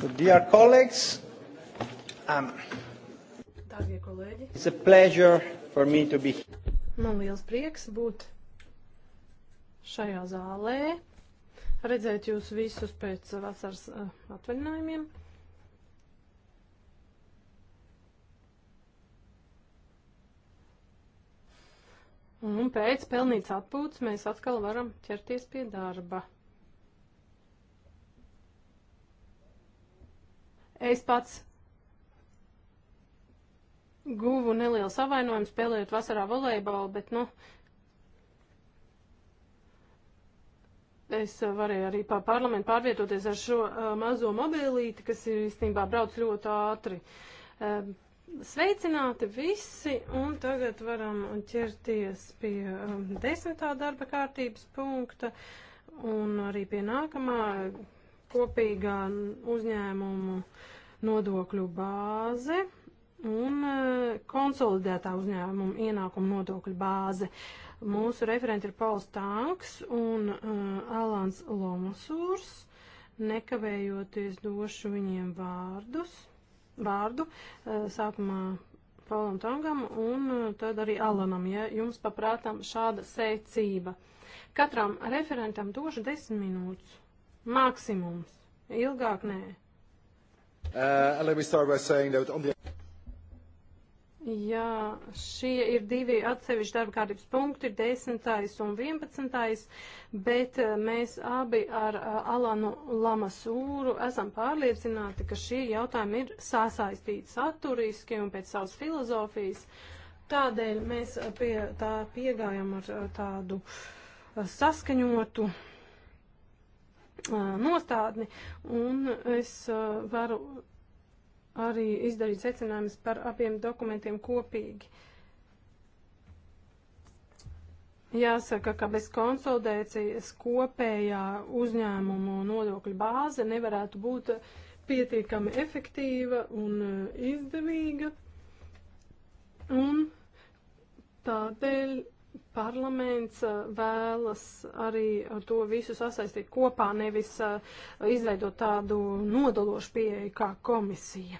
Dear colleagues, um, Dārgie kolēģi, it's a pleasure for me to be here. Man liels prieks būt šajā zālē, redzēt jūs visus pēc vasaras uh, atvaļinājumiem. Un pēc pelnītas atpūtas mēs atkal varam ķerties pie darba. Es pats guvu nelielu savainojumu spēlējot vasarā volejbolu, bet, nu, es varēju arī pa parlamentu pārvietoties ar šo uh, mazo mobīlīti, kas ir īstenībā brauc ļoti ātri. Uh, sveicināti visi, un tagad varam ķerties pie um, desmitā darba kārtības punkta un arī pie nākamā kopīgā uzņēmumu nodokļu bāze un e, konsolidētā uzņēmuma ienākuma nodokļu bāze. Mūsu referenti ir Pauls Tanks un uh, Alans Lomasūrs. Nekavējoties došu viņiem vārdus, vārdu uh, sākumā Paulam Tangam un uh, tad arī Alanam, ja jums paprātām šāda secība. Katram referentam došu desmit minūtes maksimums. Ilgāk nē. Uh, Jā, šie ir divi atsevišķi darba kārtības punkti, 10. un 11. bet uh, mēs abi ar uh, Alanu Lamasūru esam pārliecināti, ka šie jautājumi ir sasaistīti saturiski un pēc savas filozofijas. Tādēļ mēs uh, pie tā piegājam ar tādu saskaņotu nostādni, un es varu arī izdarīt secinājumus par abiem dokumentiem kopīgi. Jāsaka, ka bez konsolidācijas kopējā uzņēmumu nodokļu bāze nevarētu būt pietiekami efektīva un izdevīga. Un tādēļ Parlaments eh, vēlas arī ar to visu sasaistīt kopā, nevis eh, izveidot tādu nodalošu pieeju kā komisija.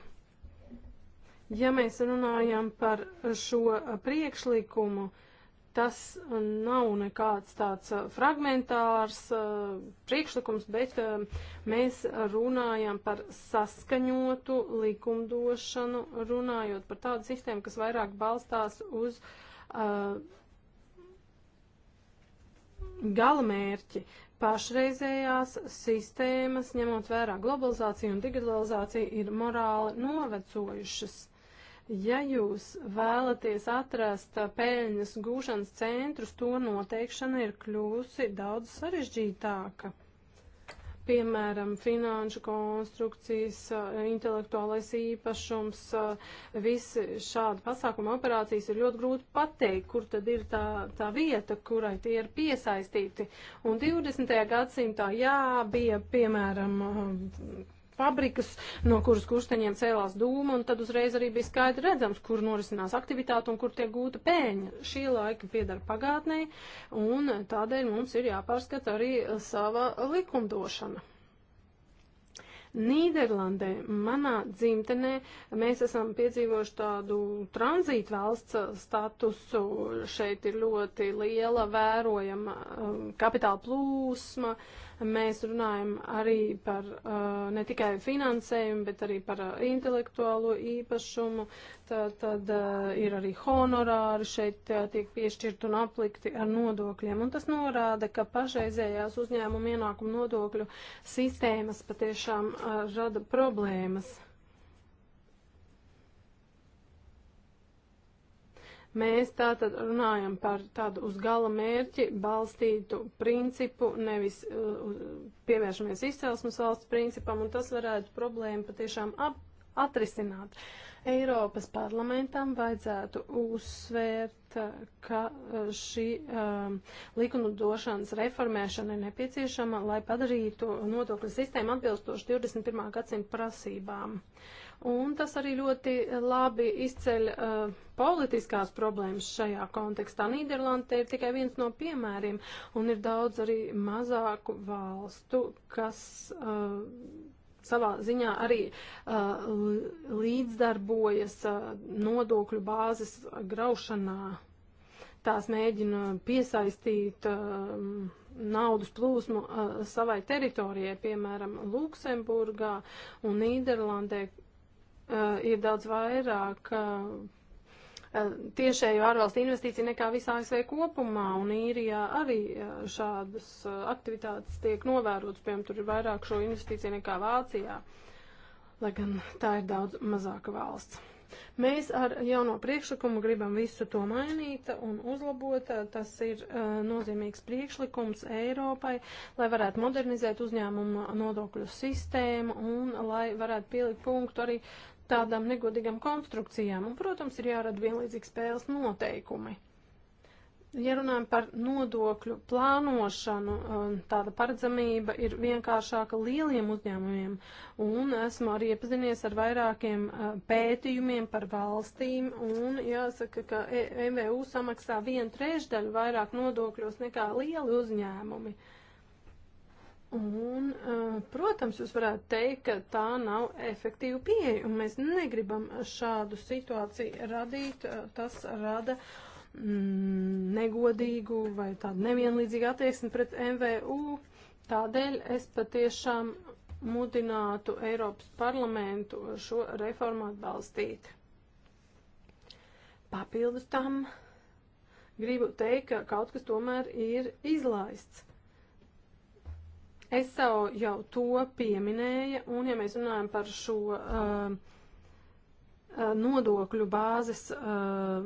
Ja mēs runājam par šo eh, priekšlikumu, tas nav nekāds tāds fragmentārs priekšlikums, bet mēs runājam par saskaņotu likumdošanu, runājot par tādu sistēmu, kas vairāk balstās uz uh, galamērķi. Pašreizējās sistēmas, ņemot vērā globalizāciju un digitalizāciju, ir morāli novecojušas. Ja jūs vēlaties atrast peļņas gūšanas centrus, to noteikšana ir kļūsi daudz sarežģītāka piemēram, finanšu konstrukcijas, eh, intelektuālais īpašums, eh, visi šādi pasākuma operācijas ir ļoti grūti pateikt, kur tad ir tā, tā vieta, kurai tie ir piesaistīti. Un 20. gadsimtā, jā, bija, piemēram, fabrikas, no kuras kursteņiem cēlās dūma, un tad uzreiz arī bija skaidri redzams, kur norisinās aktivitāte un kur tiek gūta pēļņa. Šie laiki piedara pagātnē, un tādēļ mums ir jāpārskata arī sava likumdošana. Nīderlandē, manā dzimtenē, mēs esam piedzīvojuši tādu tranzītu valsts statusu. Šeit ir ļoti liela vērojama um, kapitāla plūsma. Uh, Mēs runājam arī par uh, ne tikai finansējumu, bet arī par uh, intelektuālo īpašumu. Tad, tad uh, ir arī honorāri šeit uh, tiek piešķirt un aplikti ar nodokļiem. Un tas norāda, ka pašreizējās uzņēmuma ienākuma nodokļu sistēmas patiešām uh, rada problēmas. Mēs tātad runājam par tādu uz gala mērķi balstītu principu, nevis uh, pievēršamies izcelsmes valsts principam, un tas varētu problēmu patiešām ap, atrisināt. Eiropas parlamentam vajadzētu uzsvērt, ka uh, šī um, uh, likuma došanas reformēšana ir nepieciešama, lai padarītu nodokļu sistēmu atbilstošu 21. gadsimta prasībām. Uh, un tas arī ļoti labi izceļ uh, politiskās problēmas šajā kontekstā. Nīderlanda ir tikai viens no piemēriem, un ir daudz arī mazāku valstu, kas uh, savā ziņā arī uh, līdzdarbojas uh, nodokļu bāzes graušanā. Tās mēģina piesaistīt. Uh, naudas plūsmu uh, savai teritorijai, piemēram, Luksemburgā un Nīderlandē, Eh, ir daudz vairāk eh, eh, tiešēju ārvalstu investīciju nekā visā ASV kopumā, un īrijā arī šādas aktivitātes tiek novērotas, piemēram, tur ir vairāk šo investīciju nekā Vācijā, lai gan tā ir daudz mazāka valsts. Mēs ar jauno priekšlikumu gribam visu to mainīt un uzlabot. Tas ir uh, nozīmīgs priekšlikums Eiropai, lai varētu modernizēt uzņēmumu nodokļu sistēmu un lai varētu pielikt punktu arī uh, tādām negodīgām konstrukcijām, un, protams, ir jārada vienlīdzīgi spēles noteikumi. Ja runājam par nodokļu plānošanu, um, tāda paredzamība ir vienkāršāka lieliem uzņēmumiem, un esmu arī iepazinies ar vairākiem uh, pētījumiem par valstīm, un jāsaka, ka e- MVU samaksā vienu trešdaļu vairāk nodokļos nekā lieli uzņēmumi. Uh, Un, eh, protams, jūs varētu teikt, ka tā nav efektīva pieeja, un mēs negribam šādu situāciju radīt. Eh, tas rada mm, negodīgu vai tādu nevienlīdzīgu attieksmi pret MVU. Tādēļ es patiešām mudinātu Eiropas parlamentu šo reformu atbalstīt. Papildus tam gribu teikt, ka kaut kas tomēr ir izlaists Es jau, jau to pieminēju, un ja mēs runājam par šo um, uh, nodokļu bāzes uh,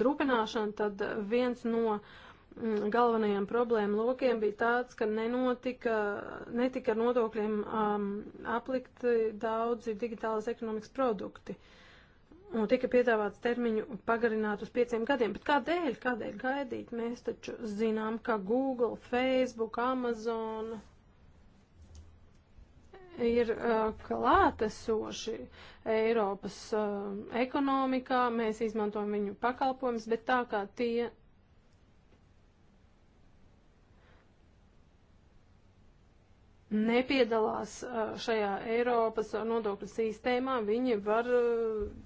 drupināšanu, tad viens no mm, galvenajiem problēmu lokiem bija tāds, ka nenotika, netika ar nodokļiem um, aplikti daudzi digitālas ekonomikas produkti. Uh, un tika piedāvāts termiņu pagarināt uz pieciem gadiem. Bet kādēļ? Kādēļ gaidīt? Mēs taču zinām, ka Google, Facebook, Amazon ir uh, klātesoši Eiropas uh, ekonomikā. Mēs izmantojam viņu pakalpojumus, bet tā kā tie nepiedalās šajā Eiropas nodokļu sistēmā, viņi var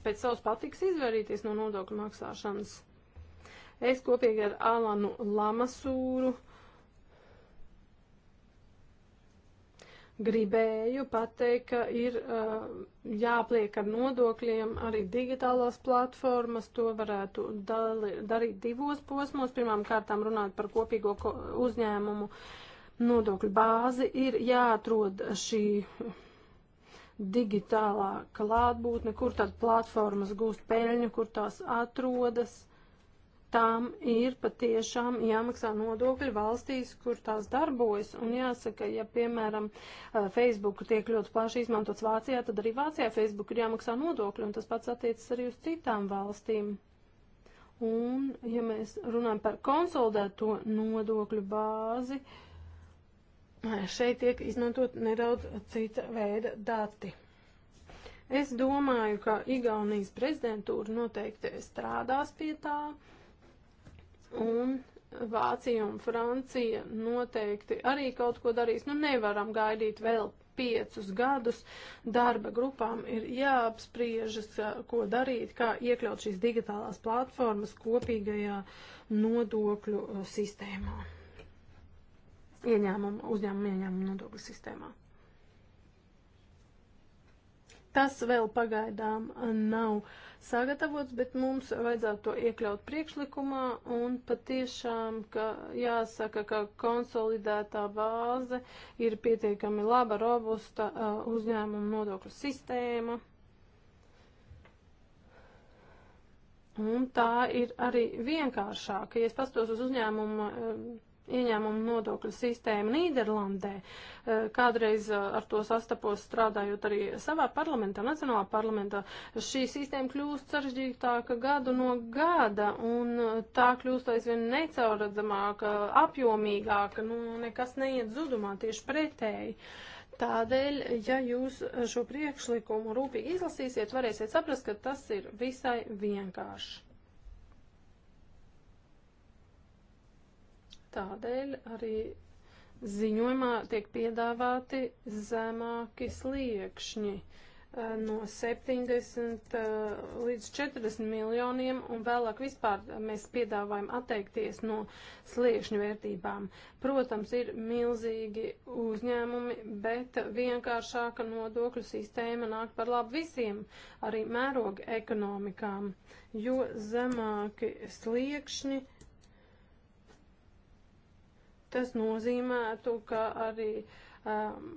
pēc savas patiks izvairīties no nodokļu maksāšanas. Es kopīgi ar Alanu Lamasūru gribēju pateikt, ka ir uh, jāpliek ar nodokļiem arī digitālās platformas. To varētu dali, darīt divos posmos. Pirmām kārtām runāt par kopīgo ko uzņēmumu uh, nodokļu bāzi, ir jāatrod šī digitālā klātbūtne, kur tad platformas gūst peļņu, kur tās atrodas. Tām ir patiešām jāmaksā nodokļi valstīs, kur tās darbojas. Un jāsaka, ja, piemēram, eh, Facebook tiek ļoti plaši izmantots Vācijā, tad arī Vācijā Facebook ir jāmaksā nodokļi, un tas pats attiecas arī uz citām valstīm. Un, ja mēs runājam par konsolidēto nodokļu bāzi, uh, šeit tiek izmantot nedaudz cita veida dati. Es domāju, ka Igaunijas prezidentūra noteikti strādās pie tā, un Vācija un Francija noteikti arī kaut ko darīs. Nu, nevaram gaidīt vēl piecus gadus. Darba grupām ir jāapspriežas, ko darīt, kā iekļaut šīs digitālās platformas kopīgajā nodokļu uh, sistēmā ieņēmumu, uzņēmumu ieņēmumu nodokļu sistēmā. Tas vēl pagaidām nav sagatavots, bet mums vajadzētu to iekļaut priekšlikumā un patiešām, ka jāsaka, ka konsolidētā bāze ir pietiekami laba, robusta uzņēmuma nodokļu sistēma. Un tā ir arī vienkāršāka. Ja es pastos uz uzņēmumu ieņēmumu nodokļu sistēmu Nīderlandē. E, kādreiz e, ar to sastapos strādājot arī savā parlamentā, nacionālā parlamentā. Šī sistēma kļūst sarežģītāka gadu no gada un e, tā kļūst aizvien necauradzamāka, apjomīgāka, nu nekas neiet zudumā tieši pretēji. Tādēļ, ja jūs šo priekšlikumu rūpīgi izlasīsiet, varēsiet saprast, ka tas ir visai vienkārši. Tādēļ arī ziņojumā tiek piedāvāti zemāki sliekšņi eh, no 70 eh, līdz 40 miljoniem, un vēlāk vispār mēs piedāvājam atteikties no sliekšņu vērtībām. Protams, ir milzīgi uzņēmumi, bet vienkāršāka nodokļu sistēma nāk par labu visiem, arī mēroga ekonomikām, jo zemāki sliekšņi Tas nozīmētu, ka arī um,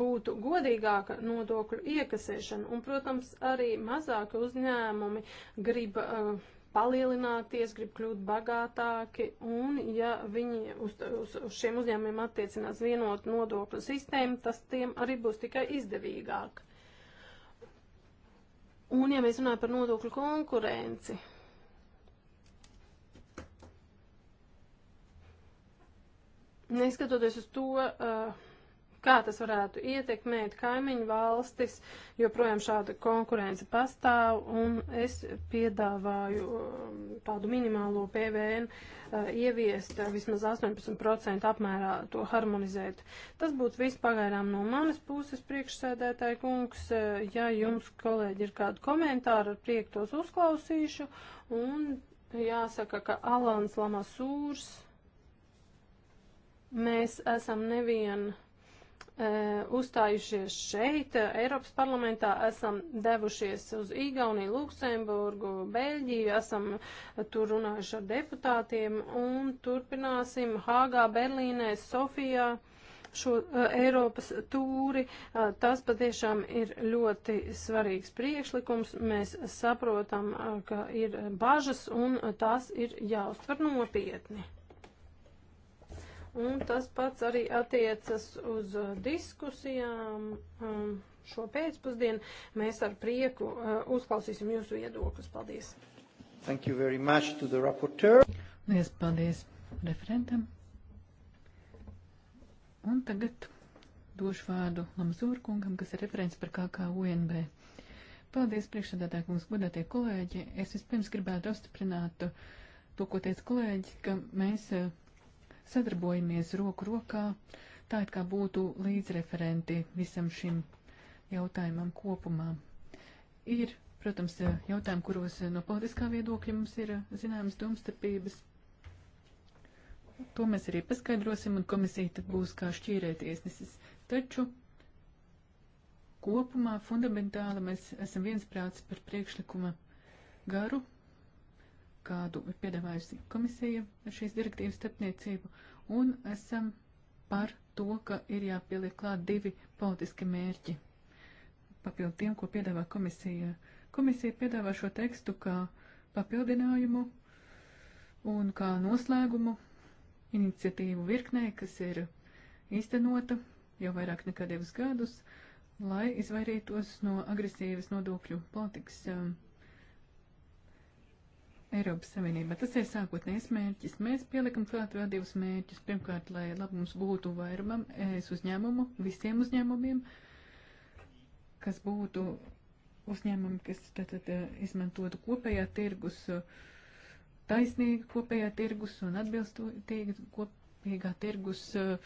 būtu godīgāka nodokļu iekasēšana. Un, protams, arī mazāki uzņēmumi grib uh, palielināties, grib kļūt bagātāki, un ja viņi uz, uz, uz šiem uzņēmumiem attiecinās vienotu nodokļu sistēmu, tas tiem arī būs tikai izdevīgāk. Un, ja mēs runājam par nodokļu konkurenci, Neskatoties uz to, uh, kā tas varētu ietekmēt kaimiņu valstis, joprojām šāda konkurence pastāv, un es piedāvāju um, tādu minimālo PVN uh, ieviest uh, vismaz 18% apmērā to harmonizēt. Tas būtu viss pagaidām no manas puses, priekšsēdētāji kungs. Ja jums, kolēģi, ir kādi komentāri, ar prieku tos uzklausīšu, un jāsaka, ka Alans Lamasūrs Mēs esam nevien e, uzstājušies šeit, Eiropas parlamentā, esam devušies uz Igauniju, Luksemburgu, Beļģiju, esam tur runājuši ar deputātiem un turpināsim Hāgā, Berlīnē, Sofijā šo uh, Eiropas tūri. Uh, tas patiešām ir ļoti svarīgs priekšlikums. Mēs saprotam, uh, ka ir bažas un tas ir jāuztver nopietni. Un tas pats arī attiecas uz uh, diskusijām um, šo pēcpusdienu. Mēs ar prieku uh, uzklausīsim jūsu viedokļus. Paldies! Thank you very much to the rapporteur. Lies paldies referentam. Un tagad došu vārdu Lamzūrkungam, kas ir referents par KKUNB. Paldies, priekšsēdētāji, kungs, godātie kolēģi. Es vispirms gribētu apstiprināt to, ko teica kolēģi, ka mēs uh, sadarbojamies roku rokā, tā it kā būtu līdzreferenti visam šim jautājumam kopumā. Ir, protams, jautājumi, kuros no politiskā viedokļa mums ir zināmas domstarpības. To mēs arī paskaidrosim, un komisija tad būs kā šķīrētiesnesis. Taču kopumā fundamentāli mēs esam viensprāts par priekšlikuma garu kādu ir piedāvājusi komisija ar šīs direktīvas starpniecību, un esam par to, ka ir jāpieliek klāt divi politiski mērķi. Papildu tiem, ko piedāvā komisija. Komisija piedāvā šo tekstu kā papildinājumu un kā noslēgumu iniciatīvu virknē, kas ir īstenota jau vairāk nekā divus gadus, lai izvairītos no agresīvas nodokļu politikas. Um, Eiropas Savienībā. Tas ir sākotnējs mērķis. Mēs pielikam klāt vēl divus mērķus. Pirmkārt, lai labums būtu vairumam es uzņēmumu, visiem uzņēmumiem, kas būtu uzņēmumi, kas tātad eh, izmantotu kopējā tirgus, eh, taisnīgi kopējā tirgus un atbilstīgi kopīgā tirgus eh,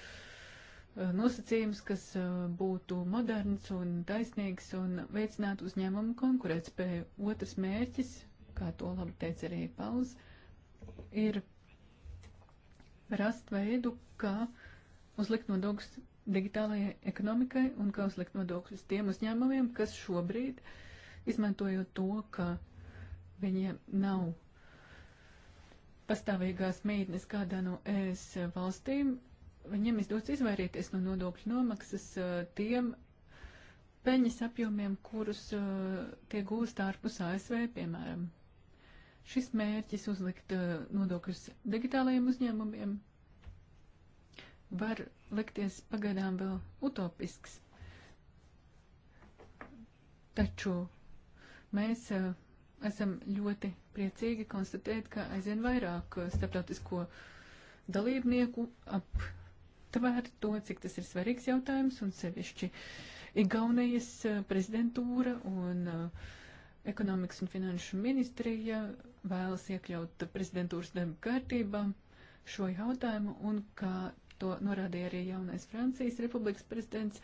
nosacījums, kas būtu moderns un taisnīgs un veicinātu uzņēmumu konkurētspēju. Otrs mērķis kā to labi teica arī Pauls, ir rast veidu, kā uzlikt nodokļus digitālajai ekonomikai un kā uzlikt nodokļus tiem uzņēmumiem, kas šobrīd, izmantojot to, ka viņiem nav pastāvīgās mītnes kādā no ES valstīm, viņiem izdodas izvairīties no nodokļu nomaksas eh, tiem peņas apjomiem, kurus eh, tie gūst ārpus ASV, piemēram. Šis mērķis uzlikt eh, nodokļus digitālajiem uzņēmumiem var likties pagaidām vēl utopisks. Taču mēs eh, esam ļoti priecīgi konstatēt, ka aizvien vairāk eh, starptautisko dalībnieku aptvērt to, cik tas ir svarīgs jautājums, un sevišķi Igaunijas prezidentūra un ekonomikas un finanšu ministrija vēlas iekļaut prezidentūras darba kārtībā šo jautājumu un kā to norādīja arī jaunais Francijas republikas prezidents,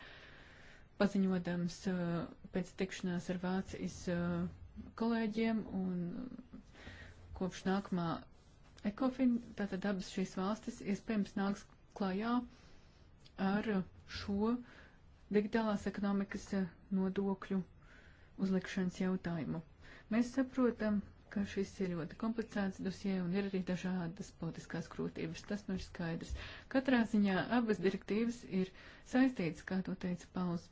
paziņodams uh, pēc tikšanās ar Vācijas uh, kolēģiem un uh, kopš nākamā ekofin, tātad abas šīs valstis iespējams nāks klajā ar šo digitālās ekonomikas nodokļu uzlikšanas jautājumu. Mēs saprotam, ka šis ir ļoti komplicēts dosie un ir arī dažādas politiskās krūtības. Tas nu ir skaidrs. Katrā ziņā abas direktīvas ir saistītas, kā to teica Pauls.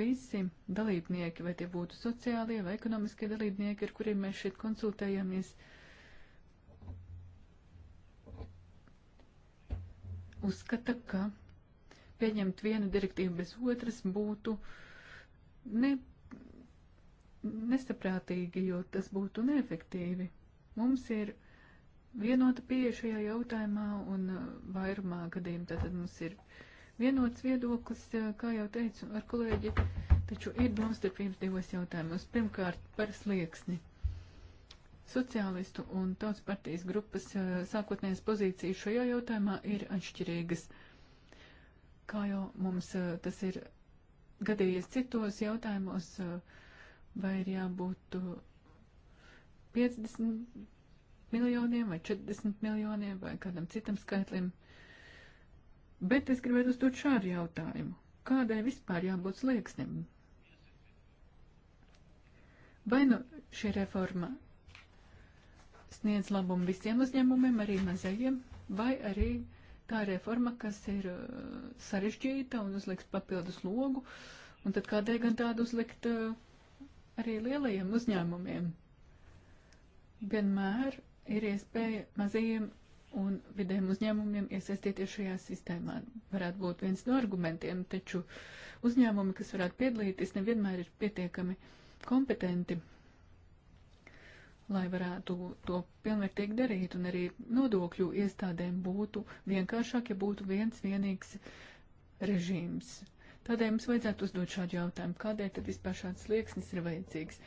Visi dalībnieki, vai tie būtu sociālie vai ekonomiskie dalībnieki, ar kuriem mēs šeit konsultējamies, uzskata, ka pieņemt vienu direktīvu bez otras būtu ne nesaprātīgi, jo tas būtu neefektīvi. Mums ir vienota pieeja šajā jautājumā, un uh, vairumā gadījumā tātad mums ir vienots viedoklis, uh, kā jau teicu ar kolēģi, taču ir domstarpības divos jautājumos. Pirmkārt, par slieksni. Sociālistu un tautas partijas grupas uh, sākotnējās pozīcijas šajā jautājumā ir atšķirīgas. Kā jau mums tas ir gadījies citos jautājumos, uh, vai ir jābūt 50 uh, miljoniem vai 40 miljoniem vai kādam citam skaitlim. Bet es gribētu uzdot šādu jautājumu. Kādai vispār jābūt slieksnim? Vai nu šī reforma sniedz labumu visiem uzņēmumiem, arī mazajiem, vai arī tā reforma, kas ir uh, sarežģīta un uzliks papildus logu, un tad kādēļ gan tādu uzlikt uh, arī lielajiem uzņēmumiem. Vienmēr ir iespēja mazajiem un vidējiem uzņēmumiem iesaistīties šajā sistēmā. Varētu būt viens no argumentiem, taču uzņēmumi, kas varētu piedalīties, nevienmēr ir pietiekami kompetenti, lai varētu to pilnvērtīgi darīt, un arī nodokļu iestādēm būtu vienkāršāk, ja būtu viens vienīgs režīms Tādēļ mums vajadzētu uzdot šādu jautājumu, kādēļ tad vispār šāds slieksnis ir vajadzīgs.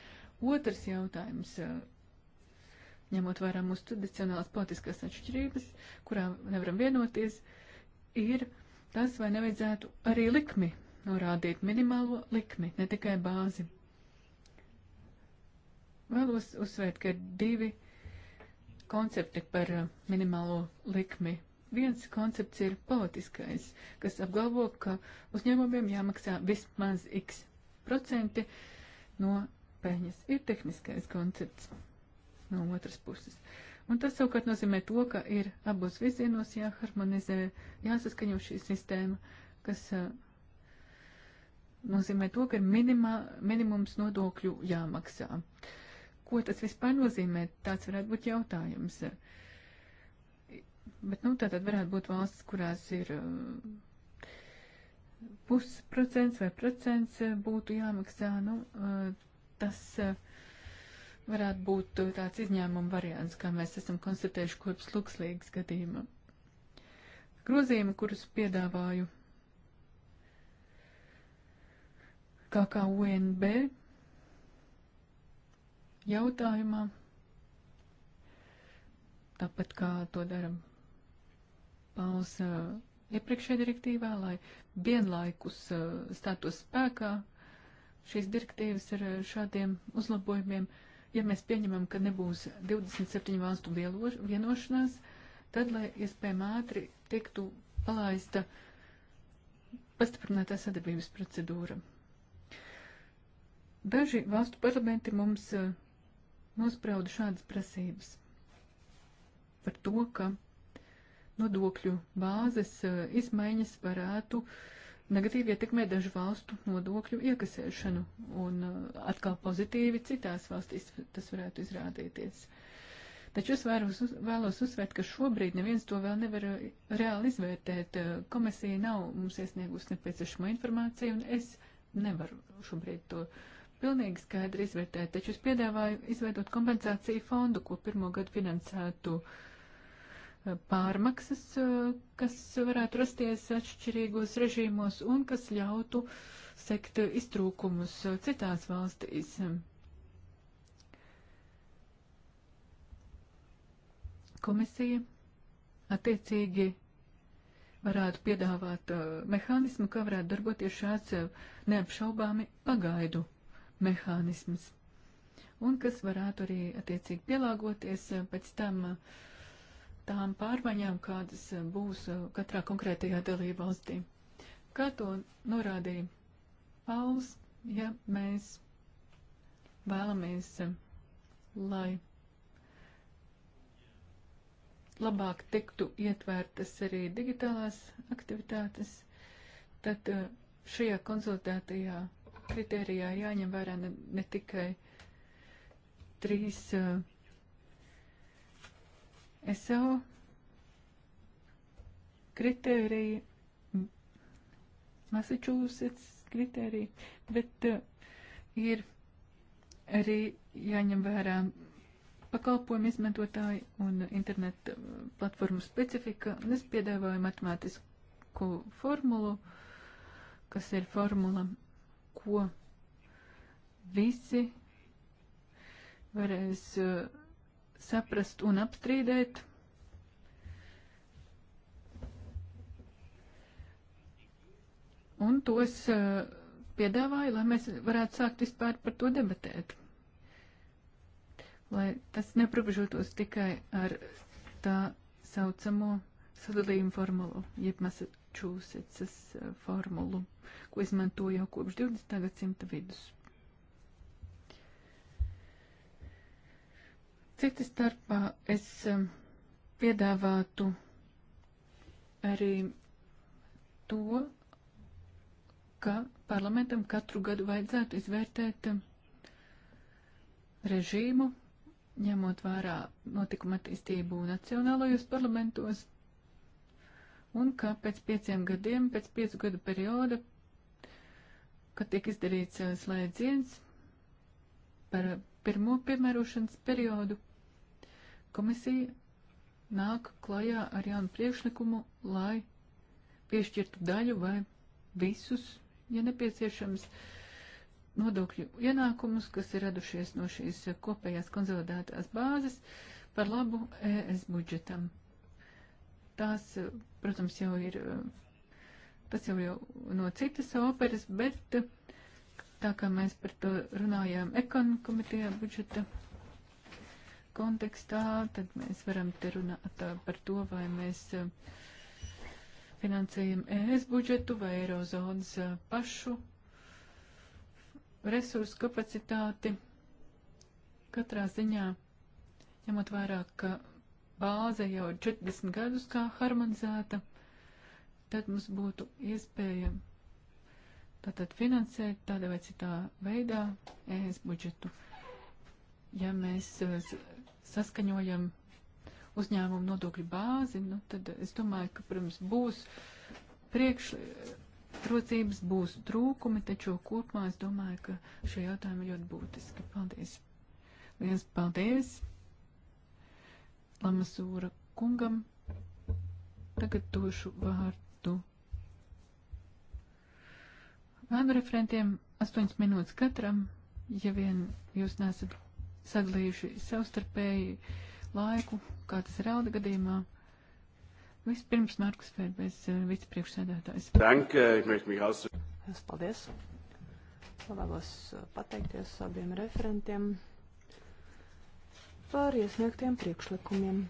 Otrs jautājums, eh, ņemot vērā mūsu tradicionālās politiskās atšķirības, kurām nevaram vienoties, ir tas, vai nevajadzētu arī likmi norādīt minimālo likmi, ne tikai bāzi. Vēlos uzsvērt, ka ir divi koncepti par eh, minimālo likmi viens koncepts ir politiskais, kas apgalvo, ka uzņēmumiem jāmaksā vismaz x procenti no peļņas. Ir tehniskais koncepts no otras puses. Un tas savukārt nozīmē to, ka ir abos virzienos jāharmonizē, jāsaskaņo šī sistēma, kas uh, nozīmē to, ka ir minimā, minimums nodokļu jāmaksā. Ko tas vispār nozīmē? Tāds varētu būt jautājums. Uh, Bet, nu, tātad varētu būt valsts, kurās ir um, pusprocents vai procents uh, būtu jāmaksā. Nu, uh, tas uh, varētu būt tāds izņēmuma variants, kā mēs esam konstatējuši kopš lukslīgas gadījuma. Grozījumi, kurus piedāvāju kā kā UNB jautājumā, tāpat kā to daram pārus iepriekšējā direktīvā, lai vienlaikus stātos spēkā šīs direktīvas ar šādiem uzlabojumiem. Ja mēs pieņemam, ka nebūs 27 valstu vienošanās, tad, lai iespējami ātri tiktu palaista pastiprinātā sadarbības procedūra. Daži valstu parlamenti mums nosprauda šādas prasības par to, ka nodokļu bāzes e, izmaiņas varētu negatīvi ietekmēt dažu valstu nodokļu iekasēšanu un e, atkal pozitīvi citās valstīs tas varētu izrādīties. Taču es vēros, vēlos uzsvērt, ka šobrīd neviens to vēl nevar e, reāli izvērtēt. Komisija nav mums iesniegusi nepieciešamo informāciju, un es nevaru šobrīd to pilnīgi skaidri izvērtēt. Taču es piedāvāju izveidot kompensāciju fondu, ko pirmo gadu finansētu uh, pārmaksas, eh, kas varētu rasties atšķirīgos režīmos un kas ļautu sekt iztrūkumus citās valstīs. Komisija attiecīgi varētu piedāvāt eh, mehānismu, kā varētu darboties šāds eh, neapšaubāmi pagaidu mehānisms, un kas varētu arī attiecīgi pielāgoties pēc tam uh, tām pārmaiņām, kādas eh, būs eh, katrā konkrētajā dalība valstī. Kā to norādīja Pauls, ja mēs vēlamies, eh, lai labāk tiktu ietvērtas arī digitālās aktivitātes, tad šajā konsultētajā kritērijā jāņem vērā ne, ne tikai trīs uh, SO kritērija, Massachusetts kritērija, bet uh, ir arī jāņem vērā pakalpojumu izmantotāji un interneta uh, platformu specifika. Es piedāvāju matemātisku formulu, kas ir formula, ko visi varēs uh, saprast un apstrīdēt. Un tos uh, piedāvāju, lai mēs varētu sākt vispār par to debatēt. Lai tas neprobežotos tikai ar tā saucamo sadalījumu formulu, jeb Massachusetts eh, formulu, ko izmanto jau kopš 20. gadsimta vidus. Cita starpā es um, piedāvātu arī to, ka parlamentam katru gadu vajadzētu izvērtēt um, režīmu, ņemot vērā notikuma attīstību nacionālajos parlamentos, un ka pēc pieciem gadiem, pēc piecu gadu perioda, kad tiek izdarīts uh, slēdziens par uh, pirmo piemērošanas periodu, Komisija nāk klajā ar jaunu priekšlikumu, lai piešķirtu daļu vai visus, ja nepieciešams, nodokļu ienākumus, kas ir radušies no šīs kopējās konsolidētās bāzes, par labu ES budžetam. Tās, protams, jau ir, tas jau, jau no citas operas, bet tā kā mēs par to runājām ekon komitejā budžeta kontekstā, tad mēs varam te runāt par to, vai mēs finansējam ES budžetu vai Eirozonas pašu resursu kapacitāti. Katrā ziņā, ņemot vērā, ka bāze jau 40 gadus kā harmonizēta, tad mums būtu iespēja tātad finansēt tādā vai citā veidā ES budžetu. Ja mēs saskaņojam uzņēmumu nodokļu bāzi, nu, tad es domāju, ka, protams, būs priekšrocības, būs trūkumi, taču kopumā es domāju, ka šie jautājumi ir ļoti būtiski. Paldies! Liels paldies Lamasūra kungam! Tagad došu vārdu vēmu referentiem, 8 minūtes katram, ja vien jūs nesat sadalījuši savstarpēji laiku, kā tas ir auda gadījumā. Vispirms Markus Fērbēs, eh, vicepriekšsēdētājs. Es paldies. Vēlos eh, pateikties abiem referentiem par iesniegtiem priekšlikumiem.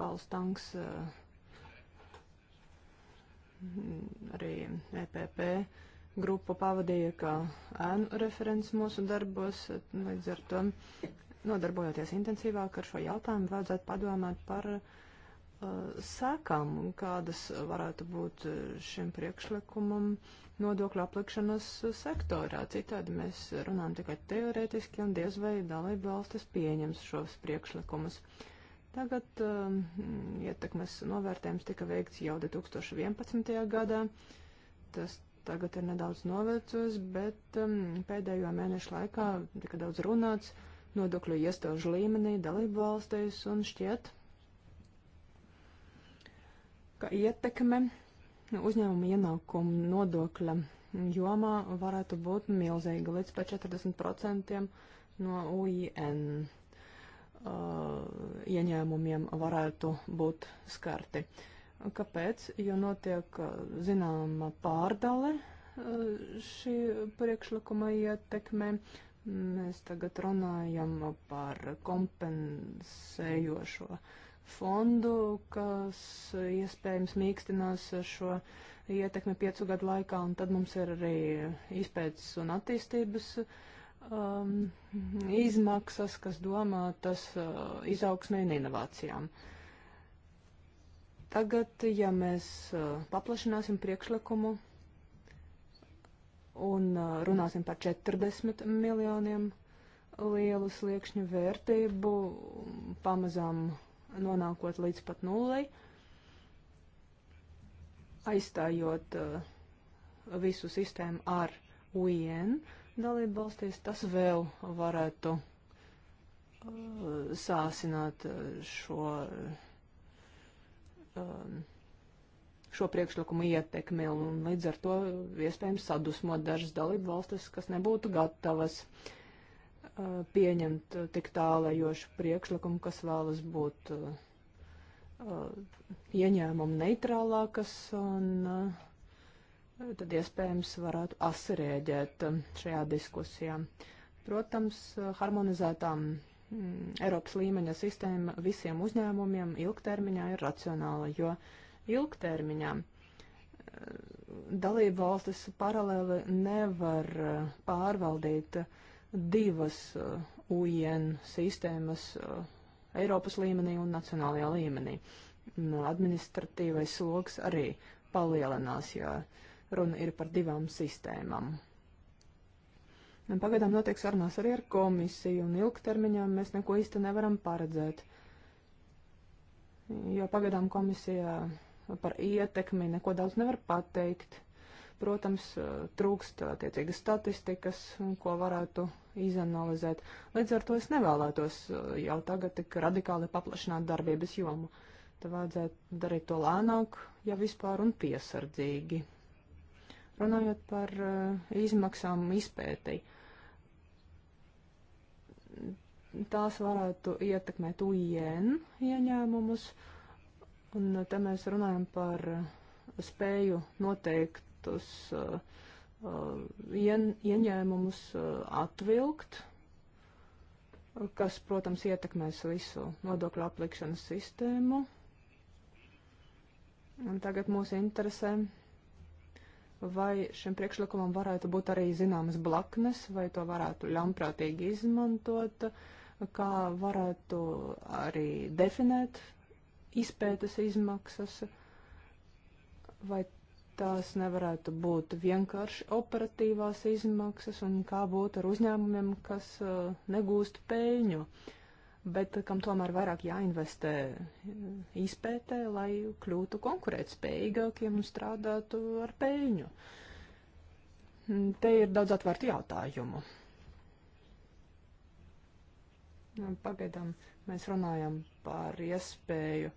Balstanks eh, arī EPP grupu pavadīja kā ēnu referents mūsu darbos, līdz ar to nodarbojoties intensīvāk ar šo jautājumu, vajadzētu padomāt par uh, sekām, kādas varētu būt šim priekšlikumam nodokļu aplikšanas sektorā. Citādi mēs runājam tikai teorētiski un diez vai dalība valstis pieņems šos priekšlikumus. Tagad uh, ietekmes novērtējums tika veikts jau 2011. gadā. Tas tagad ir nedaudz novecus, bet um, pēdējo mēnešu laikā tika daudz runāts nodokļu iestāžu līmenī, dalību valstīs un šķiet, ka ietekme uzņēmuma ienākumu nodokļa jomā varētu būt milzīga līdz pat 40% no UIN uh, ieņēmumiem varētu būt skarti. Uh, Kāpēc? Jo notiek uh, zināma pārdale uh, šī priekšlikuma ietekmē. Mēs tagad runājam par kompensējošo fondu, kas iespējams mīkstinās šo ietekmi piecu gadu laikā, un tad mums ir arī izpētes un attīstības um, izmaksas, kas domātas uh, izaugsmē un inovācijām. Uh, Tagad, ja mēs uh, paplašināsim priekšlikumu un uh, runāsim par 40 miljoniem lielu sliekšņu vērtību, pamazām nonākot līdz pat nulei, aizstājot uh, visu sistēmu ar UN dalību valstīs, tas vēl varētu sāsināt šo um, šo priekšlikumu ietekmi un līdz ar to iespējams sadusmot dažas dalību valstis, kas nebūtu gatavas uh, pieņemt uh, tik tālējošu priekšlikumu, kas vēlas būt uh, uh, ieņēmumu neitrālākas un uh, tad iespējams varētu asirēģēt um, šajā diskusijā. Protams, uh, harmonizētām Mm, Eiropas līmeņa sistēma visiem uzņēmumiem ilgtermiņā ir racionāla, jo ilgtermiņā eh, dalību valstis paralēli nevar eh, pārvaldīt divas eh, UN sistēmas Eiropas līmenī un nacionālajā līmenī. Mm, administratīvais sloks arī palielinās, ja runa ir par divām sistēmām. Pagaidām notiek sarunās arī ar komisiju, un ilgtermiņā mēs neko īsti nevaram paredzēt. Jo pagaidām komisijā par ietekmi neko daudz nevar pateikt. Protams, trūkst attiecīgas statistikas, ko varētu izanalizēt. Līdz ar to es nevēlētos jau tagad tik radikāli paplašināt darbības jomu. Te vajadzētu darīt to lēnāk, ja vispār, un piesardzīgi. Runājot par eh, izmaksām izpētei, tās varētu ietekmēt UIN ieņēmumus, un te mēs runājam par eh, spēju noteiktus eh, ien, ieņēmumus atvilkt, kas, protams, ietekmēs visu nodokļu aplikšanas sistēmu. Un tagad mūs interesē vai šim priekšlikumam varētu būt arī zināmas blaknes, vai to varētu ļaunprātīgi izmantot, kā varētu arī definēt izpētes izmaksas, vai tās nevarētu būt vienkārši operatīvās izmaksas, un kā būtu ar uzņēmumiem, kas uh, negūst peļņu. Uh, bet kam tomēr vairāk jāinvestē izpētē, lai kļūtu konkurētspējīgākiem un strādātu ar peļņu. Te ir daudz atvērtu jautājumu. Pagaidām mēs runājam par iespēju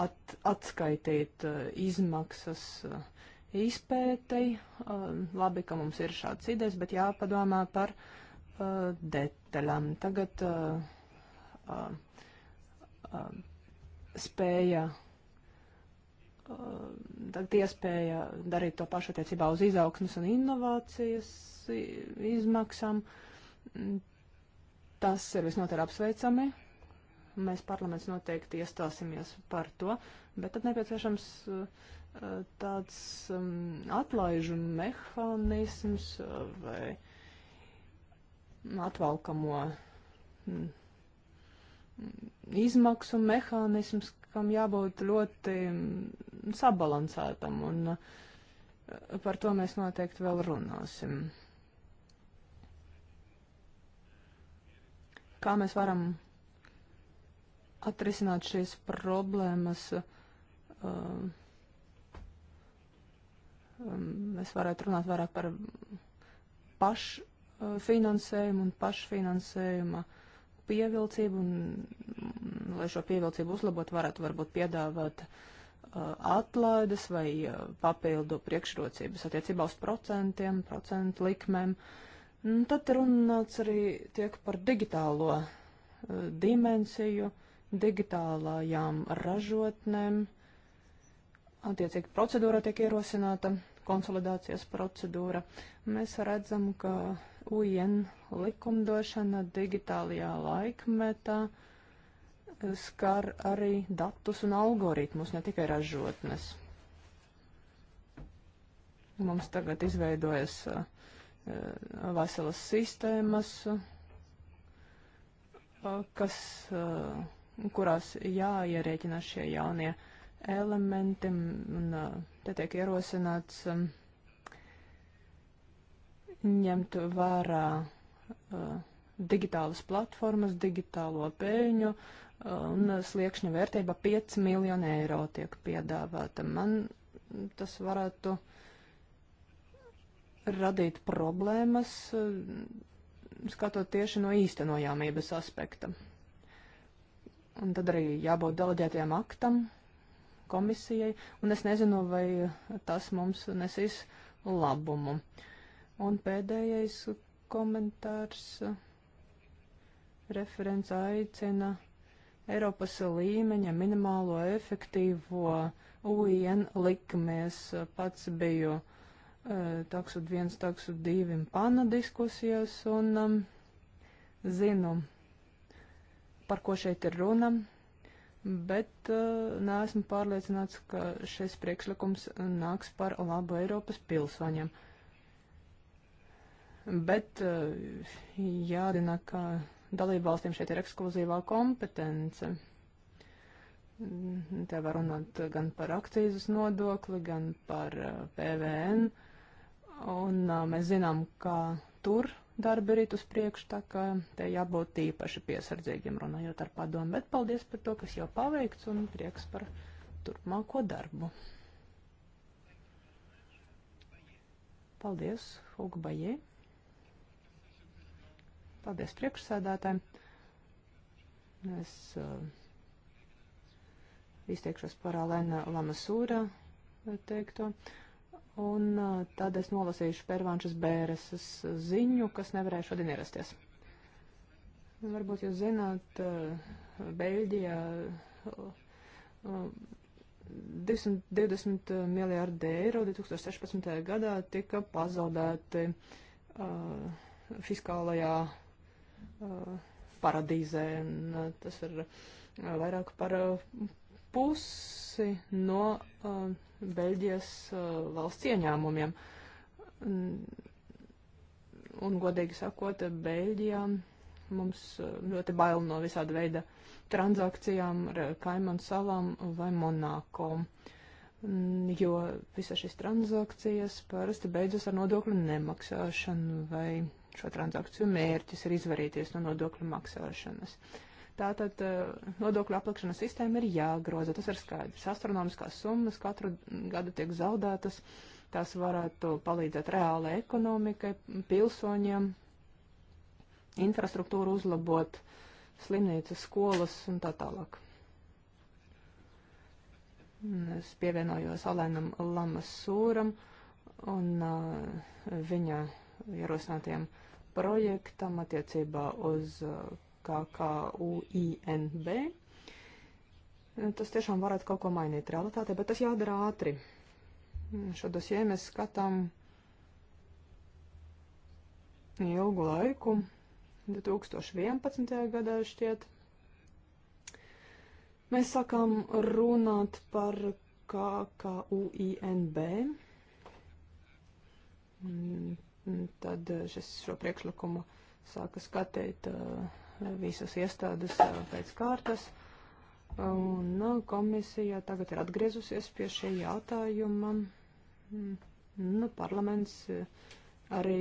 at, atskaitīt izmaksas izpētei. Labi, ka mums ir šāds idejas, bet jāpadomā par detaļām. Tagad uh, spēja, tagad iespēja darīt to pašu attiecībā uz izaugsmas un inovācijas izmaksām. Tas ir visnotaļ apsveicami. Mēs parlaments noteikti iestāsimies par to, bet tad nepieciešams tāds um, atlaižu mehānisms vai atvalkamo. Mm, izmaksu mehānisms, kam jābūt ļoti mm, sabalansētam, un eh, par to mēs noteikti vēl runāsim. Kā mēs varam atrisināt šīs problēmas? Uh, mēs varētu runāt vairāk par pašfinansējumu un pašfinansējuma uh, pievilcību, un, mm, lai šo pievilcību uzlabot, varētu varbūt piedāvāt uh, atlaides vai uh, papildu priekšrocības attiecībā uz procentiem, procentu likmēm. Un tad runāts arī tiek par digitālo uh, dimensiju, digitālajām ražotnēm. Attiecīgi procedūra tiek ierosināta konsolidācijas procedūra. Mēs redzam, ka UN likumdošana digitālajā laikmetā eh, skar arī datus un algoritmus, ne tikai ražotnes. Mums tagad izveidojas eh, veselas sistēmas, eh, kas, kurās jāierēķina šie jaunie elementi un uh, Te tiek ierosināts um, ņemt vērā uh, digitālas platformas, digitālo pēļņu uh, un sliekšņa vērtība 5 miljoni eiro tiek piedāvāta. Man tas varētu radīt problēmas, uh, skatot tieši no īstenojāmības aspekta. Un tad arī jābūt deleģētajam aktam, komisijai, un es nezinu, vai tas mums nesīs labumu. Un pēdējais komentārs referents aicina Eiropas līmeņa minimālo efektīvo UN likmēs. Pats biju eh, taksud viens, taksud divi pana diskusijas un um, zinu, par ko šeit ir runam bet uh, neesmu pārliecināts, ka šis priekšlikums nāks par labu Eiropas pilsoņiem. Bet uh, jādina, ka dalību valstīm šeit ir ekskluzīvā kompetence. Mm, te var runāt gan par akcijas nodokli, gan par uh, eh, PVN. Un mēs zinām, ka tur darbi ir uz priekšu, tā ka te jābūt īpaši piesardzīgiem runājot ar padomu. Bet paldies par to, kas jau paveikts un prieks par turpmāko darbu. Paldies, Ugbajē. Paldies priekšsēdētājiem. Es uh, izteikšos par Alēna Lamasūra teikto. Uh, Un tad es nolasīšu Pervānšas Bēreses ziņu, kas nevarēja šodien ierasties. Nu, varbūt jūs zināt, Beļģijā 220 miljārdi eiro 2016. gadā tika pazaudēti uh, fiskālajā uh, paradīzē. Un, uh, tas ir vairāk par uh, pusi no uh, Beļģijas uh, valsts ieņēmumiem. Un, godīgi sakot, Beļģijā mums uh, ļoti bail no visāda veida transakcijām ar Kaimanu salām vai Monako, jo visa šīs transakcijas parasti beidzas ar nodokļu nemaksāšanu vai šo transakciju mērķis ir izvarīties no nodokļu maksāšanas. Uh, Tātad eh, nodokļu aplikšanas sistēma ir jāgroza, tas ir skaidrs. Astronomiskās summas katru gadu tiek zaudētas, tās varētu palīdzēt reālai ekonomikai, pilsoņiem, infrastruktūru uzlabot, slimnīcas, skolas un tā tālāk. Es pievienojos Alēnam Lamas Sūram un uh, viņa ierosinātiem projektam attiecībā uz uh, KKUINB. Tas tiešām varētu kaut ko mainīt realitātē, bet tas jādara ātri. Šo dosiju mēs skatām ilgu laiku, 2011. gadā šķiet. Mēs sākām runāt par KKUINB. Tad šis šo priekšlikumu sāka skatīt uh, visas iestādes pēc kārtas. Un komisija tagad ir atgriezusies pie šī jautājuma. Mm, nu, parlaments arī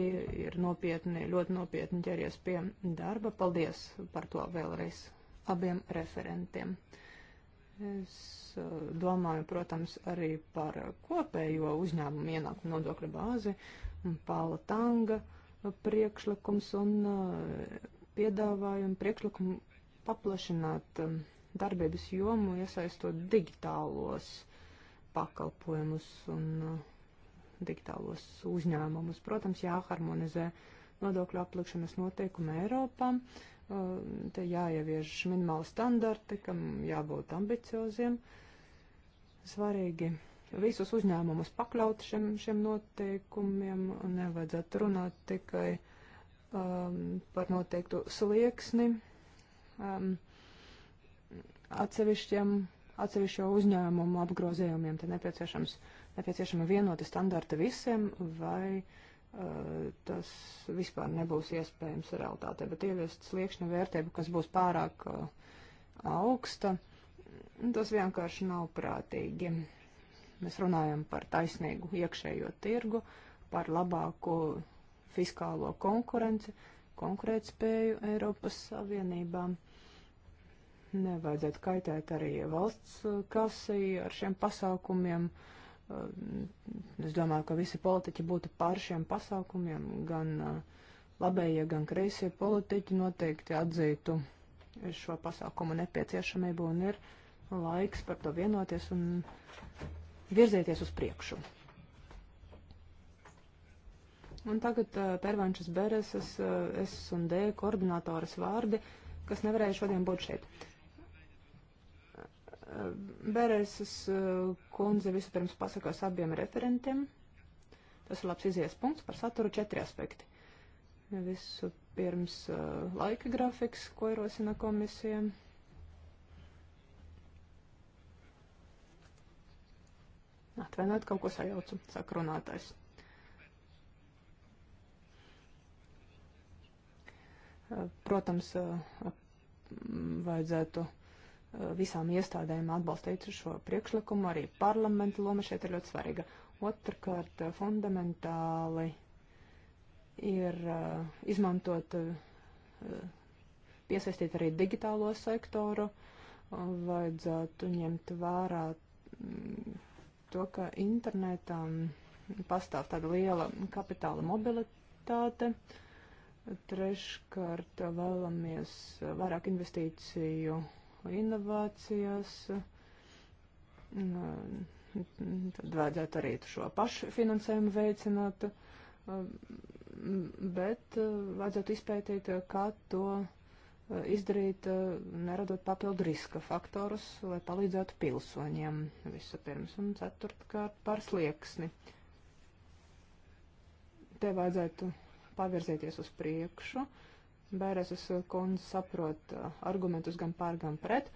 ir nopietni, ļoti nopietni ķeries pie darba. Paldies par to vēlreiz abiem referentiem. Es domāju, protams, arī par kopējo uzņēmumu ienākumu nodokļa bāzi, Pāla Tanga priekšlikums un piedāvājam priekšlikumu paplašināt um, darbības jomu, iesaistot digitālos pakalpojumus un uh, digitālos uzņēmumus. Protams, jāharmonizē nodokļu aplikšanas noteikumi Eiropā. Uh, te jāievieš minimāli standarti, kam jābūt ambicioziem. Svarīgi visus uzņēmumus pakļaut šiem, šiem noteikumiem un nevajadzētu runāt tikai par um, par noteiktu slieksni um, atsevišķiem, atsevišķo uzņēmumu apgrozījumiem. Te nepieciešams, nepieciešama vienota standarta visiem, vai uh, tas vispār nebūs iespējams realitātē, bet ieviest sliekšņa vērtību, kas būs pārāk uh, augsta, tas vienkārši nav prātīgi. Mēs runājam par taisnīgu iekšējo tirgu, par labāku fiskālo konkurenci, konkurētspēju Eiropas Savienībām. Nevajadzētu kaitēt arī valsts uh, kasei ar šiem pasākumiem. Uh, es domāju, ka visi politiķi būtu pār šiem pasākumiem, gan uh, labējie, gan kreisie politiķi noteikti atzītu šo pasākumu nepieciešamību un ir laiks par to vienoties un virzieties uz priekšu. Un tagad uh, Pervanšas Bereses, uh, S&D koordinātoras vārdi, kas nevarēja šodien būt šeit. Uh, Bereses uh, kundze vispirms pasakās abiem referentiem. Tas ir labs izies punkts par saturu četri aspekti. Visu pirms uh, laika grafiks, ko ierosina komisija. Atvainojiet, kaut ko sajaucu, saka runātājs. Protams, vajadzētu eh, visām iestādēm atbalstīt šo priekšlikumu, arī parlamenta loma šeit ir ļoti svarīga. Otrkārt, fundamentāli ir eh, izmantot, eh, piesaistīt arī digitālo sektoru, vajadzētu ņemt vērā mm, to, ka internetā pastāv tāda liela kapitāla mobilitāte. Uh, Treškārt vēlamies vairāk investīciju inovācijās. Mm, tad vajadzētu arī šo pašfinansējumu veicināt, um, bet uh, vajadzētu izpētīt, kā to uh, izdarīt, uh, neradot papildu riska faktorus, lai palīdzētu pilsoņiem vispirms. Un ceturtkārt par slieksni. Te vajadzētu pavirzīties uz priekšu. Bērēsas kundze saprot uh, argumentus gan pār, gan pret,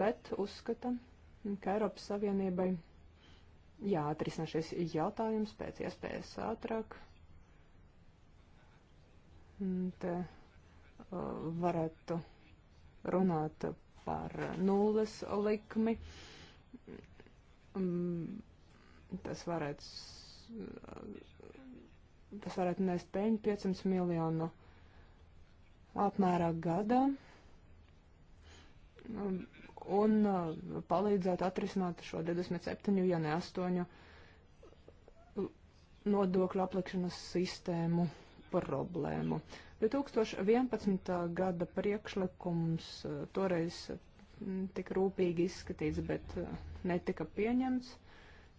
bet uzskata, ka Eiropas Savienībai jāatrisina šis jautājums pēc iespējas ātrāk. Mm, te uh, varētu runāt par nulles likmi. Mm, tas varētu tas varētu nest peļņu 500 miljonu apmērā gadā um, un uh, palīdzētu atrisināt šo 27, ja ne 8 nodokļu aplikšanas sistēmu problēmu. 2011. Uh, gada priekšlikums uh, toreiz mm, tika rūpīgi izskatīts, bet netika pieņemts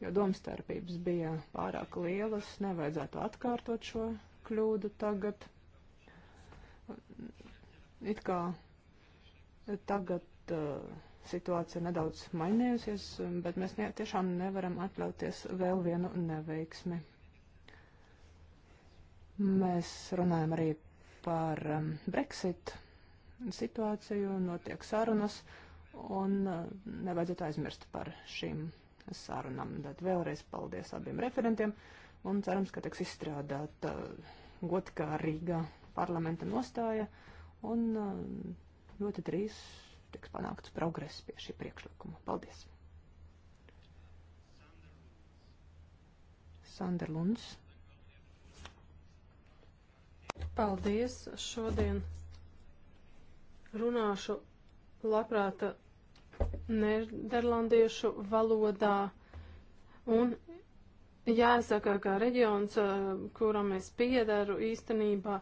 jo domstarpības bija pārāk lielas, nevajadzētu atkārtot šo kļūdu tagad. It kā tagad uh, situācija nedaudz mainījusies, bet mēs ne, tiešām nevaram atļauties vēl vienu neveiksmi. Mēs runājam arī par um, Brexit situāciju, notiek sarunas, un uh, nevajadzētu aizmirst par šīm sarunām. Tad vēlreiz paldies abiem referentiem un cerams, ka tiks izstrādāta uh, gotikā Rīgā parlamenta nostāja un uh, ļoti drīz tiks panākts progress pie šī priekšlikuma. Paldies! Sanderlunds. Paldies! Šodien runāšu labprāt nederlandiešu valodā. Un Jāsaka, ka reģions, kuram es piedaru, īstenībā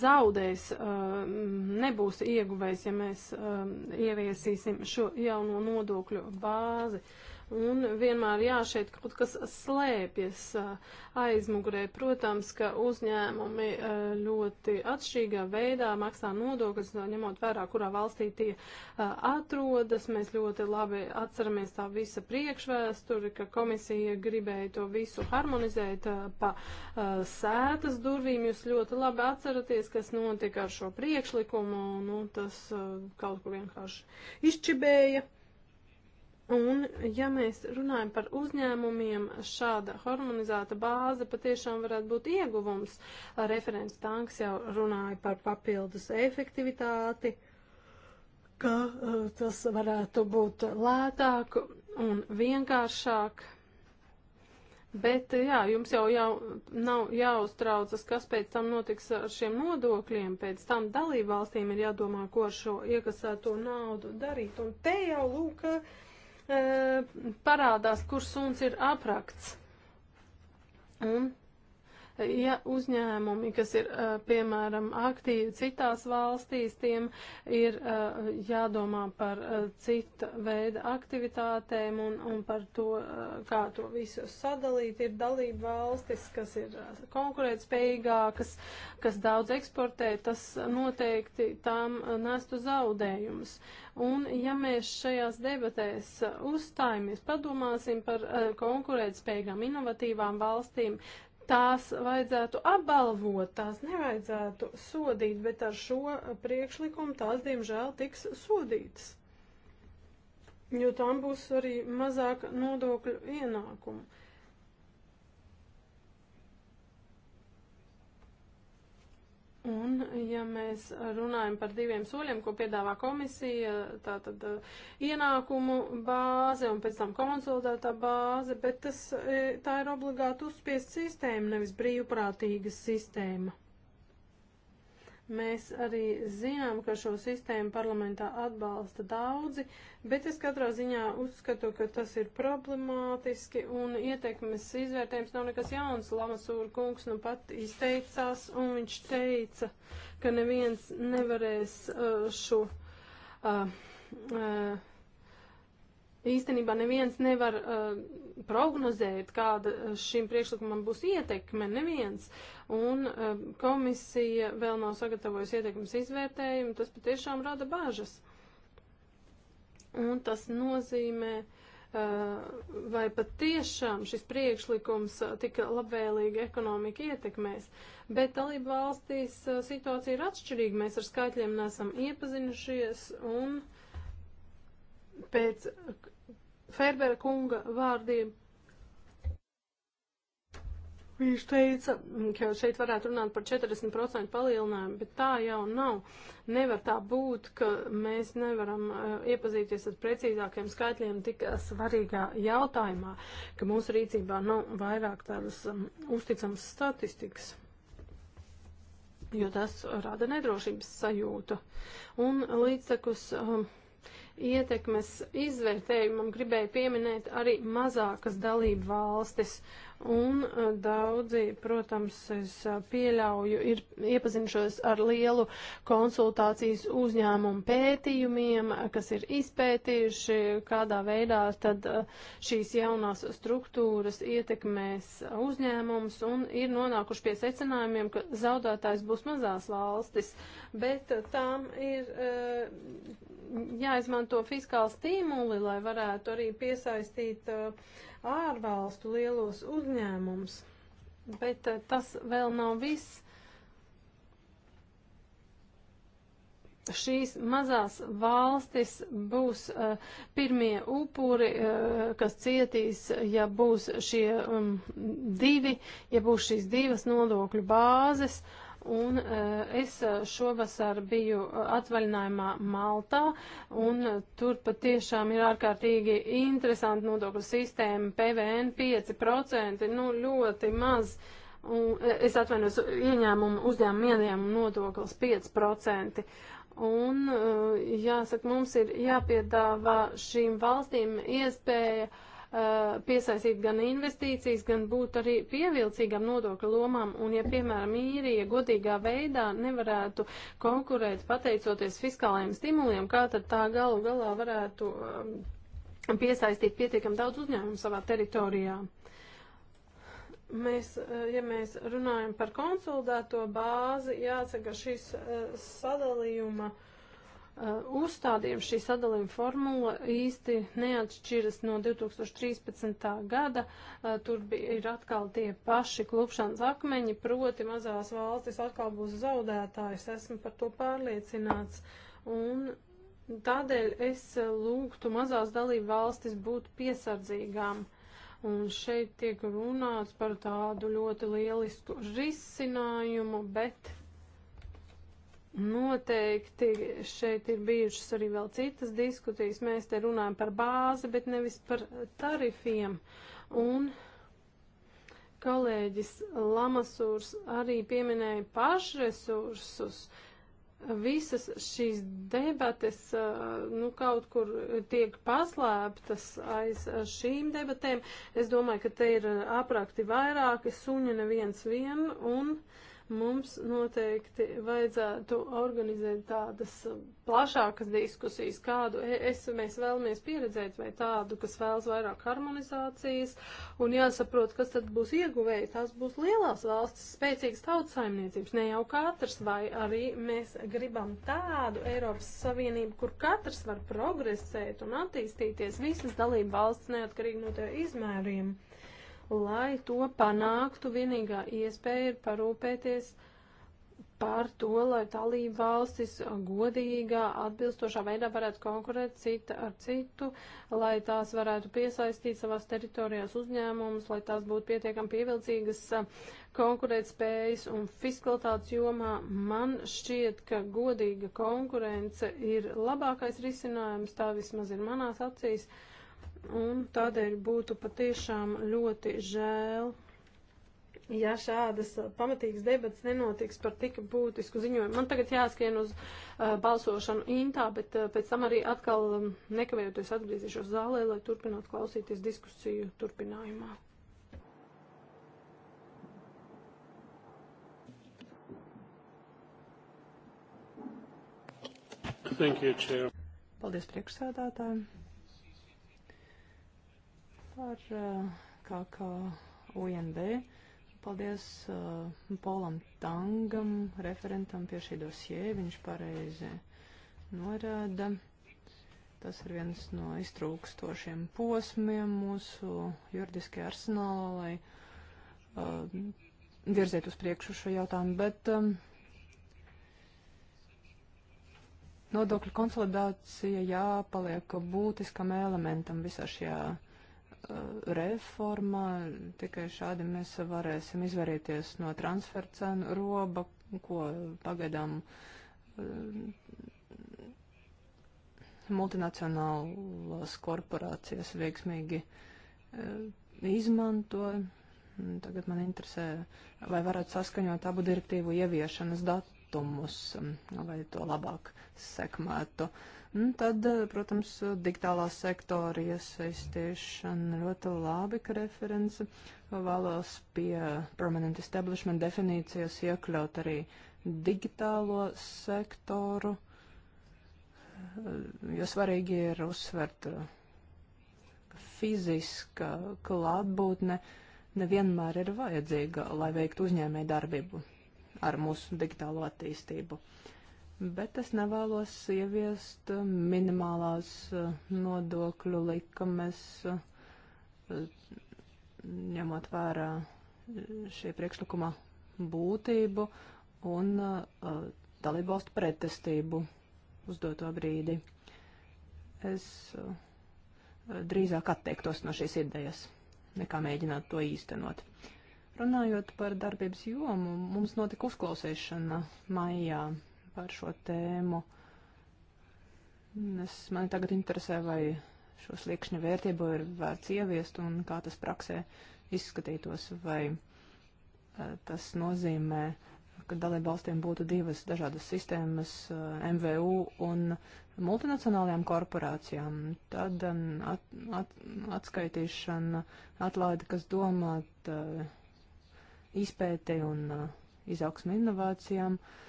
zaudēs, nebūs ieguvējis, ja mēs ieviesīsim šo jauno nodokļu bāzi. Un vienmēr jā, šeit kaut kas slēpjas aizmugurē. Protams, ka uzņēmumi ļoti atšķirīgā veidā maksā nodokļus, ņemot vērā, kurā valstī tie atrodas. Mēs ļoti labi atceramies tā visa priekšvēsturi, ka komisija gribēja to visu harmonizēt pa sētas durvīm. Jūs ļoti labi atceraties, kas notika ar šo priekšlikumu. Nu, tas kaut kur vienkārši izčibēja. Un, ja mēs runājam par uzņēmumiem, šāda harmonizēta bāze patiešām varētu būt ieguvums. Referents tanks jau runāja par papildus efektivitāti, ka uh, tas varētu būt lētāk un vienkāršāk. Bet, jā, jums jau, jau nav jāuztraucas, kas pēc tam notiks ar šiem nodokļiem. Pēc tam dalībvalstīm ir jādomā, ko ar šo iekasēto naudu darīt. Un te jau, lūk, Eh, parādās, kur suns ir aprakts. Un Ja uzņēmumi, kas ir, piemēram, aktīvi citās valstīs, tiem ir jādomā par cita veida aktivitātēm un, un par to, kā to visu sadalīt. Ir dalība valstis, kas ir konkurētspējīgākas, kas daudz eksportē, tas noteikti tām nestu zaudējumus. Un ja mēs šajās debatēs uzstājamies, padomāsim par konkurētspējīgām, inovatīvām valstīm, tās vajadzētu apbalvot, tās nevajadzētu sodīt, bet ar šo priekšlikumu tās, diemžēl, tiks sodītas, jo tām būs arī mazāk nodokļu ienākumu. Un, ja mēs runājam par diviem soļiem, ko piedāvā komisija, tā tad eh, ienākumu bāze un pēc tam konsolidētā bāze, bet tas, eh, tā ir obligāti uzspiest sistēma, nevis brīvprātīga sistēma. Mēs arī zinām, ka šo sistēmu parlamentā atbalsta daudzi, bet es katrā ziņā uzskatu, ka tas ir problemātiski un ietekmes izvērtējums nav nekas jauns. Lamasūra kungs nu pat izteicās un viņš teica, ka neviens nevarēs uh, šo. Uh, uh, īstenībā neviens nevar uh, prognozēt, kāda uh, šim priekšlikumam būs ietekme, neviens un eh, komisija vēl nav sagatavojusi ietekmes izvērtējumu, tas patiešām rada bāžas. Un tas nozīmē, eh, vai patiešām šis priekšlikums eh, tik labvēlīgi ekonomika ietekmēs. Bet dalību valstīs situācija ir atšķirīga, mēs ar skaitļiem nesam iepazinušies un pēc Ferbera kunga vārdiem Viņš teica, ka šeit varētu runāt par 40% palielinājumu, bet tā jau nav. Nevar tā būt, ka mēs nevaram eh, iepazīties ar precīzākiem skaitļiem tik eh, svarīgā jautājumā, ka mūsu rīcībā nav vairāk tādas um, uzticamas statistikas, jo tas rada nedrošības sajūtu. Un līdztekus. Um, ietekmes izvērtējumam gribēju pieminēt arī mazākas dalību valstis. Uh, Un daudzi, protams, es pieļauju, ir iepazinušos ar lielu konsultācijas uzņēmumu pētījumiem, kas ir izpētījuši, kādā veidā tad šīs jaunās struktūras ietekmēs uzņēmums un ir nonākuši pie secinājumiem, ka zaudētājs būs mazās valstis, bet tām ir jāizmanto fiskāli stimuli, lai varētu arī piesaistīt uh, ārvalstu lielos uzņēmumus. Bet uh, tas vēl nav viss. šīs mazās valstis būs uh, pirmie upuri, uh, kas cietīs, ja būs šie um, divi, ja būs šīs divas nodokļu bāzes. Uh, Un eh, es eh, šovasar biju eh, atvaļinājumā Maltā, un tur patiešām ir ārkārtīgi interesanti nodokļu sistēma, PVN 5%, nu ļoti maz. Un es atvainojos, ieņēmumu uzņēmumu ieņēmumu nodoklis 5%. Un, jāsaka, mums ir jāpiedāvā šīm valstīm iespēja uh, Uh, piesaistīt gan investīcijas, gan būt arī pievilcīgam nodokļu lomām. Un ja, piemēram, īrija godīgā veidā nevarētu konkurēt pateicoties fiskālajiem stimuliem, kā tad tā galu galā varētu um, piesaistīt pietiekam daudz uzņēmumu savā teritorijā? Mēs, uh, ja mēs runājam par konsolidēto bāzi, jāsaka, šis uh, sadalījuma uh, Uh, uzstādījuma šī sadalījuma formula īsti neatšķiras no 2013. gada. Uh, tur bija ir atkal tie paši klupšanas akmeņi, proti mazās valstis atkal būs zaudētājs. Esmu par to pārliecināts. Un tādēļ es uh, lūgtu mazās dalību valstis būt piesardzīgām. Un šeit tiek runāts par tādu ļoti lielisku risinājumu, bet Noteikti šeit ir bijušas arī vēl citas diskusijas. Mēs te runājam par bāzi, bet nevis par tarifiem. Un kolēģis Lamasūrs arī pieminēja pašresursus. Visas šīs debates uh, nu, kaut kur tiek paslēptas aiz šīm debatēm. Es domāju, ka te ir aprakti vairāki suņi neviens vien un. Uh, Mums noteikti vajadzētu organizēt tādas eh, plašākas diskusijas, kādu e, es, mēs vēlamies pieredzēt, vai tādu, kas vēlas vairāk harmonizācijas, un jāsaprot, kas tad būs ieguvēji. Tās būs lielās valstis, spēcīgas tautsaimniecības, ne jau katrs, vai arī mēs gribam tādu Eiropas Savienību, kur katrs var progresēt un attīstīties, visas dalība valsts neatkarīgi no tev izmēriem. Lai to panāktu, vienīgā iespēja ir parūpēties par to, lai dalība valstis godīgā, atbilstošā veidā varētu konkurēt cita ar citu, lai tās varētu piesaistīt savās teritorijās uzņēmumus, lai tās būtu pietiekami pievilcīgas konkurētspējas un fiskalitātes jomā. Man šķiet, ka godīga konkurence ir labākais risinājums, tā vismaz ir manās acīs. Uh, Un tādēļ būtu patiešām ļoti žēl, ja šādas pamatīgas debats nenotiks par tik būtisku ziņojumu. Man tagad jāskrien uz uh, balsošanu intā, bet uh, pēc tam arī atkal um, nekavējoties atgriezīšos zālē, lai turpinātu klausīties diskusiju turpinājumā. Thank you, Chair. Paldies priekšsēdātājiem par eh, KKUND. Paldies uh, Polam Tangam, referentam pie šī dosie. Viņš pareizi norāda. Tas ir viens no iztrūkstošiem posmiem mūsu juridiskajā arsenālā, lai uh, virziet uz priekšu šo jautājumu, bet um, nodokļu konsolidācija jāpaliek būtiskam elementam visā šajā Eh, reforma. Tikai šādi mēs varēsim izvairīties no transfercenu roba, ko pagaidām eh, multinacionālās korporācijas veiksmīgi eh, izmanto. Tagad man interesē, vai varētu saskaņot abu direktīvu ieviešanas datumus, lai to labāk sekmētu. Uh, Un nu, tad, eh, protams, digitālās sektora iesaistīšana ļoti labi, ka referents vēlos pie permanent establishment definīcijas iekļaut arī digitālo sektoru, eh, jo svarīgi ir uzsvert, ka eh, fiziska klātbūtne nevienmēr ir vajadzīga, lai veiktu uzņēmē darbību ar mūsu digitālo attīstību. Uh, bet es nevēlos ieviest minimālās eh, nodokļu likumes, eh, ņemot vērā eh, šī priekšlikuma būtību un dalībvalstu pretestību uz doto brīdi. Es drīzāk atteiktos no šīs idejas, nekā mēģināt to īstenot. Runājot par darbības jomu, mums notika uzklausīšana maijā par šo tēmu. Es, mani tagad interesē, vai šo sliekšņu vērtību ir vērts ieviest un kā tas praksē izskatītos, vai tas nozīmē, ka dalībvalstīm būtu divas dažādas sistēmas - MVU un multinacionālajām korporācijām. Tad at, at, atskaitīšana, atlaide, kas domāt izpētei un izaugsmi inovācijām. Uh,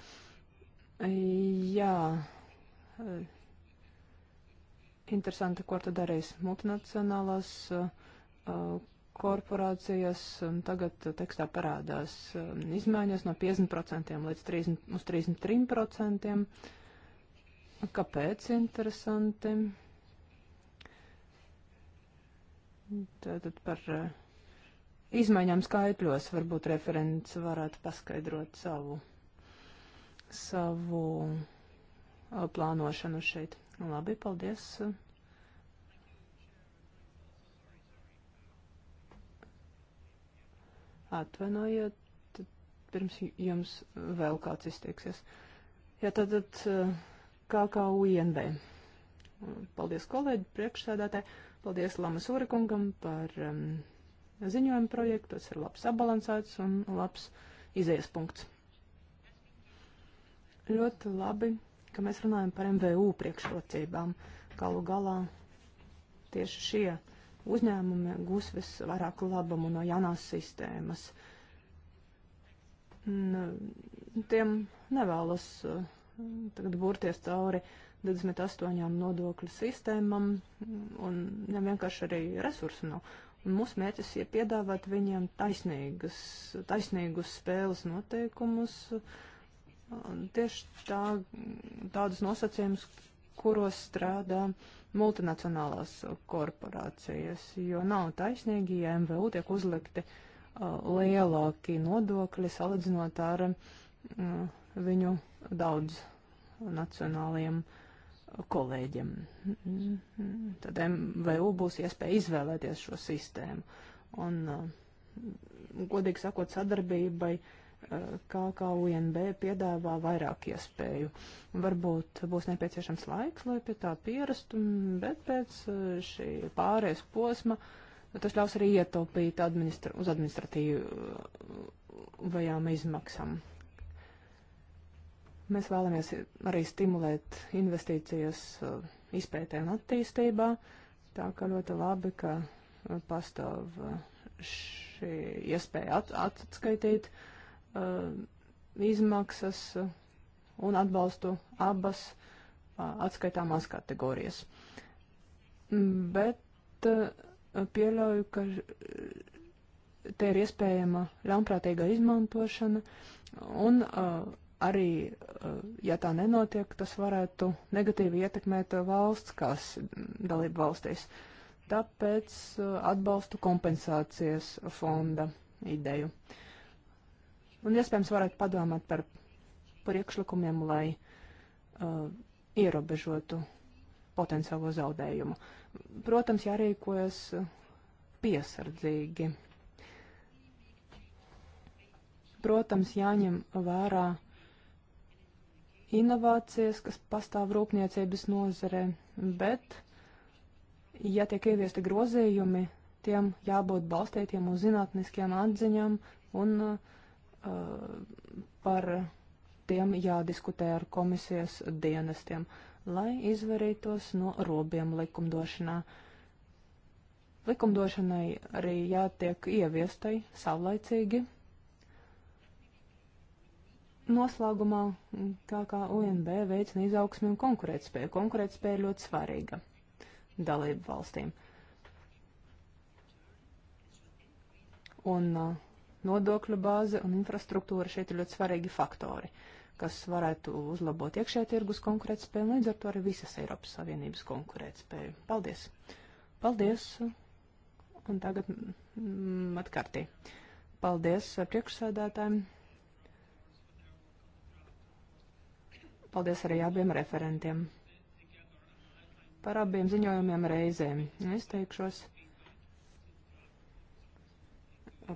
Jā. Eh, interesanti, ko tad darīs multinacionālās uh, korporācijas. Tagad tekstā parādās uh, izmaiņas no 50% līdz 30, uz 33%. Kāpēc interesanti? Tātad par uh, izmaiņām skaitļos varbūt referents varētu paskaidrot savu savu uh, plānošanu šeit. Labi, paldies. Atvainojiet, pirms jums vēl kāds izteiksies. Jā, tad uh, KKU INB. Paldies kolēģi, priekšsēdētāji. Paldies Lamas Urekungam par um, ziņojumu projektu. Tas ir labs sabalansēts un labs izējas punkts. Ļoti labi, ka mēs runājam par MVU priekšrocībām. Galu galā tieši šie uzņēmumi gūs visvairāk labumu no jaunās sistēmas. Tiem nevēlas uh, tagad burties cauri 28 nodokļu sistēmām, un viņam vienkārši arī resursu nav. No. Un mūsu mērķis ir piedāvāt viņiem taisnīgas, taisnīgus spēles noteikumus, uh, tieši tā, tādus nosacījumus, kuros strādā multinacionālās korporācijas, jo nav taisnīgi, ja MVU tiek uzlikti uh, lielāki nodokļi salīdzinot ar uh, viņu daudz nacionāliem uh, kolēģiem. Tad MVU būs iespēja izvēlēties šo sistēmu. Un, godīgi sakot, sadarbībai uh, KKUNB piedāvā vairāk iespēju. Varbūt būs nepieciešams laiks, lai pie tā pierastu, bet pēc eh, šī pārējais posma tas ļaus arī ietaupīt administra uz administratīvajām eh, izmaksām. Mēs vēlamies arī stimulēt investīcijas eh, izpētē un attīstībā, tā ka ļoti labi, ka pastāv šī iespēja at atskaitīt uh, Uh, izmaksas un atbalstu abas uh, atskaitāmās kategorijas. Bet uh, pieļauju, ka te ir iespējama ļaunprātīga izmantošana un arī, ja tā nenotiek, tas varētu negatīvi ietekmēt valsts, kas dalība valstīs. Tāpēc atbalstu kompensācijas fonda ideju. Uh, Un iespējams varētu padomāt par priekšlikumiem, lai uh, ierobežotu potenciālo zaudējumu. Protams, jārīkojas piesardzīgi. Protams, jāņem vērā inovācijas, kas pastāv rūpniecības nozare, bet, ja tiek ieviesti grozījumi, tiem jābūt balstītiem uz zinātniskiem atziņām un uh, Uh, par tiem jādiskutē ar komisijas dienestiem, lai izvarītos no robiem likumdošanā. Likumdošanai arī jātiek ieviestai savlaicīgi. Noslēgumā, tā kā UNB veicina izaugsmi un konkurētspēju, konkurētspēja ir ļoti svarīga dalību valstīm. Un uh, nodokļu bāze un infrastruktūra šeit ir ļoti svarīgi faktori, kas varētu uzlabot iekšē tirgus konkurētspēju un līdz ar to arī visas Eiropas Savienības konkurētspēju. Paldies! Paldies! Un tagad mm, atkārtī. Paldies eh, priekšsēdētājiem! Paldies arī abiem referentiem. Par abiem ziņojumiem reizēm es teikšos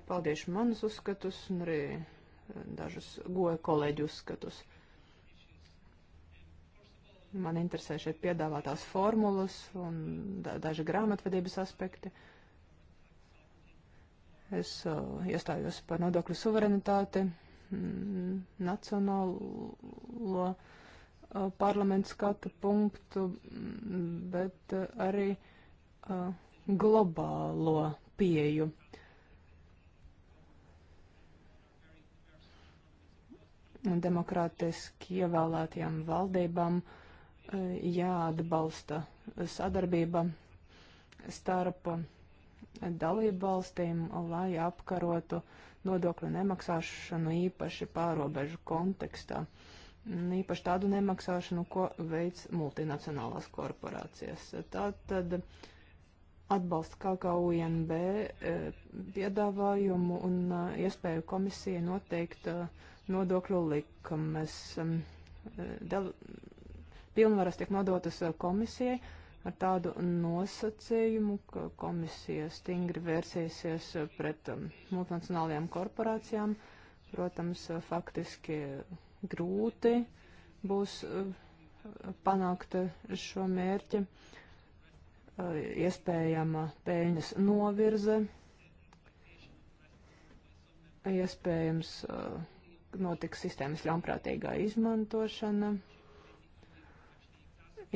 paldiešu manus uzskatus un arī eh, dažus goja kolēģu uzskatus. Man interesē šeit piedāvātās formulas un da daži grāmatvedības aspekti. Es uh, iestājos par nodokļu suverenitāti, mm, nacionālo uh, parlamentu skatu punktu, mm, bet uh, arī uh, globālo pieju. demokrātiski ievēlētajām valdībām e, jāatbalsta sadarbība starp dalību valstīm, lai apkarotu nodokļu nemaksāšanu īpaši pārobežu kontekstā. Īpaši tādu nemaksāšanu, ko veids multinacionālās korporācijas. Tātad. tad atbalsta KKUNB e, piedāvājumu un e, iespēju komisija noteikt e, nodokļu likumus. Pilnvaras tiek nodotas komisijai ar tādu nosacījumu, ka komisija stingri vērsīsies pret multinacionālajām korporācijām. Protams, faktiski grūti būs panākt šo mērķi. Uh, Eh, iespējama peļņas novirze, iespējams eh, notiks sistēmas ļaunprātīgā izmantošana,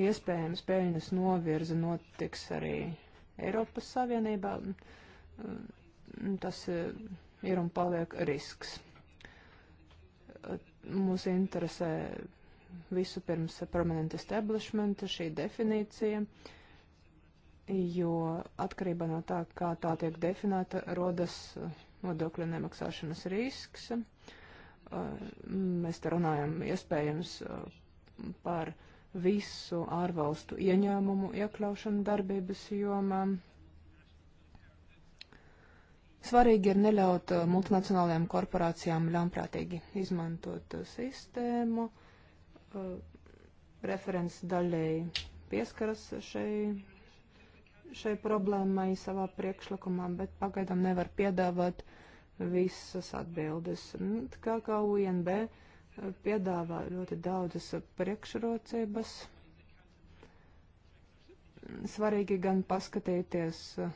iespējams peļņas novirze notiks arī Eiropas Savienībā. Eh, tas ir un paliek risks. Mūs interesē visu pirms permanent establishment šī definīcija. Uh, jo atkarībā no tā, kā tā tiek definēta, rodas eh, nodokļu nemaksāšanas risks. Eh, mēs te runājam iespējams eh, par visu ārvalstu ieņēmumu iekļaušanu darbības jomā. Svarīgi ir neļaut multinacionālajām korporācijām ļaunprātīgi izmantot sistēmu. Referents daļēji pieskaras šai šai problēmai savā priekšlikumā, bet pagaidām nevar piedāvāt visas atbildes. Nu, kā kā UNB piedāvā ļoti daudzas priekšrocības. Svarīgi gan paskatīties uh,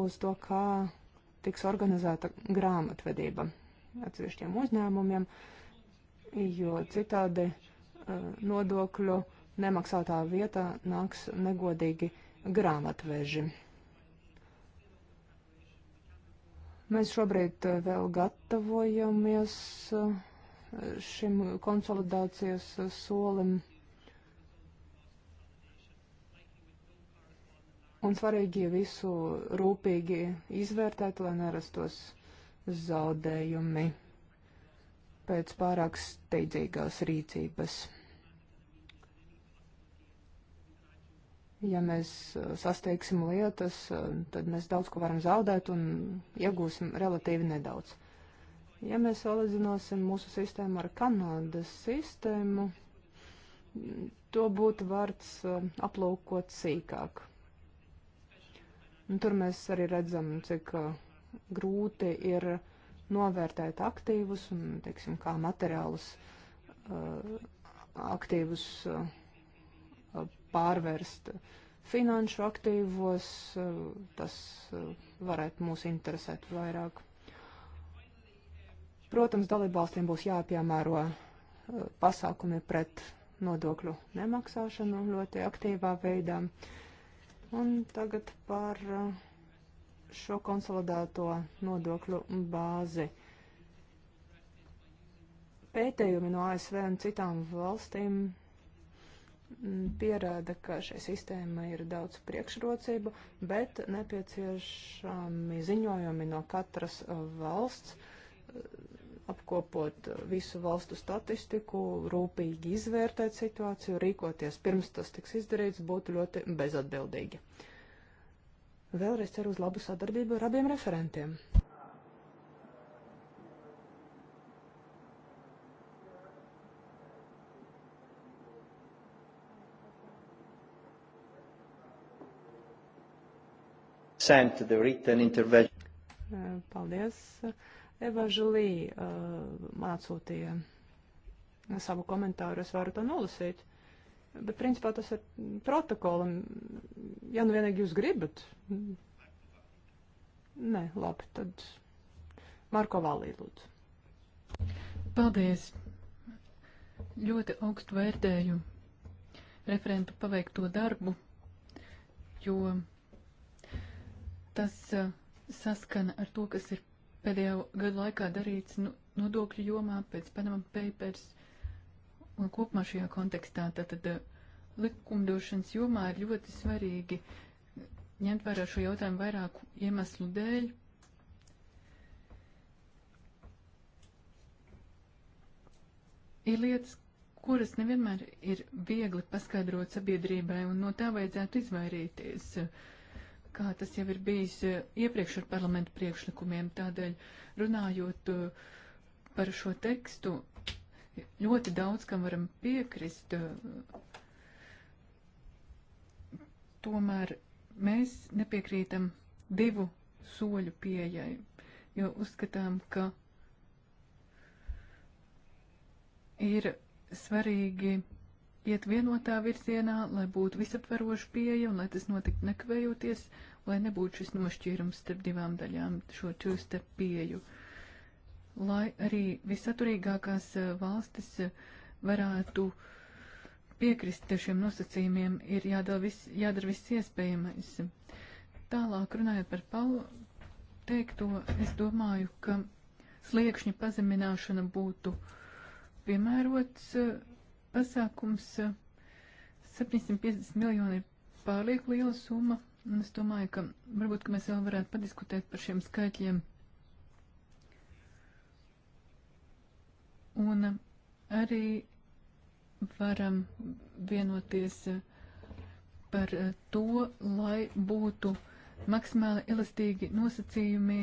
uz to, kā tiks organizēta grāmatvedība atsevišķiem uzņēmumiem, jo citādi uh, nodokļu nemaksātā vietā nāks negodīgi uh, grāmatveži. Mēs šobrīd eh, vēl gatavojamies eh, šim konsolidācijas eh, solim. Un svarīgi visu rūpīgi izvērtēt, lai nerastos zaudējumi pēc pārāk steidzīgās rīcības. Ja mēs uh, sasteigsim lietas, uh, tad mēs daudz ko varam zaudēt un iegūsim relatīvi nedaudz. Ja mēs salīdzināsim mūsu sistēmu ar Kanādas sistēmu, to būtu vārds uh, aplūkot sīkāk. Un tur mēs arī redzam, cik grūti ir novērtēt aktīvus un, teiksim, kā materiālus aktīvus pārvērst finanšu aktīvos, eh, tas eh, varētu mūs interesēt vairāk. Protams, dalībvalstīm būs jāpiemēro eh, pasākumi pret nodokļu nemaksāšanu ļoti aktīvā veidā. Un tagad par šo konsolidēto nodokļu bāzi. Pētējumi no ASV un citām valstīm Mm, pierāda, ka šai sistēmai ir daudz priekšrocību, bet nepieciešami ziņojumi no katras uh, valsts, uh, apkopot uh, visu valstu statistiku, rūpīgi izvērtēt situāciju, rīkoties pirms tas tiks izdarīts, būtu ļoti bezatbildīgi. Vēlreiz ceru uz labu sadarbību ar abiem referentiem. sent the written intervention. Eh, paldies. Eva Žalī uh, man atsūtīja savu komentāru, es varu to nolasīt. Bet, principā, tas ir protokolam. Ja nu vienīgi jūs gribat. Nē, labi, tad Marko Valī, lūdzu. Paldies. Ļoti augstu vērtēju referentu paveikto darbu, jo Tas uh, saskana ar to, kas ir pēdējo gadu laikā darīts nu, nodokļu jomā pēc Panama Papers un kopumā šajā kontekstā. Tātad uh, likumdošanas jomā ir ļoti svarīgi ņemt vērā šo jautājumu vairāku iemeslu dēļ. Ir lietas, kuras nevienmēr ir viegli paskaidrot sabiedrībai, un no tā vajadzētu izvairīties. Uh, kā tas jau ir bijis eh, iepriekš ar parlamentu priekšlikumiem. Tādēļ runājot eh, par šo tekstu, ļoti daudz kam varam piekrist. Eh, tomēr mēs nepiekrītam divu soļu pieejai, jo uzskatām, ka ir svarīgi iet vienotā virzienā, lai būtu visaptveroša pieeja un lai tas notiktu nekavējoties, lai nebūtu šis nošķīrums starp divām daļām, šo čūstep pieju. Lai arī visaturīgākās eh, valstis eh, varētu piekrist šiem nosacījumiem, ir jādara viss, jādara viss iespējamais. Tālāk runājot par Paulu teikto, es domāju, ka sliekšņa pazemināšana būtu piemērots uh, pasākums. 750 eh, miljoni ir pārlieku liela summa, un es domāju, ka varbūt, ka mēs vēl varētu padiskutēt par šiem skaitļiem. Un eh, arī varam vienoties eh, par to, lai būtu maksimāli elastīgi nosacījumi,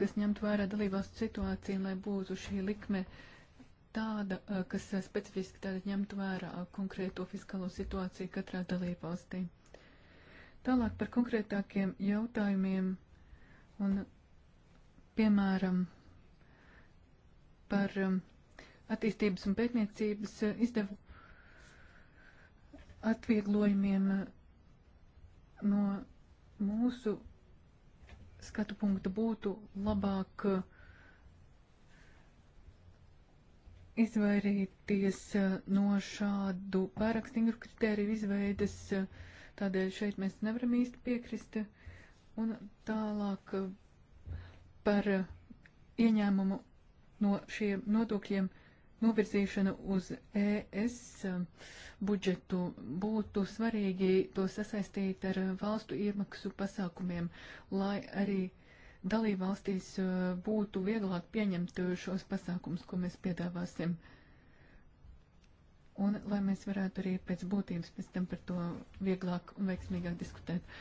kas ņemtu vērā dalībvalstu situāciju, lai būtu šī likme uh, tāda, kas specifiski tāda ņemtu vērā konkrēto fiskālo situāciju katrā dalībvalstī. Tālāk par konkrētākiem jautājumiem un, piemēram, par attīstības un pētniecības izdevu atvieglojumiem no mūsu skatu punkta būtu labāk uh, izvairīties eh, no šādu pārāk stingru kritēriju izveidas, eh, tādēļ šeit mēs nevaram īsti piekrist. Un tālāk eh, par ieņēmumu no šiem nodokļiem novirzīšanu uz ES budžetu būtu svarīgi to sasaistīt ar valstu iemaksu pasākumiem, lai arī uh, dalībvalstīs eh, būtu vieglāk pieņemt eh, šos pasākums, ko mēs piedāvāsim. Un lai mēs varētu arī pēc būtības pēc tam par to vieglāk un veiksmīgāk diskutēt.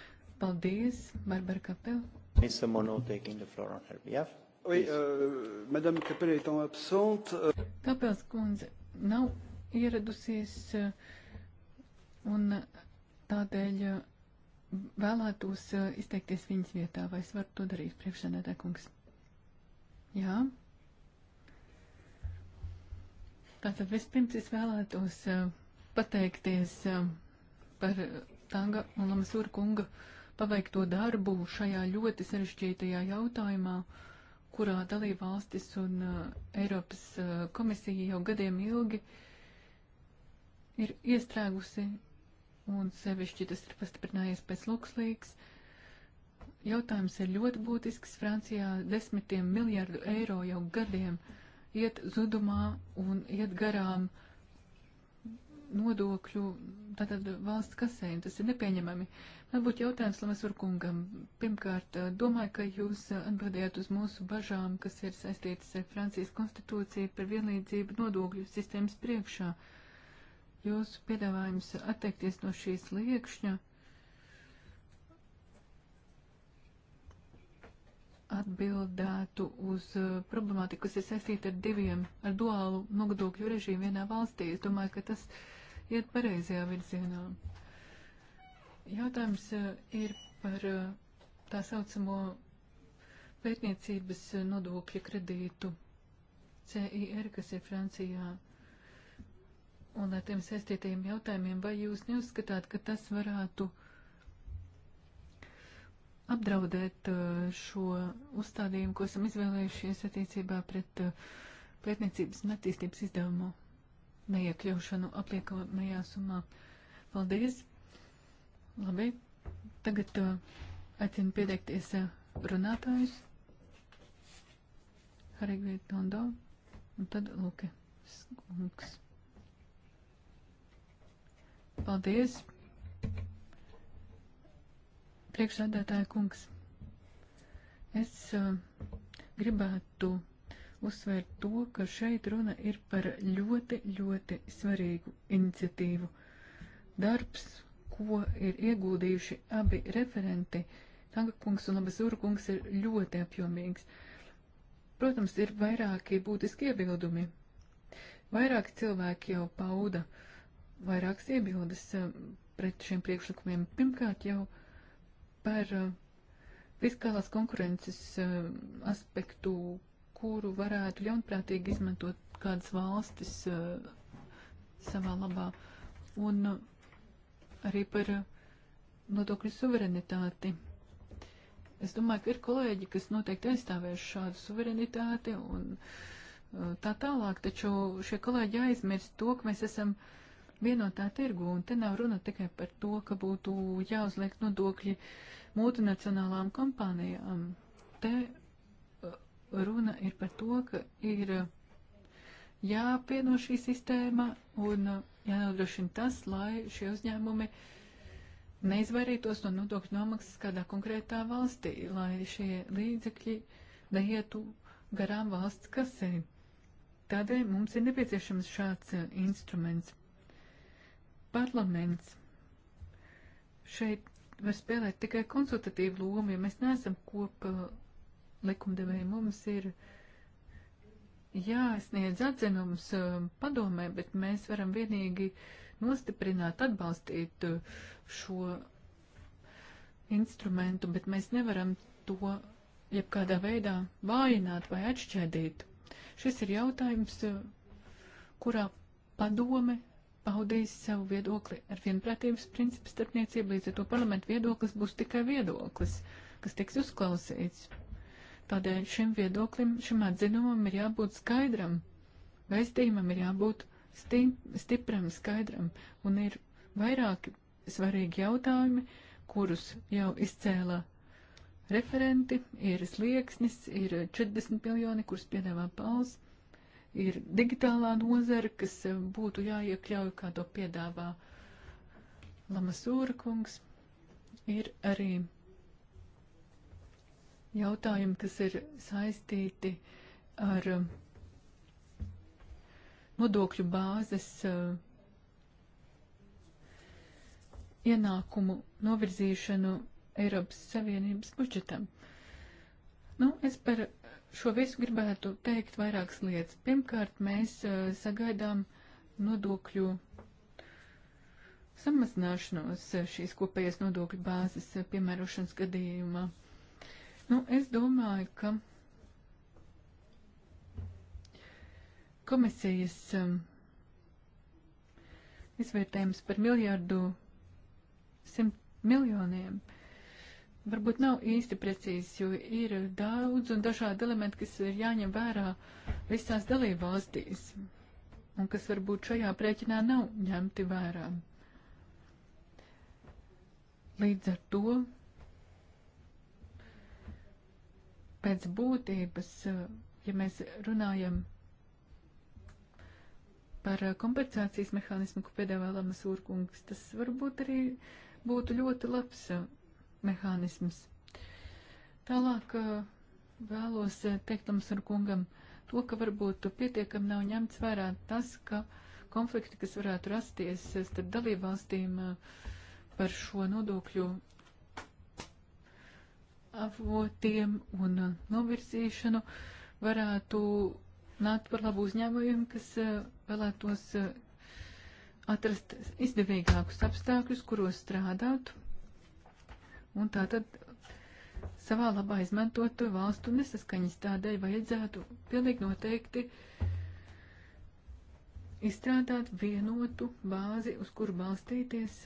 Paldies, Barbara Kapel. Mr. Mono taking the floor on her behalf. Oui, euh, Madame Kapel étant absente. Euh... Kapels kundze nav ieradusies eh, un tādēļ vēlētos eh, izteikties viņas vietā, vai es varu to darīt, priekšsēdētāj kungs? Jā. Tātad vispirms es vēlētos eh, pateikties eh, par Tanga un Lamasūra kunga paveikto darbu šajā ļoti sarežģītajā jautājumā, kurā dalība valstis un Eiropas komisija jau gadiem ilgi ir iestrēgusi un sevišķi tas ir pastiprinājies pēc Luxlīgas. Jautājums ir ļoti būtisks. Francijā desmitiem miljardu eiro jau gadiem iet zudumā un iet garām nodokļu, tātad valsts kasēm. Tas ir nepieņemami. Man būtu jautājums Lamasur kungam. Pirmkārt, domāju, ka jūs atbildējāt uz mūsu bažām, kas ir saistītas ar Francijas konstitūciju par vienlīdzību nodokļu sistēmas priekšā. Uh, jūsu piedāvājums atteikties no šīs liekšņa atbildētu uz uh, problemātiku, kas ir saistīta ar diviem, ar duālu nodokļu režīmu vienā valstī. Es domāju, ka tas iet pareizajā virzienā. Jautājums uh, ir par uh, tā saucamo pētniecības nodokļa kredītu CIR, kas ir Francijā un ar tiem saistītajiem jautājumiem, vai jūs neuzskatāt, ka tas varētu apdraudēt uh, šo uzstādījumu, ko esam izvēlējušies attiecībā pret uh, pētniecības un attīstības izdevumu neiekļaušanu apliekamajā summā. Paldies! Labi, tagad uh, aicinu pieteikties runātājus. Harigvīt Tondo un tad Luke Skunks. Paldies. Priekšsādātāja kungs, es uh, gribētu uzsvērt to, ka šeit runa ir par ļoti, ļoti svarīgu iniciatīvu. Darbs, ko ir ieguldījuši abi referenti, Tangakungs un Labazurkungs, ir ļoti apjomīgs. Protams, ir vairāki būtiski iebildumi. Vairāki cilvēki jau pauda uh, vairākas iebildes eh, pret šiem priekšlikumiem. Pirmkārt jau par eh, fiskālās konkurences eh, aspektu, kuru varētu ļaunprātīgi izmantot kādas valstis savā labā. Un arī par nodokļu suverenitāti. Es domāju, ka ir kolēģi, kas noteikti aizstāvēs šādu suverenitāti un tā tālāk, taču šie kolēģi aizmirst to, ka mēs esam uh, vienotā tirgu, un te nav runa tikai par to, ka būtu jāuzliek nodokļi multinacionālām kompānijām. Te uh, runa ir par to, ka ir uh, jāapvieno šī sistēma un uh, jānodrošina tas, lai šie uzņēmumi neizvairītos no nodokļu nomaksas kādā konkrētā valstī, lai šie līdzekļi neietu garām valsts kasē. Tādēļ mums ir nepieciešams šāds instruments parlaments šeit var spēlēt tikai konsultatīvu lomu, ja mēs neesam kopa likumdevēji. Mums ir jāsniedz atzinums um, padomē, bet mēs varam vienīgi nostiprināt, atbalstīt uh, šo instrumentu, bet mēs nevaram to jebkādā veidā vājināt vai atšķēdīt. Šis ir jautājums, uh, kurā padome paudīs savu viedokli ar vienprātības principu starpniecību, līdz ar to parlamentu viedoklis būs tikai viedoklis, kas tiks uzklausīts. Tādēļ šim viedoklim, šim atzinumam ir jābūt skaidram, vēstījumam ir jābūt stipram, skaidram, un ir vairāki svarīgi jautājumi, kurus jau izcēlā referenti, ir slieksnis, ir 40 miljoni, kurus piedāvā pauls ir digitālā nozara, kas eh, būtu jāiekļauj, kā to piedāvā Lamasūra kungs. Ir arī jautājumi, kas ir saistīti ar eh, nodokļu bāzes eh, ienākumu novirzīšanu Eiropas Savienības budžetam. Nu, es par šo visu gribētu teikt vairākas lietas. Pirmkārt, mēs eh, sagaidām nodokļu samazināšanos eh, šīs kopējās nodokļu bāzes eh, piemērošanas gadījumā. Nu, es domāju, ka komisijas izvērtējums par miljardu simt miljoniem uh, varbūt nav īsti precīzs, jo ir daudz un dažādi elementi, kas ir jāņem vērā visās dalībvalstīs un kas varbūt šajā prēķinā nav ņemti vērā. Līdz ar to pēc būtības, ja mēs runājam par kompensācijas mehānismu, ko piedāvā Lamas Urkungs, tas varbūt arī būtu ļoti labs mehānisms. Tālāk uh, vēlos uh, teikt Lamsur kungam to, ka varbūt pietiekam nav ņemts vērā tas, ka konflikti, kas varētu rasties uh, starp dalībvalstīm par šo nodokļu avotiem un novirzīšanu, varētu nākt par labu uzņēmumiem, kas vēlētos atrast izdevīgākus apstākļus, kuros strādātu, un tā tad savā labā izmantot to valstu nesaskaņas. Tādēļ vajadzētu pilnīgi noteikti izstrādāt vienotu bāzi, uz kuru balstīties,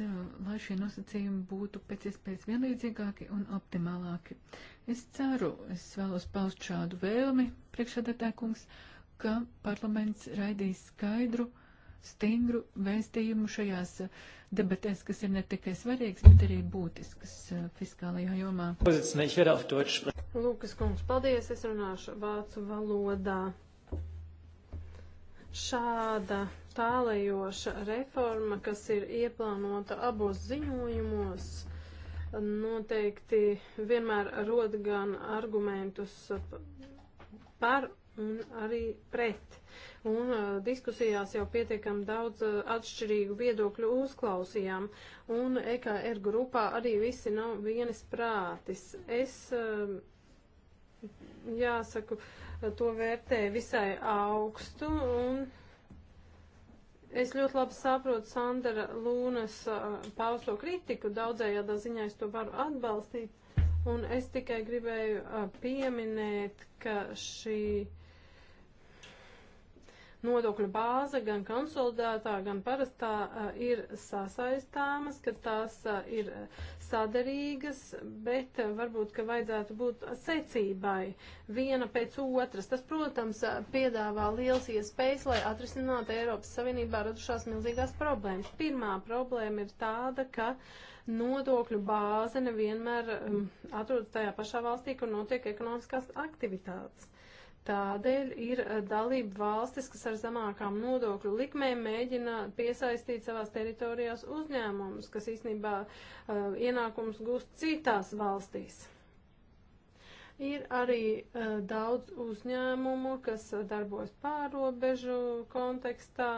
lai šie nosacījumi būtu pēc iespējas vienlīdzīgāki un optimālāki. Es ceru, es vēlos paust šādu vēlmi, priekšsēdētāj kungs, ka parlaments raidīs skaidru, uh, stingru vēstījumu šajās debatēs, kas ir ne tikai svarīgs, bet arī būtisks eh, fiskālajā jomā. Lūkas kungs, paldies, es runāšu vācu valodā. Šāda tālajoša reforma, kas ir ieplānota abos ziņojumos, noteikti vienmēr rod gan argumentus par un arī pret. Un uh, diskusijās jau pietiekam daudz uh, atšķirīgu viedokļu uzklausījām, un EKR grupā arī visi nav vienas prātis. Es, uh, jāsaku, to vērtēju visai augstu, un es ļoti labi saprotu Sandra Lūnas uh, pausto kritiku, daudzējādā ziņā es to varu atbalstīt, un es tikai gribēju uh, pieminēt, ka šī nodokļu bāze gan konsolidētā, gan parastā ir sasaistāmas, ka tās ir sadarīgas, bet varbūt, ka vajadzētu būt secībai viena pēc otras. Tas, protams, piedāvā liels iespējas, lai atrisinātu Eiropas Savienībā radušās milzīgās problēmas. Pirmā problēma ir tāda, ka nodokļu bāze nevienmēr um, atrodas tajā pašā valstī, kur notiek ekonomiskās aktivitātes. Tādēļ ir eh, dalība valstis, kas ar zemākām nodokļu likmēm mēģina piesaistīt savās teritorijās uzņēmumus, kas īstenībā uh, ienākums gūst citās valstīs. Ir arī uh, daudz uzņēmumu, kas darbojas pārobežu kontekstā,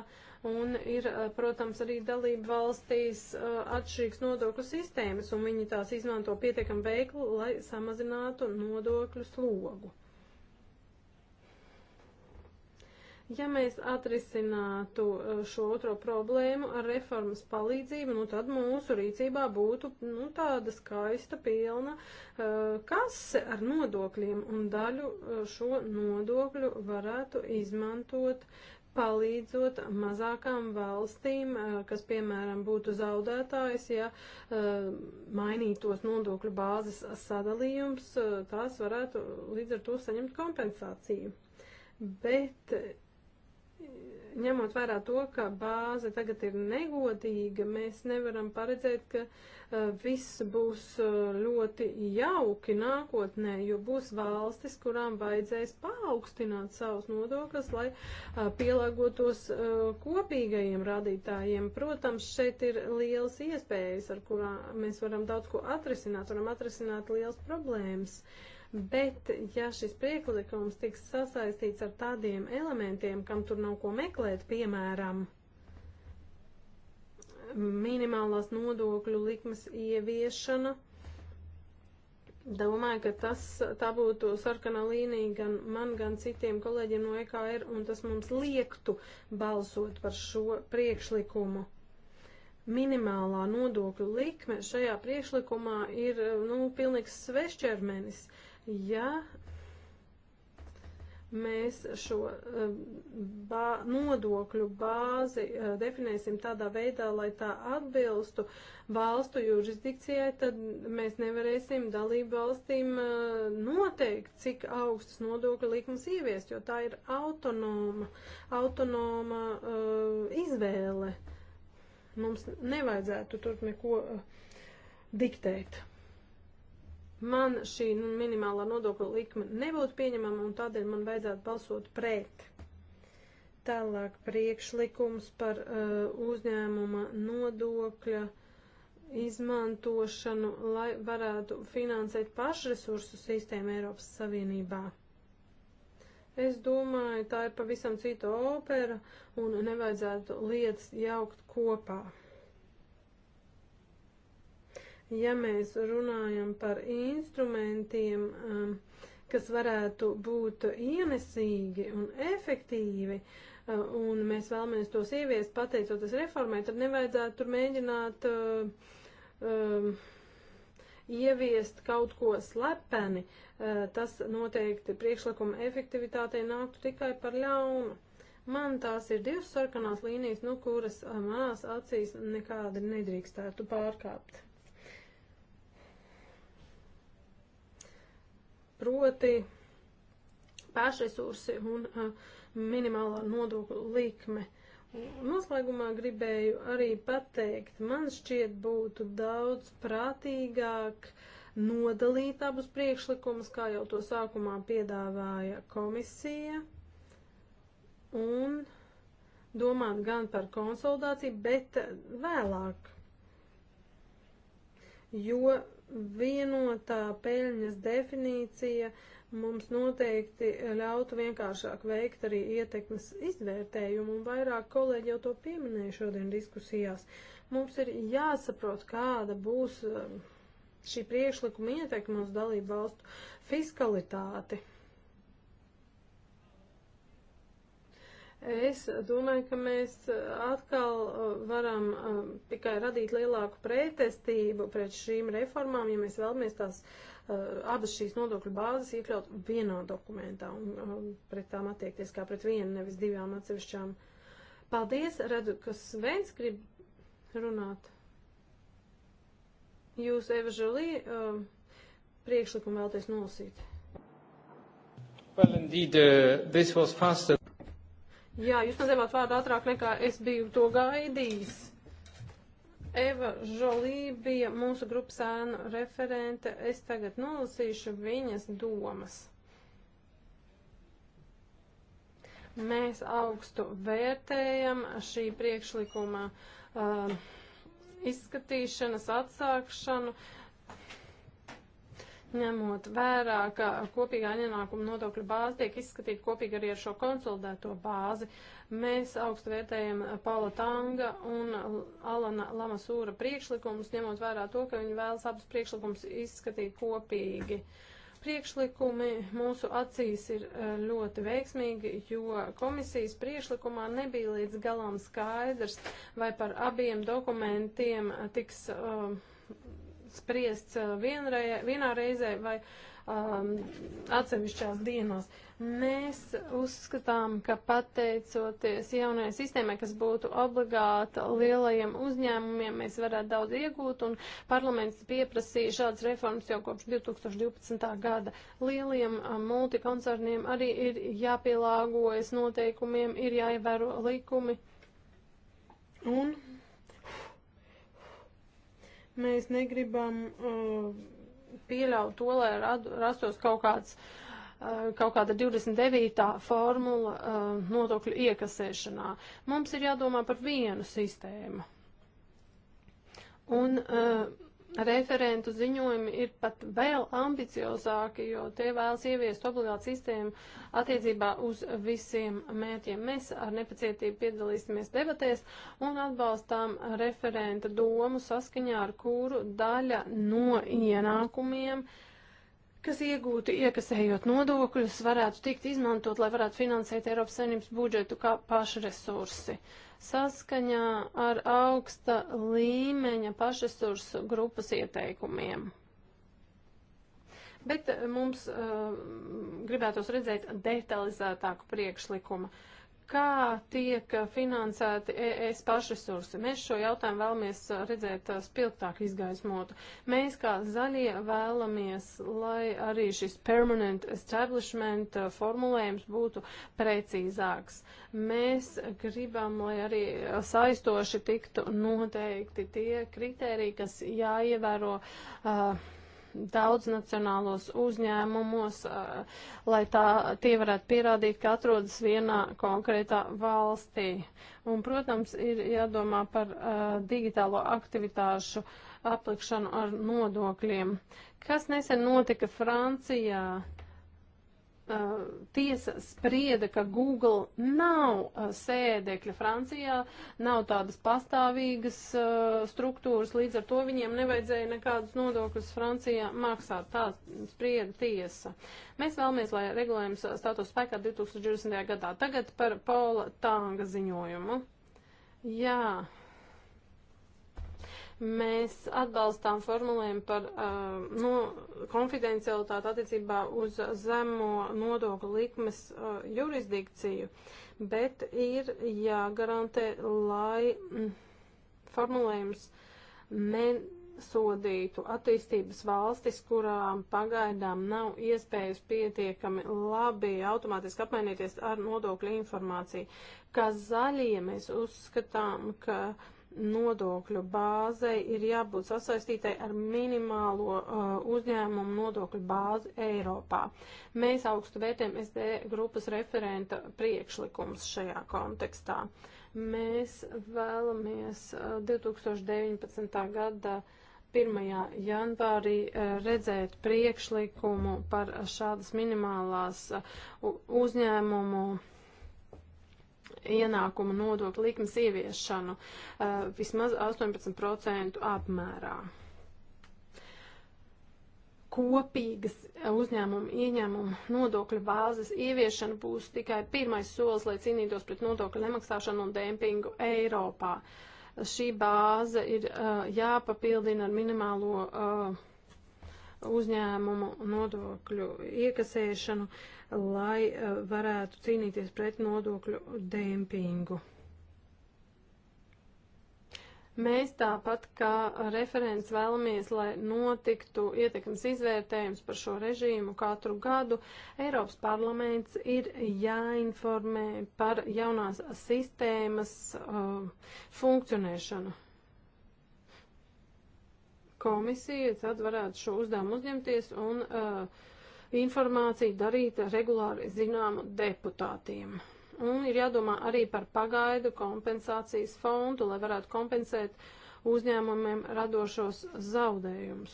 un ir, uh, protams, arī dalība valstīs uh, atšķirīgs nodokļu sistēmas, un viņi tās izmanto pietiekam veiklu, lai samazinātu nodokļu slogu. Ja mēs atrisinātu eh, šo otro problēmu ar reformas palīdzību, nu tad mūsu rīcībā būtu nu, tāda skaista pilna uh, kase ar nodokļiem, un daļu eh, šo nodokļu varētu izmantot palīdzot mazākām valstīm, kas, piemēram, būtu zaudētājs, ja mainītos nodokļu bāzes sadalījums, tās varētu līdz ar to saņemt kompensāciju. Bet ņemot vērā to, ka bāze tagad ir negodīga, mēs nevaram paredzēt, ka uh, viss būs uh, ļoti jauki nākotnē, jo būs valstis, kurām vajadzēs paaugstināt savus nodokļus, lai uh, pielāgotos kopīgajiem rādītājiem. Protams, šeit ir liels iespējas, ar kurām mēs varam daudz ko atrisināt, varam atrisināt liels problēmas. Uh, bet ja šis prieklikums tiks sasaistīts ar tādiem elementiem, kam tur nav ko meklēt, piemēram, minimālās nodokļu likmes ieviešana, domāju, ka tas tā būtu sarkana līnija gan man, gan citiem kolēģiem no EKR, un tas mums liektu balsot par šo priekšlikumu. Minimālā nodokļu likme šajā priekšlikumā ir, nu, pilnīgs svešķermenis. Uh, ja mēs šo eh, bā, nodokļu bāzi eh, definēsim tādā veidā, lai tā atbilstu valstu jurisdikcijai, tad mēs nevarēsim dalību valstīm eh, noteikt, cik augstas nodokļu likums ieviest, jo tā ir autonoma, autonoma uh, izvēle. Mums nevajadzētu tur neko uh, diktēt. Man šī nu, minimālā nodokļa likme nebūtu pieņemama un tādēļ man vajadzētu balsot pret. Tālāk priekšlikums par uh, uzņēmuma nodokļa izmantošanu, lai varētu finansēt pašresursu sistēmu Eiropas Savienībā. Es domāju, tā ir pavisam cita opera un nevajadzētu lietas jaukt kopā. Ja mēs runājam par instrumentiem, um, kas varētu būt ienesīgi un efektīvi, uh, un mēs vēlamies tos ieviest pateicoties reformai, tad nevajadzētu tur mēģināt uh, um, ieviest kaut ko slepeni. Uh, tas noteikti priekšlikuma efektivitātei nāktu tikai par ļaunu. Man tās ir divas sarkanās līnijas, nu, kuras manās acīs nekādi nedrīkstētu pārkāpt. proti pašresursi un minimālā nodokļu likme. Noslēgumā gribēju arī pateikt, man šķiet būtu daudz prātīgāk nodalīt abus priekšlikumus, kā jau to sākumā piedāvāja komisija, un domāt gan par konsolidāciju, bet vēlāk. Jo vienotā peļņas definīcija mums noteikti ļautu vienkāršāk veikt arī ietekmes izvērtējumu, un vairāk kolēģi jau to pieminēja šodien diskusijās. Mums ir jāsaprot, kāda būs um, šī priekšlikuma ietekme uz dalību valstu fiskalitāti. Es domāju, ka mēs uh, atkal uh, varam um, tikai radīt lielāku pretestību pret šīm reformām, ja mēs vēlamies tās uh, abas šīs nodokļu bāzes iekļaut vienā dokumentā un um, pret tām attiekties kā pret vienu, nevis divām atsevišķām. Paldies, redzu, ka Svens grib runāt. Jūs, Eva Žalī, um, priekšlikumu vēlties nolasīt. Well, indeed, uh, this was faster. Jā, jūs man devāt vārdu ātrāk nekā es biju to gaidījis. Eva Žolī bija mūsu grupas ēnu referente. Es tagad nolasīšu viņas domas. Mēs augstu vērtējam šī priekšlikuma uh, izskatīšanas atsākšanu. Uh, ņemot vērā, ka kopīgā ienākuma nodokļa bāze tiek izskatīta kopīgi arī ar šo konsolidēto bāzi, mēs augstu vērtējam Paula Tanga un Alana Lamasūra priekšlikumus, ņemot vērā to, ka viņi vēlas abus priekšlikumus izskatīt kopīgi. Priekšlikumi mūsu acīs ir e, ļoti veiksmīgi, jo komisijas priekšlikumā nebija līdz galam skaidrs, vai par abiem dokumentiem tiks uh, spriests uh, vienrei, vienā reizē vai um, atsevišķās dienās. Mēs uzskatām, ka pateicoties jaunajai sistēmai, kas būtu obligāta lielajiem uzņēmumiem, mēs varētu daudz iegūt, un parlaments pieprasīja šādas reformas jau kopš 2012. gada. Lielajiem uh, multikoncerniem arī ir jāpielāgojas noteikumiem, ir jāievēro likumi. Un Mēs negribam uh, pieļaut to, lai rad, rastos kaut kāds uh, kaut kāda 29. formula uh, nodokļu iekasēšanā. Mums ir jādomā par vienu sistēmu. Un uh, referentu ziņojumi ir pat vēl ambiciozāki, jo tie vēlas ieviest obligātu sistēmu attiecībā uz visiem mērķiem. Mēs ar nepacietību piedalīsimies debatēs un atbalstām referenta domu saskaņā ar kuru daļa no ienākumiem kas iegūti iekasējot nodokļus, varētu tikt izmantot, lai varētu finansēt Eiropas saimnības budžetu kā pašresursi. Uh, saskaņā ar augsta līmeņa pašresursu grupas ieteikumiem. Bet eh, mums uh, gribētos redzēt detalizētāku priekšlikumu. Uh, kā tiek finansēti e- ES pašresursi. Mēs šo jautājumu vēlamies redzēt spilgtāk izgaismotu. Mēs kā zaļie vēlamies, lai arī šis permanent establishment formulējums būtu precīzāks. Mēs gribam, lai arī saistoši tiktu noteikti tie kriteriji, kas jāievēro. Uh, daudznacionālos uzņēmumos, lai tā, tie varētu pierādīt, ka atrodas vienā konkrētā valstī. Un, protams, ir jādomā par digitālo aktivitāšu aplikšanu ar nodokļiem. Kas nesen notika Francijā? Uh, tiesa sprieda, ka Google nav uh, sēdekļa Francijā, nav tādas pastāvīgas uh, struktūras, līdz ar to viņiem nevajadzēja nekādus nodokļus Francijā maksāt. Tā sprieda tiesa. Mēs vēlamies, lai regulējums status spēkā 2020. gadā. Tagad par Paula Tanga ziņojumu. Jā. Mēs atbalstām formulējumu par uh, nu, konfidencialitāti attiecībā uz zemo nodokļu likmes uh, jurisdikciju, bet ir jāgarantē, lai mm, formulējums nesodītu attīstības valstis, kurām pagaidām nav iespējas pietiekami labi automātiski apmainīties ar nodokļu informāciju. Kā zaļie mēs uzskatām, ka uh, nodokļu bāzei ir jābūt sasaistītai ar minimālo uh, uzņēmumu nodokļu bāzi Eiropā. Mēs augstu vērtējam SD grupas referenta priekšlikums šajā kontekstā. Mēs vēlamies uh, 2019. gada 1. janvārī uh, redzēt priekšlikumu par šādas minimālās uh, uzņēmumu ienākuma nodokļa likmes ieviešanu uh, vismaz 18% apmērā. Kopīgas uzņēmuma ieņēmuma nodokļa bāzes ieviešana būs tikai pirmais solis, lai cīnītos pret nodokļu nemaksāšanu un dēmpingu Eiropā. Šī bāze ir uh, jāpapildina ar minimālo uh, uzņēmumu nodokļu iekasēšanu. Uh, lai eh, varētu cīnīties pret nodokļu dēmpingu. Mēs tāpat kā referents vēlamies, lai notiktu ietekmes izvērtējums par šo režīmu katru gadu. Eiropas parlaments ir jāinformē par jaunās sistēmas uh, funkcionēšanu. Komisija tad varētu šo uzdevumu uzņemties un uh, informācija darīta regulāri zināmu deputātiem. Un ir jādomā arī par pagaidu kompensācijas fondu, lai varētu kompensēt uzņēmumiem radošos zaudējumus.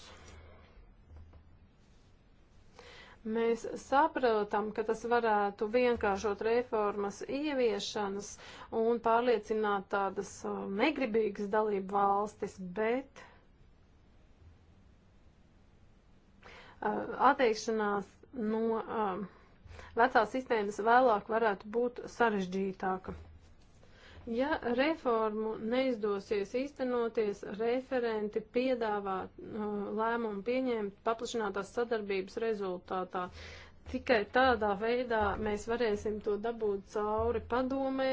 Mēs saprotam, ka tas varētu vienkāršot reformas ieviešanas un pārliecināt tādas uh, negribīgas dalību valstis, bet Eh, atteikšanās no eh, vecās sistēmas vēlāk varētu būt sarežģītāka. Ja reformu neizdosies īstenoties, referenti piedāvā eh, lēmumu pieņemt paplašinātās sadarbības rezultātā. Tikai tādā veidā mēs varēsim to dabūt cauri padomē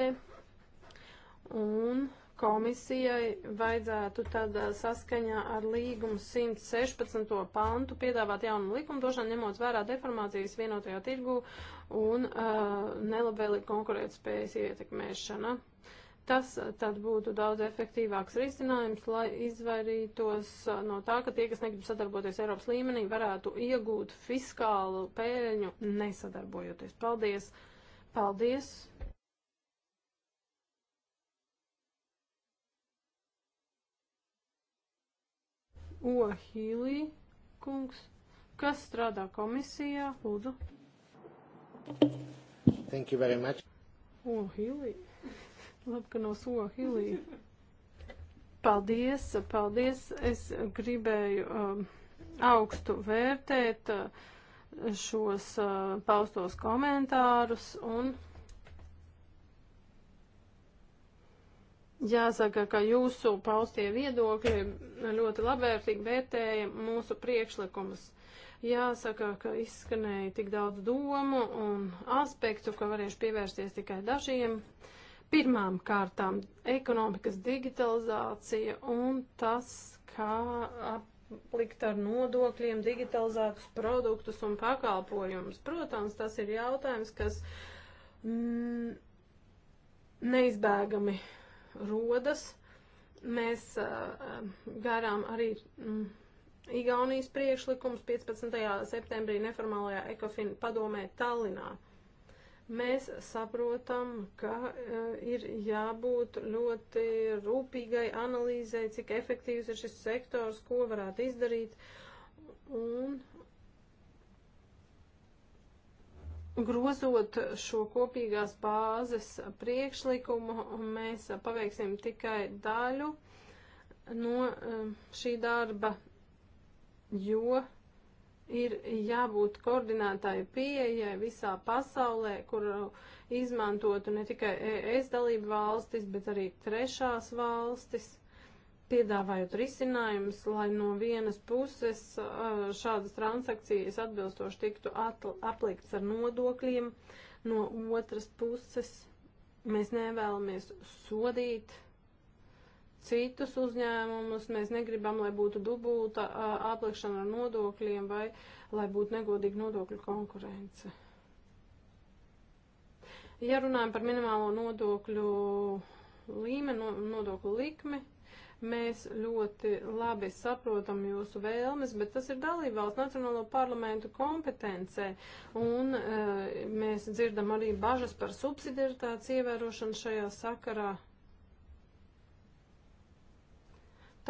un Komisijai vajadzētu tad saskaņā ar līgumu 116. pantu piedāvāt jaunu likumdošanu, ņemot vērā deformācijas vienotajā tirgu un uh, nelabvēlīgu konkurētspējas ietekmēšana. Tas tad būtu daudz efektīvāks risinājums, lai izvairītos no tā, ka tie, kas negrib sadarboties Eiropas līmenī, varētu iegūt fiskālu pēļņu nesadarbojoties. Paldies! Paldies! Ohīlī kungs, kas strādā komisijā, lūdzu. Thank you very much. Ohīlī. Labi, ka no Sohīlī. Paldies, paldies. Es gribēju um, augstu vērtēt uh, šos uh, paustos komentārus un. Jāsaka, ka jūsu paustie viedokļi ļoti labvērtīgi vērtēja mūsu priekšlikumus. Jāsaka, ka izskanēja tik daudz domu un aspektu, ka varēšu pievērsties tikai dažiem. Pirmām kārtām ekonomikas digitalizācija un tas, kā aplikt ar nodokļiem digitalizētus produktus un pakalpojumus. Protams, tas ir jautājums, kas mm, neizbēgami rodas. Mēs garām arī mm, Igaunijas priekšlikums 15. septembrī neformālajā ekofina padomē Tallinā. Mēs saprotam, ka uh, ir jābūt ļoti rūpīgai analīzei, cik efektīvs ir šis sektors, ko varētu izdarīt. Un uh, grozot šo kopīgās bāzes priekšlikumu, mēs paveiksim tikai daļu no um, šī darba, jo ir jābūt koordinētai pieejai visā pasaulē, kur izmantotu ne tikai ES dalību valstis, bet arī trešās valstis piedāvājot risinājumus, lai no vienas puses uh, šādas transakcijas atbilstoši tiktu aplikts ar nodokļiem, no otras puses mēs nevēlamies sodīt citus uzņēmumus, mēs negribam, lai būtu dubulta uh, aplikšana ar nodokļiem vai lai būtu negodīga nodokļu konkurence. Ja runājam par minimālo nodokļu līmeni, nodokļu likmi, Mēs ļoti labi saprotam jūsu vēlmes, bet tas ir dalībvalsts Nacionālo parlamentu kompetencē. Un e, mēs dzirdam arī bažas par subsidiaritātes ievērošanu šajā sakarā.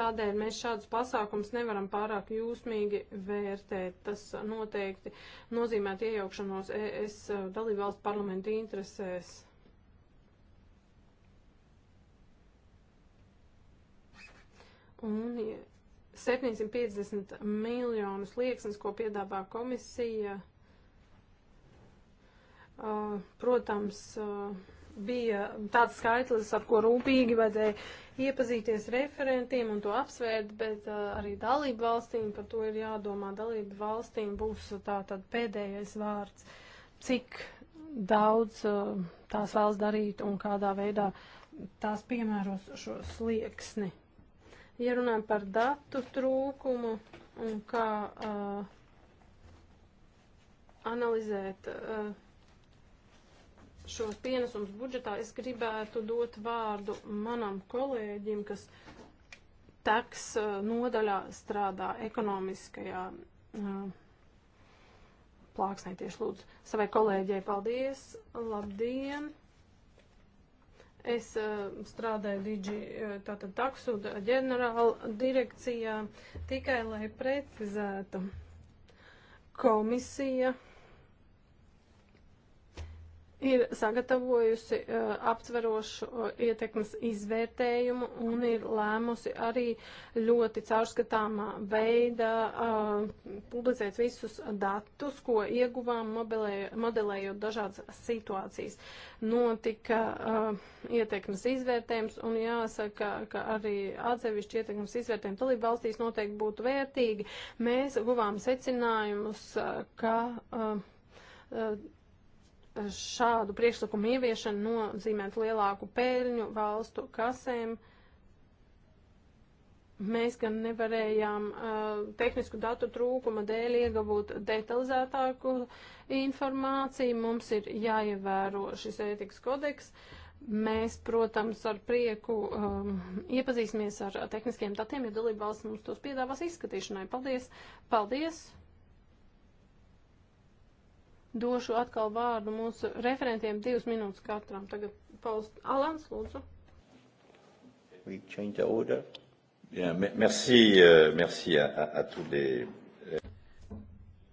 Tādēļ mēs šādus pasākums nevaram pārāk jūsmīgi vērtēt. Tas noteikti nozīmētu iejaukšanos ES eh, dalībvalstu parlamentu interesēs. Un 750 miljonus liekas, ko piedāvā komisija, uh, protams, uh, bija tāds skaitlis, ar ko rūpīgi vajadzēja iepazīties referentiem un to apsvērt, bet uh, arī dalību valstīm par to ir jādomā. Dalību valstīm būs tā tad pēdējais vārds, cik daudz uh, tās vēlas darīt un kādā veidā tās piemēros šo slieksni. Ja runājam par datu trūkumu un kā uh, analizēt uh, šos pienesums budžetā, es gribētu dot vārdu manam kolēģim, kas taks uh, nodaļā strādā ekonomiskajā uh, plāksnē tieši lūdzu. Savai kolēģei paldies, labdien! Es uh, strādāju Digi, uh, tātad taksu ģenerāla direkcijā, tikai lai precizētu komisija. Uh, ir sagatavojusi uh, aptverošu uh, ietekmes izvērtējumu un ir lēmusi arī ļoti caurskatāmā veidā uh, publicēt visus datus, ko ieguvām mobilē, modelējot dažādas situācijas. Notika uh, ietekmes izvērtējums un jāsaka, ka arī atsevišķi ietekmes izvērtējumi dalību valstīs noteikti būtu vērtīgi. Mēs guvām secinājumus, uh, ka. Uh, uh šādu priekšlikumu ieviešana nozīmētu lielāku pēļņu valstu kasēm. Mēs gan nevarējām uh, tehnisku datu trūkuma dēļ iegūt detalizētāku informāciju. Mums ir jāievēro šis ētikas kodeks. Mēs, protams, ar prieku um, iepazīsimies ar tehniskiem datiem, ja dalība valsts mums tos piedāvās izskatīšanai. Paldies! Paldies! Došu atkal vārdu mūsu referentiem divas minūtes katram. Tagad Pauls Alans, lūdzu. We change the order. Yeah, merci, euh, merci à, à, à tous les. Euh.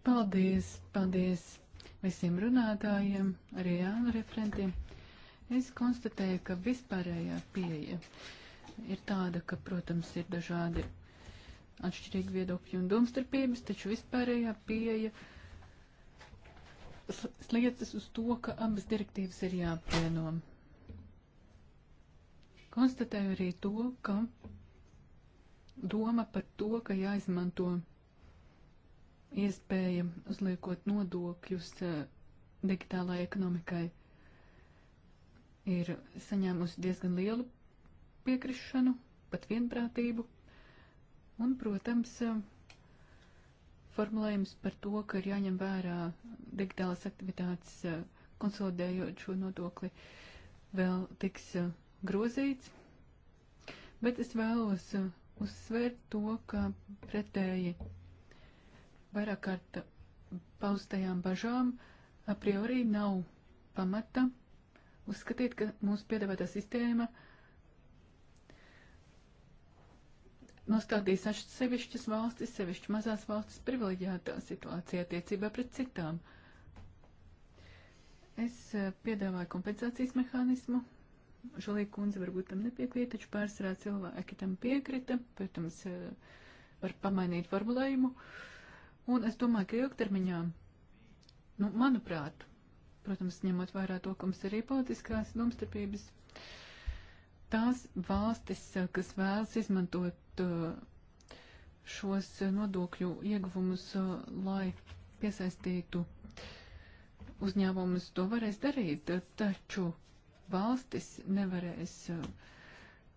Paldies, paldies visiem runātājiem, arī Jānu referentiem. Es konstatēju, ka vispārējā pieeja ir tāda, ka, protams, ir dažādi atšķirīgi viedokļi un domstarpības, taču vispārējā pieeja. Uh, sliecas uz to, ka abas direktīvas ir jāapvieno. Konstatēju arī to, ka doma par to, ka jāizmanto iespēja uzliekot nodokļus eh, digitālajai ekonomikai, ir saņēmusi diezgan lielu piekrišanu, pat vienprātību. Un, protams, eh, formulējums par to, ka ir jāņem vērā digitālas aktivitātes eh, konsolidējot šo nodokli, vēl tiks eh, grozīts. Bet es vēlos eh, uzsvērt to, ka pretēji vairāk kārt paustajām bažām a priori nav pamata uzskatīt, ka mūsu piedāvātā sistēma uh, nostādīs sevišķas valstis, sevišķi mazās valstis privileģētā situācijā attiecībā pret citām. Es eh, piedāvāju kompensācijas mehānismu. Žalī kundze varbūt tam nepiekrīt, taču pārsvarā cilvēki tam piekrita, protams, eh, var pamainīt formulējumu. Un es domāju, ka ilgtermiņā, nu, manuprāt, protams, ņemot vērā to, ka mums ir arī politiskās domstarpības, tās valstis, eh, kas vēlas izmantot izmantot uh, šos nodokļu ieguvumus, uh, lai piesaistītu uzņēmumus. To varēs darīt, taču valstis nevarēs uh,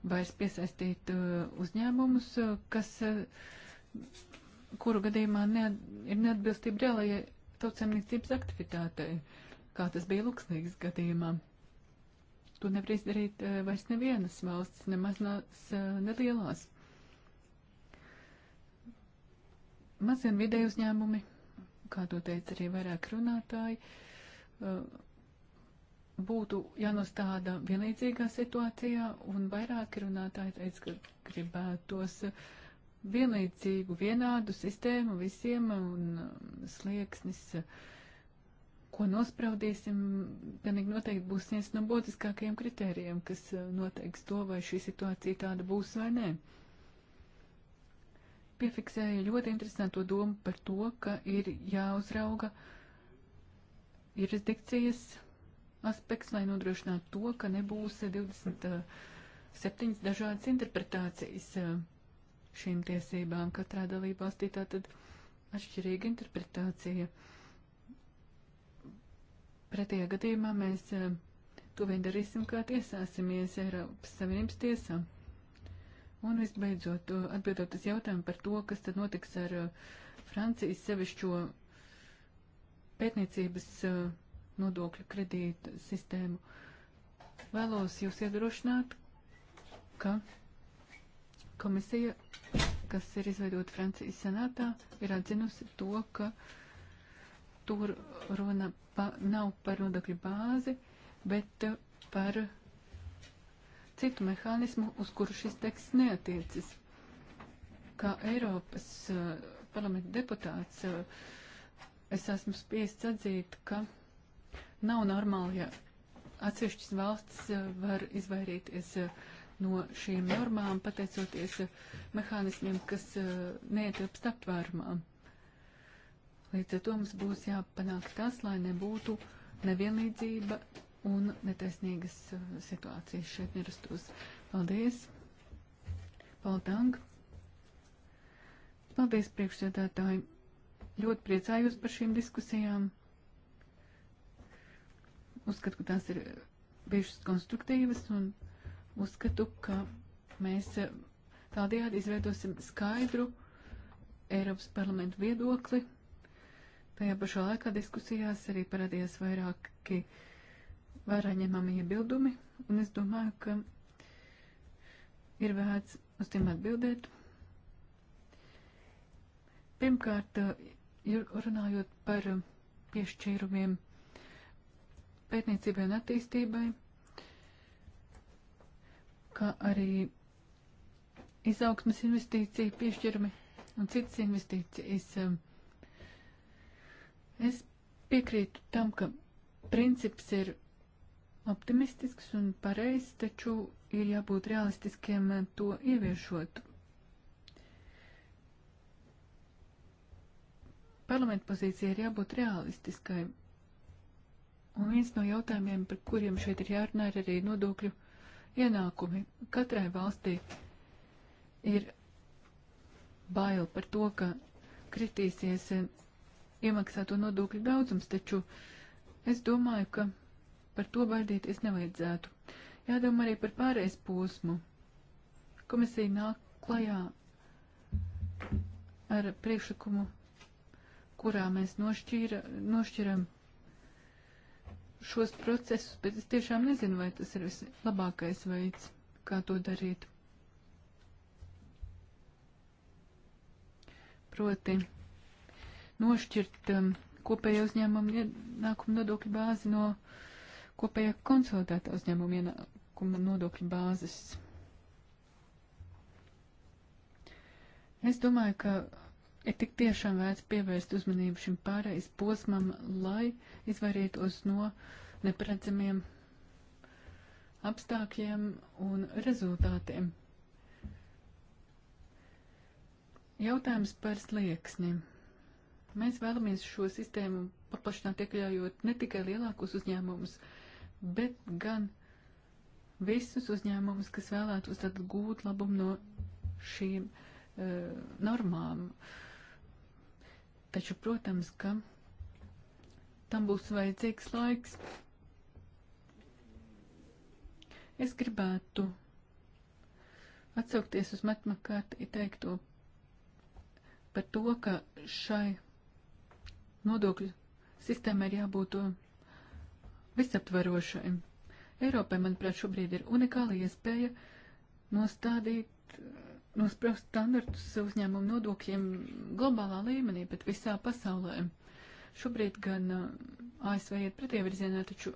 vairs piesaistīt uzņēmumus, kas, kuru gadījumā ne, ir neatbilstība reālajai tautsemniecības aktivitātei, kā tas bija Lukslīgas gadījumā. To nevar izdarīt vairs nevienas valsts, nemaz nelielās. Maziem vidēju uzņēmumi, kā to teica arī vairāk runātāji, būtu jānostāda vienlīdzīgā situācijā, un vairāk runātāji teica, ka gribētos vienlīdzīgu, vienādu sistēmu visiem, un slieksnis, ko nospraudīsim, pilnīgi noteikti būs viens no būtiskākajiem kritērijiem, kas noteiks to, vai šī situācija tāda būs vai nē piefiksēja ļoti interesantu domu par to, ka ir jāuzrauga jurisdikcijas aspekts, lai nodrošinātu to, ka nebūs 27 dažādas interpretācijas šīm tiesībām. Katrā dalībvalstī tā tad atšķirīga interpretācija. Pretējā gadījumā mēs to vien darīsim, kā tiesāsimies Eiropas Savienības tiesām. Un visbeidzot, atbildot uz jautājumu par to, kas tad notiks ar Francijas sevišķo pētniecības nodokļu kredītu sistēmu, vēlos jūs iedrošināt, ka komisija, kas ir izveidota Francijas senātā, ir atzinusi to, ka tur runa pa, nav par nodokļu bāzi, bet par citu mehānismu, uz kuru šis teksts neatiecas. Kā Eiropas uh, parlamenta deputāts, uh, es esmu spiests atzīt, ka nav normāli, ja atsevišķas valsts uh, eh, var izvairīties uh, no šīm normām, pateicoties uh, mehānismiem, kas uh, neietilpst aptvērumā. Līdz ar to mums būs jāpanāk tas, lai nebūtu nevienlīdzība un netaisnīgas uh, situācijas šeit nerastos. Paldies! Paltang! Paldies, priekšsēdētāji! Ļoti priecājos par šīm diskusijām. Uzskatu, ka tās ir bijušas konstruktīvas un uzskatu, ka mēs uh, tādējādi izveidosim skaidru Eiropas parlamentu viedokli. Tajā pašā laikā diskusijās arī parādījās vairāki. Ka vērā ņemami iebildumi, un es domāju, ka ir vērts uz tiem atbildēt. Pirmkārt, runājot par piešķīrumiem pētniecībai un attīstībai, kā arī izaugsmas investīcija piešķirumi un citas investīcijas. Es piekrītu tam, ka princips ir optimistisks un pareizs, taču ir jābūt realistiskiem to ieviešot. Parlamenta pozīcija ir jābūt realistiskai. Un viens no jautājumiem, par kuriem šeit ir jārunā, ir arī nodokļu ienākumi. Katrai valstī ir bail par to, ka kritīsies iemaksāto nodokļu daudzums, taču es domāju, ka Par to baidīties nevajadzētu. Jādomā arī par pārējais posmu. Komisija nāk klajā ar priekšlikumu, kurā mēs nošķīra, nošķiram šos procesus, bet es tiešām nezinu, vai tas ir vislabākais veids, kā to darīt. Proti, nošķirt um, kopējo uzņēmumu ienākumu nodokļu bāzi no uh, kopējā konsolidēta uzņēmuma ienākuma nodokļa bāzes. Es domāju, ka ir tik tiešām vērts pievērst uzmanību šim pārējais posmam, lai izvairītos no neparedzamiem apstākļiem un rezultātiem. Jautājums par slieksni. Mēs vēlamies šo sistēmu paplašināt, iekļaujot ne tikai lielākus uzņēmumus, uh, bet gan visus uzņēmumus, kas vēlētos tad gūt labumu no šīm e, normām. Taču, protams, ka tam būs vajadzīgs laiks. Es gribētu atsaukties uz matmakārtī teikto par to, ka šai nodokļu sistēmai ir jābūt visaptvarošai. Eiropai, manuprāt, šobrīd ir unikāla iespēja nostādīt, nospraust standartus uzņēmumu nodokļiem globālā līmenī, bet visā pasaulē. Šobrīd gan ASV iet pretie virzienā, taču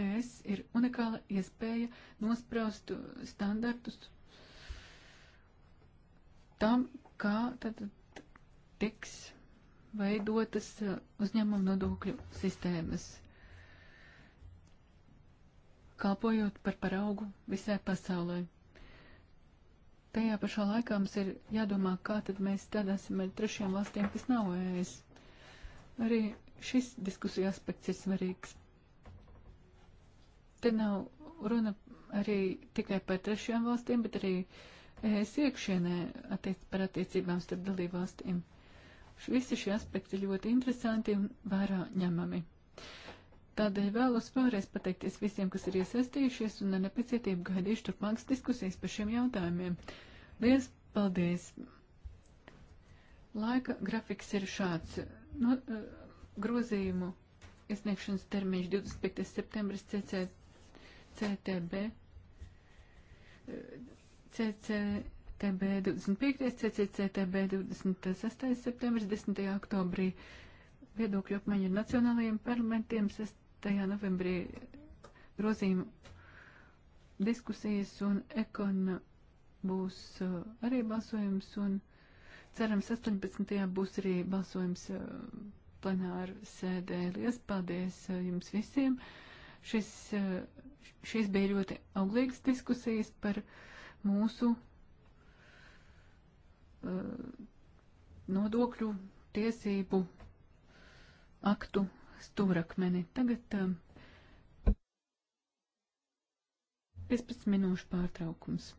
ES ir unikāla iespēja nospraust standartus tam, kā tad tiks veidotas uzņēmumu nodokļu sistēmas kalpojot par paraugu visai pasaulē. Tajā pašā laikā mums ir jādomā, kā tad mēs strādāsim ar trešiem valstīm, kas nav ES. Arī šis diskusija aspekts ir svarīgs. Te nav runa arī tikai par trešajām valstīm, bet arī ES iekšienē attiec, par attiecībām starp dalībvalstīm. Visi šie aspekti ļoti interesanti un vērā ņemami. Tādēļ vēlos vēlreiz pateikties visiem, kas ir iesaistījušies un ar nepacietību gaidīšu turpmākas diskusijas par šiem jautājumiem. Lielas paldies! Laika grafiks ir šāds. No, eh, grozījumu iesniegšanas termiņš 25. septembris CC, CTB. CCTB 25. CCCTB 26. septembris 10. oktobrī viedokļu apmaiņa ar nacionālajiem parlamentiem 6 tajā novembrī grozījumu diskusijas un ekona būs uh, arī balsojums un cerams 18. būs arī balsojums uh, plenāru sēdē. Lies paldies uh, jums visiem. Šis, uh, šīs bija ļoti auglīgas diskusijas par mūsu uh, nodokļu tiesību aktu stūrakmeni. Tagad um, 15 minūšu pārtraukums.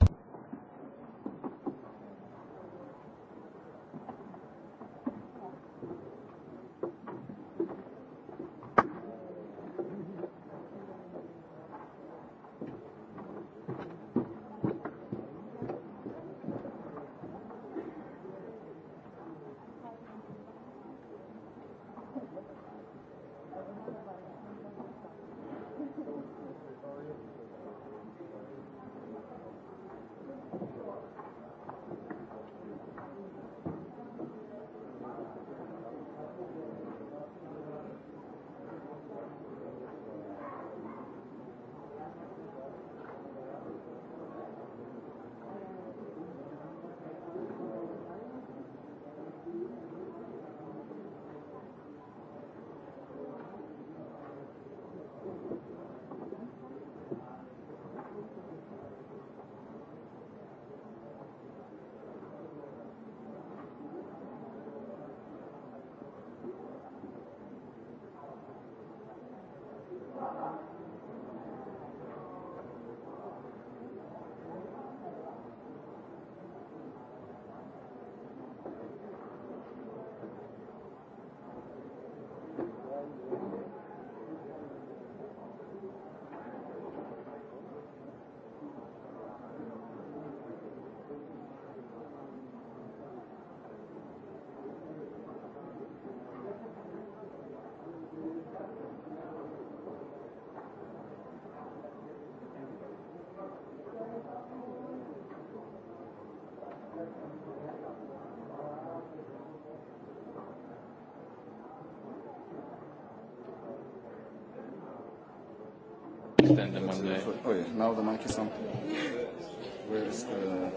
extend them one day. Oh yeah, now the mic is on. Where is the...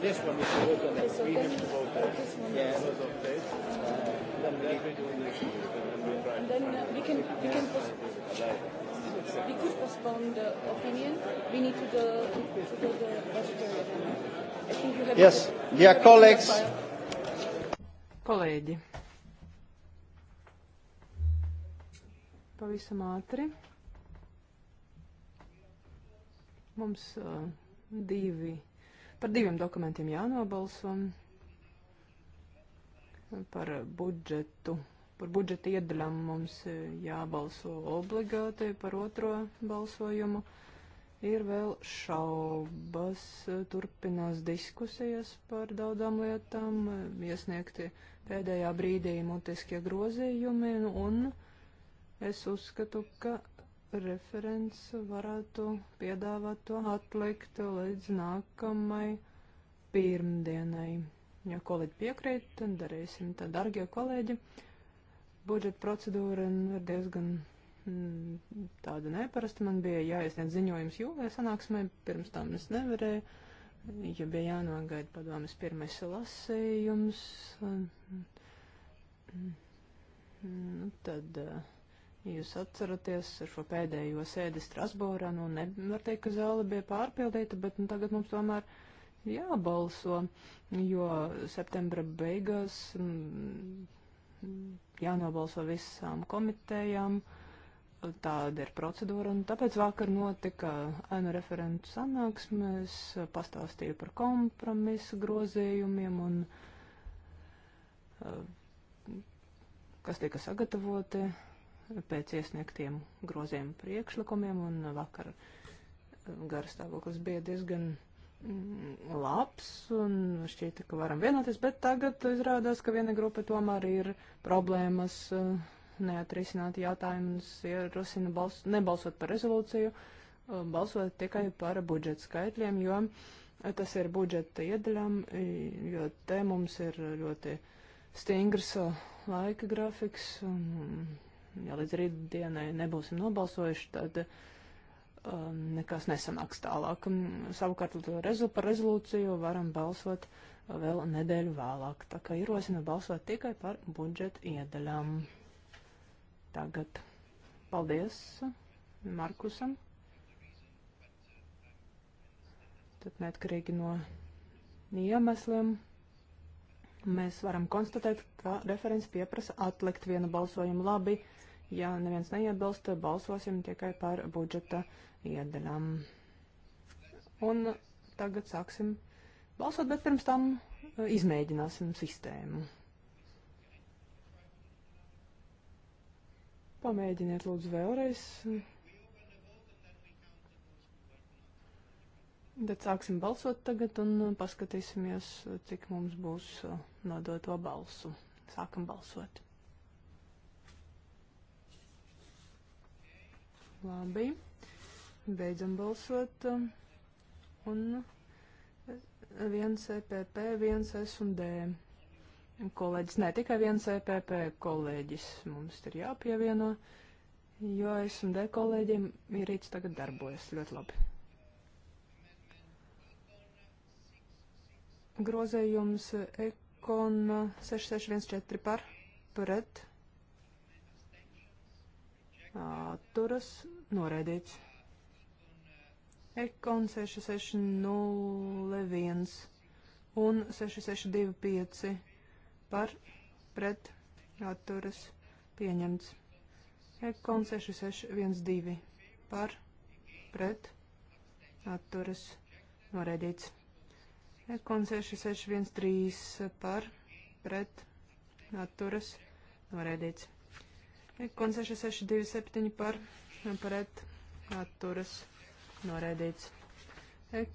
This one is to vote on that. We have to vote on this one. Yeah. Because of this, uh, then we do next week. And then uh, we can we can postpone. We could postpone the opinion. We need to go to go the budgetary amendment. I think you have. Yes, dear colleagues. Kolēģi. Pavisam ātri. Mums uh, divi Par diviem dokumentiem jānobalso. Par budžetu. Par budžeta iedaļām mums jābalso obligāti par otro balsojumu. Ir vēl šaubas, turpinās diskusijas par daudzām lietām, iesniegti pēdējā brīdī mutiskie grozījumi, un es uzskatu, ka referents varētu piedāvāt to atlikt līdz nākamai pirmdienai. Ja kolēģi piekrīt, tad darīsim tā, dargie kolēģi. Budžeta procedūra ir diezgan mm, tāda neparasta. Man bija jāiesniedz ziņojums jūlijā sanāksmē, pirms tam es nevarēju, jo bija jānogaida padomas pirmais lasījums. Un, un, mm, mm, tad, uh, Jūs atceraties šo pēdējo sēdi Strasbūrā, nu nevar teikt, ka zāle bija pārpildīta, bet nu, tagad mums tomēr jābalso, jo septembra beigās mm, jānobalso visām komitejām. Tāda ir procedūra, un tāpēc vakar notika ēnu referentu sanāksmes, pastāstīju par kompromisu grozījumiem un uh, kas tika sagatavoti pēc iesniegtiem groziem priekšlikumiem, un vakar eh, garstāvoklis bija diezgan mm, labs, un šķiet, ka varam vienoties, bet tagad izrādās, ka viena grupa tomēr ir problēmas eh, neatrisināti jautājumus, ierosina bals nebalsot par rezolūciju, eh, balsot tikai par budžeta skaitļiem, jo tas ir budžeta iedaļām, jo te mums ir ļoti stingrs laika grafiks. Un, ja līdz rītdienai nebūsim nobalsojuši, tad um, nekas nesanāks tālāk. Savukārt rezu, par rezolūciju varam balsot vēl nedēļu vēlāk. Tā kā ierosinu balsot tikai par budžeta iedaļām. Tagad paldies Markusam. Tad neatkarīgi no iemesliem mēs varam konstatēt, ka referents pieprasa atlikt vienu balsojumu labi. Ja neviens neiebilst, balsosim tikai par budžeta iedaļām. Un tagad sāksim balsot, bet pirms tam e, izmēģināsim sistēmu. Pamēģiniet lūdzu vēlreiz. Bet sāksim balsot tagad un paskatīsimies, cik mums būs e, nodoto balsu. Sākam balsot. Labi. Beidzam balsot. Un viens EPP, viens S un D. Kolēģis, ne tikai viens EPP kolēģis mums ir jāpievieno, jo S un D kolēģiem mierīts tagad darbojas ļoti labi. Grozējums ekon 6614 par pret atturas noraidīts. Ekon 6601 un 6625 par pret atturas pieņemts. Ekon 6612 par pret atturas noraidīts. Ekon 6613 par pret atturas noraidīts. Kon 6627 par pret atturas noraidīts.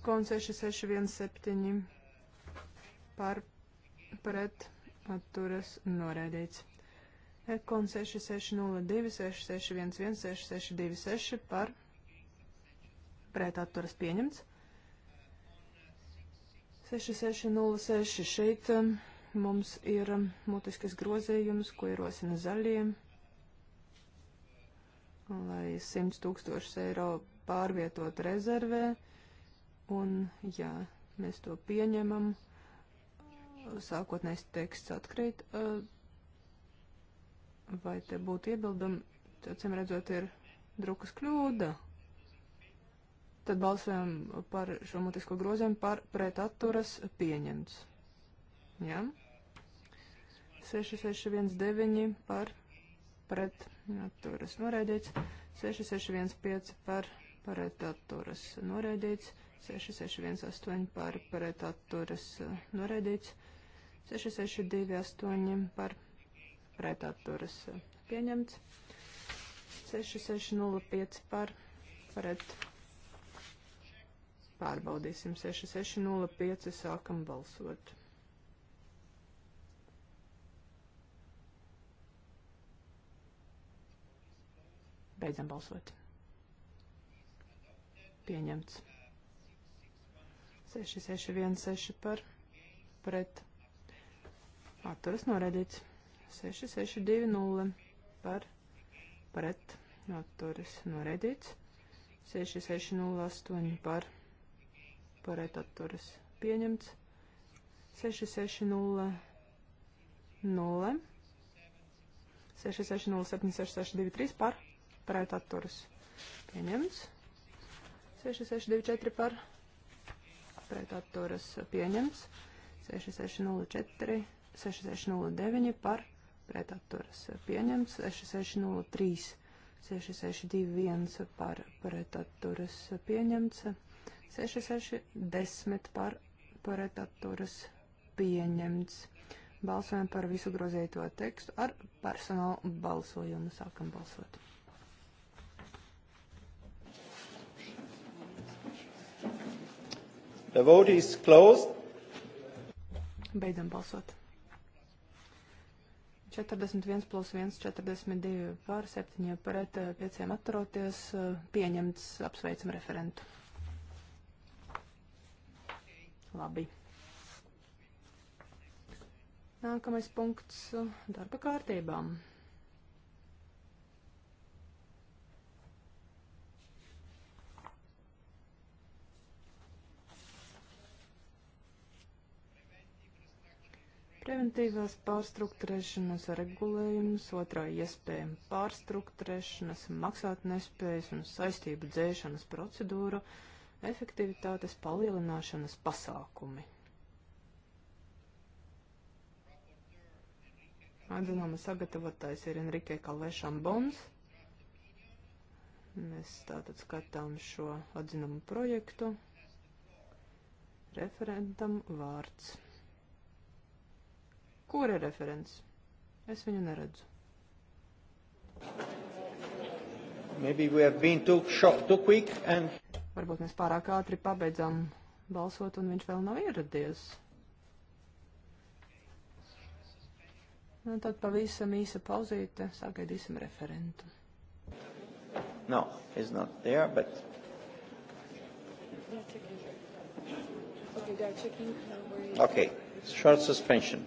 Kon 6617 par pret atturas noraidīts. Kon 6602, 6611, 6626 par pret atturas pieņemts. 6606 šeit um, mums ir um, mutiskas grozījums, ko ierosina zaļiem lai 100 tūkstošus eiro pārvietot rezervē, un, ja mēs to pieņemam, sākotnējs teksts atkrīt, eh, vai te būtu iebildumi, acīm redzot, ir drukas kļūda. Tad balsojam par šo mutisko grozījumu par pret atturas pieņemts. Ja? 6619 par pret atturas noraidīts, 6615 par pretatturas noraidīts, 6618 par pretatturas noraidīts, 6628 par pretatturas pieņemts, 6605 par pret pārbaudīsim 6605 sākam balsot. Beidzam balsot. Pieņemts. 6, 6, 1, 6 par pret. Atturas noredīts. 6, 6, 2, 0 par pret. Atturas noredīts. 6, 6, 0, 8 par pret. Atturas pieņemts. 6, 6, 0, 0. 6, 6, 0, 7, 6, 6, 2, 3 par pret atturas pieņemts. 6624 par pret atturas pieņemts. 6604, 6609 par pret atturas pieņemts. 6603, 6621 par pret atturas pieņemts. 6610 par pret atturas pieņemts. Balsojam par visu grozīto tekstu ar personālu balsojumu. Sākam balsot. The vote is closed. Beidzam balsot. 41 plus 1, 42 pār 7 pret 5 atturoties. Pieņemts. Apsveicam referentu. Labi. Nākamais punkts darba kārtībām. Preventīvās pārstruktūrēšanas regulējums, otrā iespējama pārstruktūrēšanas, maksātnespējas un saistību dzēšanas procedūru, efektivitātes palielināšanas pasākumi. Atzinuma sagatavotājs ir Enrique Kalvēšām Bons. Mēs tātad skatām šo atzinumu projektu. Referentam vārds. Kur ir referents? Es viņu neredzu. Too short, too and... Varbūt mēs pārāk ātri pabeidzam balsot, un viņš vēl nav ieradies. Un nu, tad pavisam īsa pauzīte, sagaidīsim referentu. No, he's not there, but... Okay, short suspension.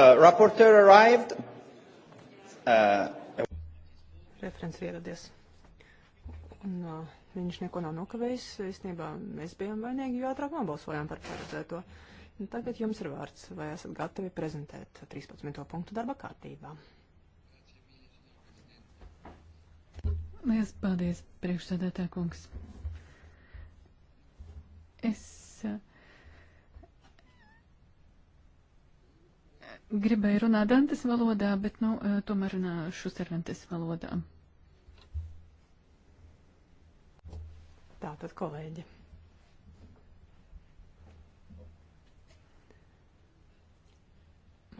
Uh, rapporteur arrived. Uh, Referents ir ieradies. Un, uh, viņš neko nav nokavējis. Īstenībā mēs bijām vainīgi, jo ātrāk nobalsojām par paredzēto. Tagad jums ir vārds, vai esat gatavi prezentēt 13. punktu darba kārtībā. Lielas paldies, priekšsēdētā kungs. gribēju runāt Dantes valodā, bet, nu, eh, tomēr runāšu Cervantes valodā. Tātad, kolēģi.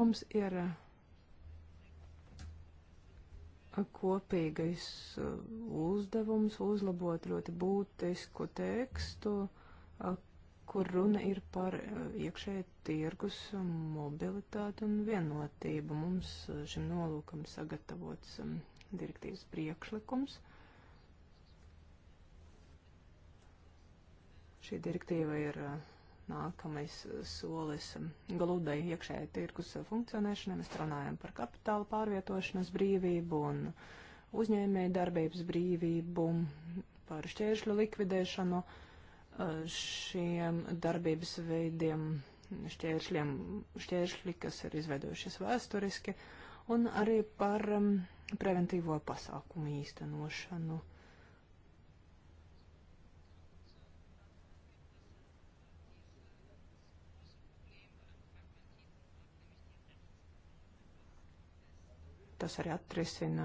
Mums ir eh, kopīgais eh, uzdevums uzlabot ļoti būtisku tekstu, kur runa ir par eh, iekšēju tirgus mobilitāti un vienotību. Mums eh, šim nolūkam sagatavots mm, direktīvas priekšlikums. Šī direktīva ir eh, nākamais solis mm, galudai iekšējai tirgus funkcionēšanai. Mēs runājam par kapitāla pārvietošanas brīvību un uzņēmēju darbības brīvību, par šķēršļu likvidēšanu. Uh, šiem darbības veidiem, šķēršļiem, šķēršļi, kas ir izveidojušies vēsturiski, un arī par um, preventīvo pasākumu īstenošanu. Tas arī atrisina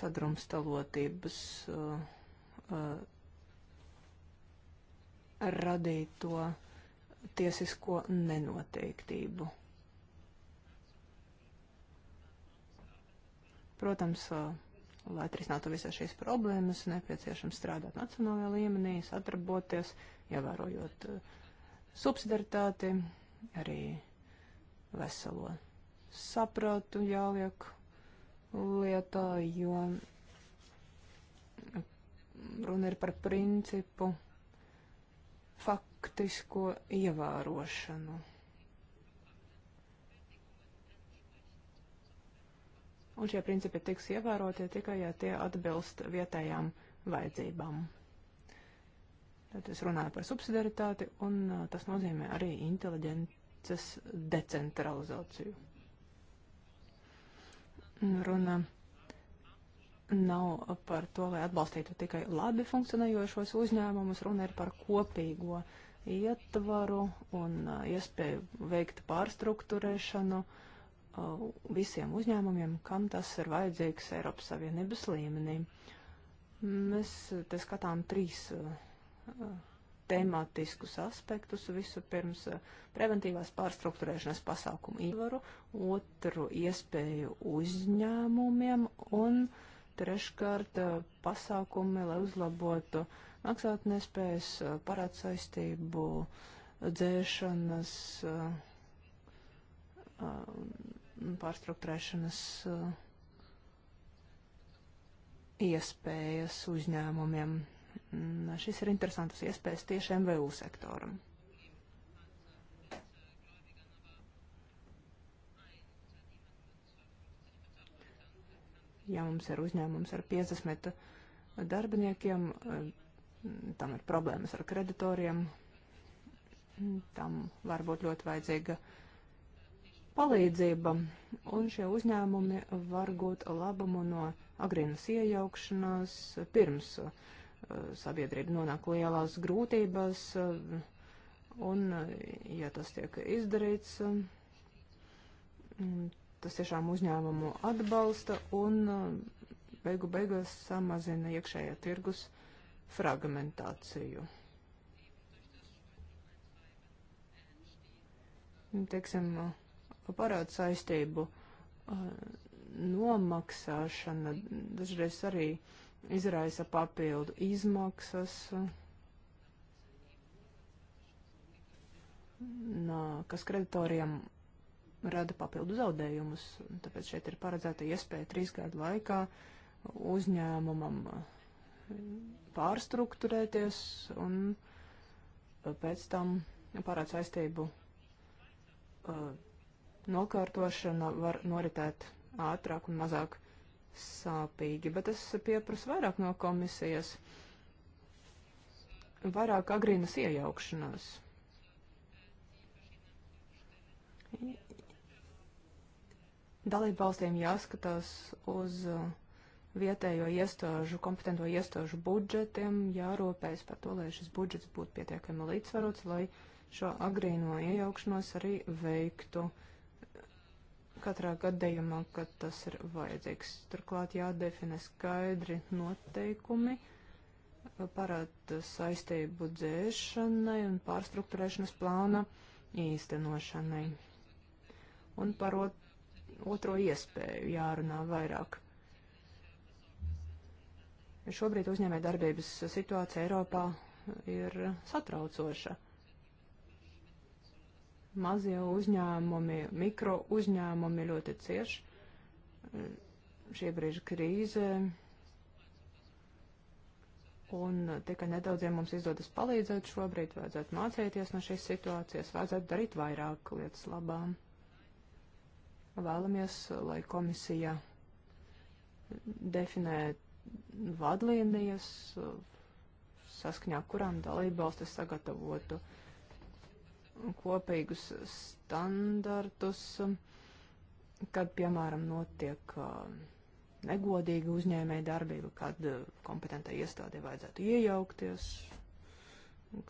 sadrumstalotības uh, uh, radīto tiesisko nenoteiktību. Protams, lai atrisinātu visas šīs problēmas, nepieciešams strādāt nacionālajā līmenī, sadarboties, ievērojot subsidaritāti, arī veselo saprātu jāliek lietā, jo runa ir par principu praktisko ievērošanu. Un šie principi tiks ievēroti tikai, ja tie atbilst vietējām vajadzībām. Tad es runāju par subsidiaritāti, un uh, tas nozīmē arī inteliģences decentralizāciju. Runa nav par to, lai atbalstītu tikai labi funkcionējošos uzņēmumus, runa ir par kopīgo uh, ietvaru un uh, iespēju veikt pārstruktūrēšanu uh, visiem uzņēmumiem, kam tas ir vajadzīgs Eiropas Savienības līmenī. Mēs uh, te skatām trīs tematiskus aspektus. Visu pirms preventīvās pārstruktūrēšanas pasākumu ietvaru, otru iespēju uzņēmumiem un treškārt pasākumi, lai uzlabotu uh, maksātnespējas, parāds saistību, dzēšanas, pārstruktūrēšanas iespējas uzņēmumiem. Šis ir interesants iespējas tieši MVU sektoram. Ja mums ir uzņēmums ar 50 darbiniekiem, tam ir problēmas ar kreditoriem, tam var būt ļoti vajadzīga palīdzība, un šie uzņēmumi var gūt labumu no agrīnas iejaukšanās pirms uh, sabiedrība nonāk lielās grūtības, uh, un, uh, ja tas tiek izdarīts, uh, mm, tas tiešām uzņēmumu atbalsta un uh, beigu beigās samazina iekšējā tirgus fragmentāciju. Teiksim, parāda saistību uh, nomaksāšana dažreiz arī izraisa papildu izmaksas, kas kreditoriem rada papildu zaudējumus. Tāpēc šeit ir paredzēta iespēja trīs gadu laikā uzņēmumam uh, pārstruktūrēties un e, pēc tam parāds saistību e, nokārtošana var noritēt ātrāk un mazāk sāpīgi, bet es pieprasu vairāk no komisijas, vairāk agrīnas iejaukšanās. Dalību valstīm jāskatās uz uh, vietējo iestāžu, kompetento iestāžu budžetiem jārūpējas par to, lai šis budžets būtu pietiekami līdzsvarots, lai šo agrīno iejaukšanos arī veiktu katrā gadījumā, kad tas ir vajadzīgs. Turklāt jādefinē skaidri noteikumi parāda saistību dzēšanai un pārstruktūrēšanas plāna īstenošanai. Un par otro iespēju jārunā vairāk Šobrīd uzņēmē darbības situācija Eiropā ir satraucoša. Mazie uzņēmumi, mikro uzņēmumi ļoti cieši. Šī brīža krīze un tikai nedaudziem mums izdodas palīdzēt šobrīd, vajadzētu mācīties no šīs situācijas, vajadzētu darīt vairāk lietas labām. Vēlamies, lai komisija definē vadlīnijas, saskaņā kurām dalībvalstis sagatavotu kopīgus standartus, kad, piemēram, notiek negodīga uzņēmēja darbība, kad kompetentai iestādē vajadzētu iejaukties,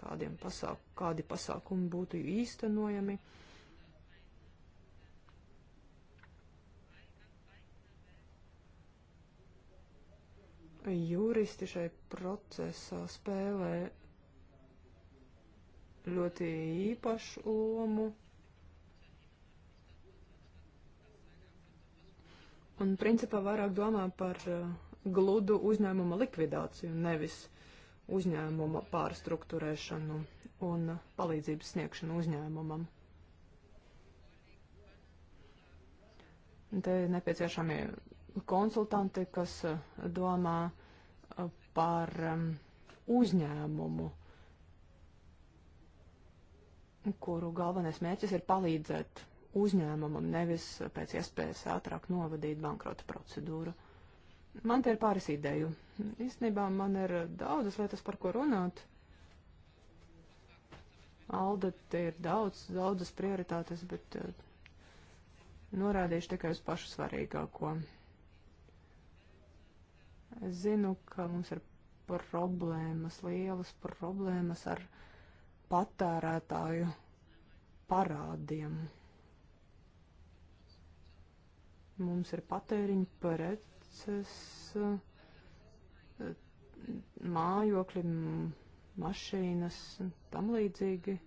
kādiem pasāk, kādi pasākumi būtu īstenojami. Uh, juristi šai procesā spēlē ļoti īpašu lomu. Un principā vairāk domā par eh, gludu uzņēmuma likvidāciju, nevis uzņēmuma pārstruktūrēšanu un palīdzības sniegšanu uzņēmumam. Te nepieciešami konsultanti, kas eh, domā eh, par uzņēmumu, kuru galvenais mērķis ir palīdzēt uzņēmumam, nevis pēc iespējas ātrāk novadīt bankrota procedūru. Man te ir pāris ideju. Īstenībā man ir daudzas lietas, par ko runāt. Alda, te ir daudz, daudzas prioritātes, bet eh, norādīšu tikai uz pašu svarīgāko. Es zinu, ka mums ir problēmas, lielas problēmas ar patērētāju parādiem. Mums ir patēriņa preces, eh, mājokļi, mašīnas un tam līdzīgi.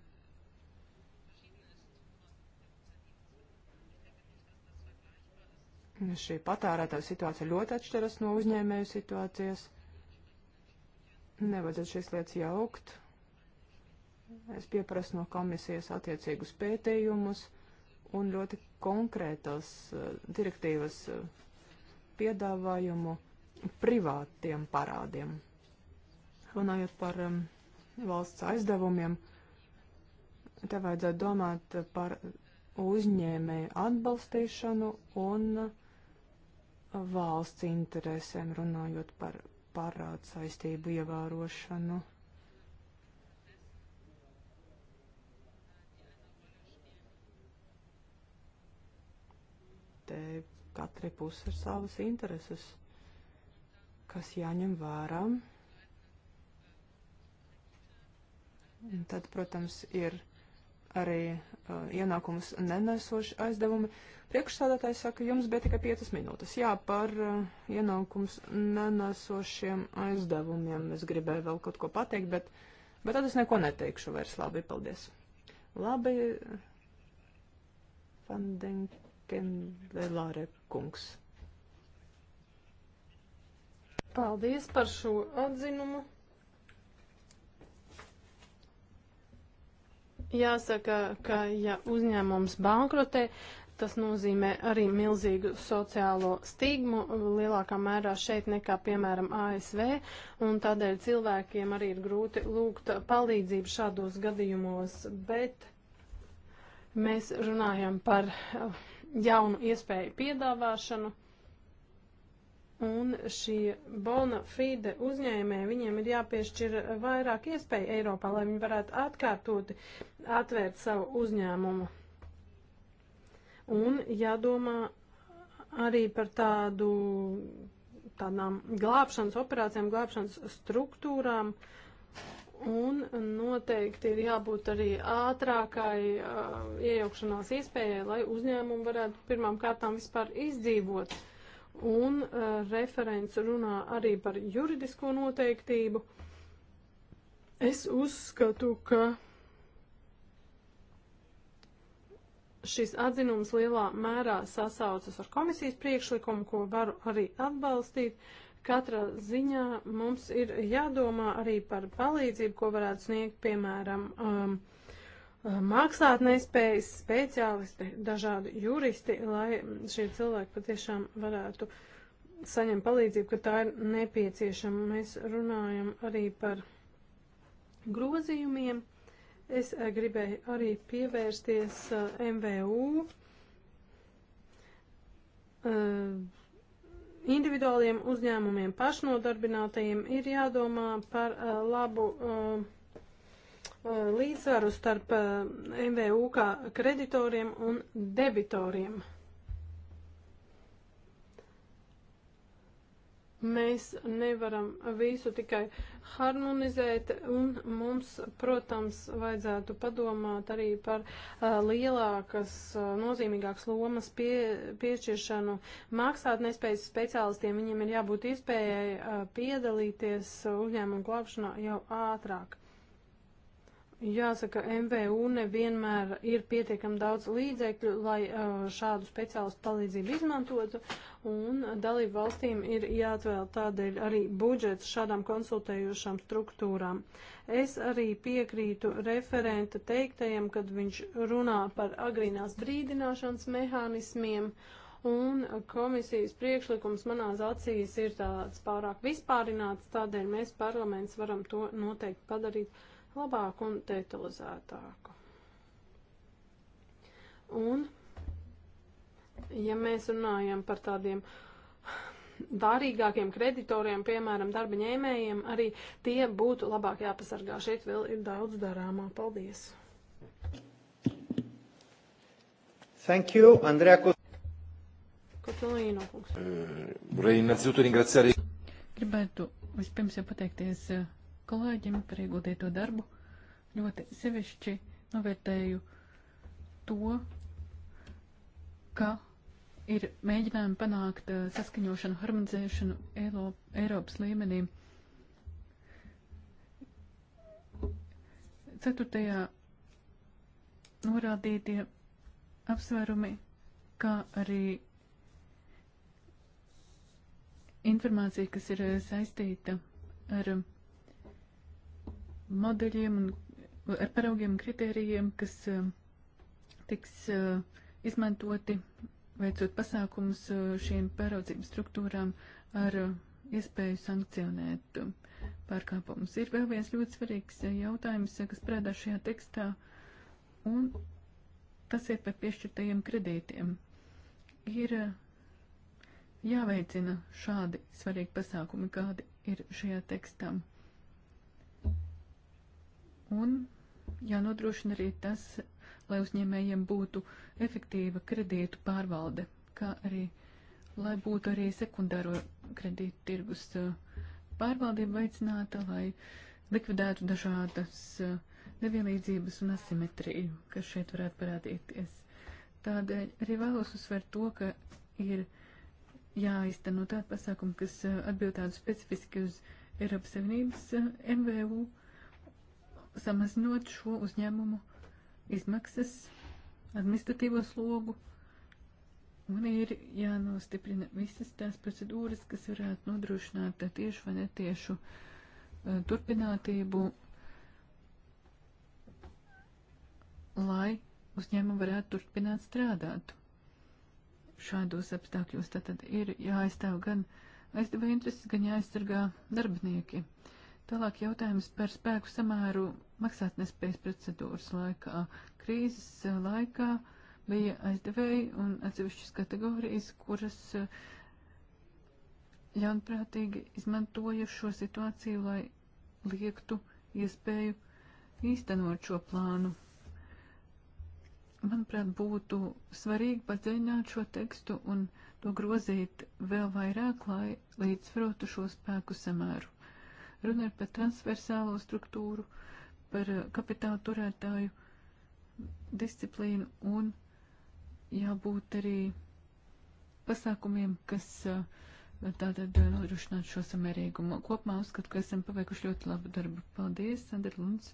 Šī patērētāja situācija ļoti atšķiras no uzņēmēju situācijas. Nevajadzētu šīs lietas jaukt. Es pieprasu no komisijas attiecīgus pētījumus un ļoti konkrētas eh, direktīvas eh, piedāvājumu privātiem parādiem. Runājot par um, valsts aizdevumiem, te vajadzētu domāt par uzņēmēju atbalstīšanu un uh, valsts interesēm, runājot par pārādu saistību ievērošanu. Te katrai pusē ir savas intereses, kas jāņem vērā. Un tad, protams, ir arī uh, ienākumus nenesoši aizdevumi. Uh, Priekšsādātājs saka, jums bija tikai 5 minūtes. Jā, par uh, ienākums nenesošiem aizdevumiem es gribēju vēl kaut ko pateikt, bet, bet tad es neko neteikšu vairs. Labi, paldies. Labi, Fandenkendelāre kungs. Paldies par šo atzinumu. Jāsaka, ka ja uzņēmums bankrotē, Tas nozīmē arī milzīgu sociālo stigmu, lielākā mērā šeit nekā, piemēram, ASV, un tādēļ cilvēkiem arī ir grūti lūgt palīdzību šādos gadījumos, bet mēs runājam par eh, jaunu iespēju piedāvāšanu. Un šie bona fide uzņēmēji, viņiem ir jāpiešķir vairāk iespēju Eiropā, lai viņi varētu atkārtoti atvērt savu uzņēmumu. Un jādomā arī par tādu, tādām glābšanas operācijām, glābšanas struktūrām. Un noteikti ir jābūt arī ātrākai uh, iejaukšanās iespējai, lai uzņēmumu varētu pirmām kārtām vispār izdzīvot. Un uh, referents runā arī par juridisko noteiktību. Es uzskatu, ka šis atzinums lielā mērā sasaucas ar komisijas priekšlikumu, ko varu arī atbalstīt. Katrā ziņā mums ir jādomā arī par palīdzību, ko varētu sniegt, piemēram, um, maksāt nespējas speciālisti, dažādi juristi, lai šie cilvēki patiešām varētu saņemt palīdzību, ka tā ir nepieciešama. Mēs runājam arī par grozījumiem. Es eh, gribēju arī pievērsties eh, MVU eh, individuāliem uzņēmumiem, pašnodarbinātajiem ir jādomā par labu līdzsvaru starp MVU kā kreditoriem un debitoriem. Mēs nevaram visu tikai uh, harmonizēt, un mums, protams, vajadzētu padomāt arī par uh, lielākas, uh, nozīmīgākas lomas pie, piešķiršanu maksātnespējas speciālistiem. Viņiem ir jābūt iespējai uh, piedalīties uzņēmumu glābšanā jau ātrāk. Jāsaka, MVU nevienmēr ir pietiekami daudz līdzekļu, lai uh, šādu speciālistu palīdzību izmantotu, un dalību valstīm ir jāatvēl tādēļ arī budžets šādām konsultējošām struktūrām. Es arī piekrītu referenta teiktajam, kad viņš runā par agrīnās brīdināšanas mehānismiem, un komisijas priekšlikums manās acīs ir tāds pārāk vispārināts, tādēļ mēs parlaments varam to noteikti padarīt labāku un detalizētāku. Un, ja mēs runājam par tādiem vārīgākiem kreditoriem, piemēram, darba ņēmējiem, arī tie būtu labāk jāpasargā. Šeit vēl ir daudz darāmā. Paldies! Thank you, Andrea Kotolīno. Eh, vorrei innanzitutto ringraziare. Gribētu vispirms jau pateikties uh, kolēģim par ieguldīto darbu. Ļoti sevišķi novērtēju to, ka ir mēģinājumi panākt eh, saskaņošanu, harmonizēšanu Eilo, Eiropas līmenī. Ceturtajā norādītie apsvērumi, kā arī informācija, kas ir eh, saistīta ar modeļiem un ar paraugiem un kritērijiem, kas eh, tiks eh, izmantoti veicot pasākumus eh, šīm pāraudzības struktūrām ar iespēju sankcionēt pārkāpumus. Ir vēl viens ļoti svarīgs jautājums, kas prēdā šajā tekstā, un tas ir par piešķirtajiem kredītiem. Ir jāveicina šādi svarīgi pasākumi, kādi ir šajā tekstam un jānodrošina arī tas, lai uzņēmējiem būtu efektīva kredītu pārvalde, kā arī, lai būtu arī sekundāro kredītu tirgus uh, pārvaldība veicināta, lai likvidētu dažādas uh, nevienlīdzības un asimetriju, kas šeit varētu parādīties. Tādēļ arī vēlos uzsvērt to, ka ir jāizteno tādi pasākumi, kas uh, atbildētu specifiski uz Eiropas Savienības MVU samazinot šo uzņēmumu izmaksas, administratīvo slogu, un ir jānostiprina visas tās procedūras, kas varētu nodrošināt tiešu vai netiešu e, turpinātību, lai uzņēmumu varētu turpināt strādāt. Šādos apstākļos tātad ir jāaizstāv gan aizdevēja intereses, gan jāaizsargā darbinieki. Uh, Tālāk jautājums par spēku samēru maksātnespējas procedūras laikā. Krīzes eh, laikā bija aizdevēji un atsevišķas kategorijas, kuras eh, ļaunprātīgi izmantoja šo situāciju, lai liektu iespēju īstenot šo plānu. Manuprāt, būtu svarīgi padziļināt šo tekstu un to grozīt vēl vairāk, lai līdzsvarotu šo spēku samēru. Runa ir par transversālo struktūru, par uh, kapitāla turētāju disciplīnu un jābūt arī pasākumiem, kas uh, tātad uh, nodrošinātu šo samērīgumu. Kopumā uzskatu, ka esam paveikuši ļoti labu darbu. Paldies, Sandra Lunds!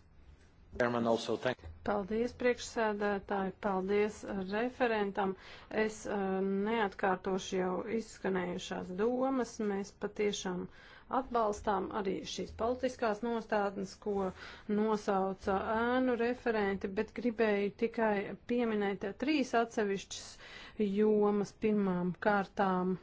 Paldies priekšsēdētāji, paldies referentam. Es uh, neatkārtošu jau izskanējušās domas. Mēs patiešām uh, Atbalstām arī šīs politiskās nostādnes, ko nosauca ēnu referenti, bet gribēju tikai pieminēt trīs atsevišķas jomas pirmām kārtām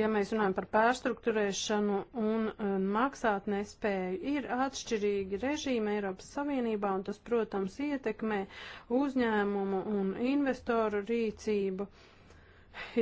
ja mēs runājam par pārstruktūrēšanu un, un maksāt nespēju, ir atšķirīgi režīmi Eiropas Savienībā, un tas, protams, ietekmē uzņēmumu un investoru rīcību. Uh,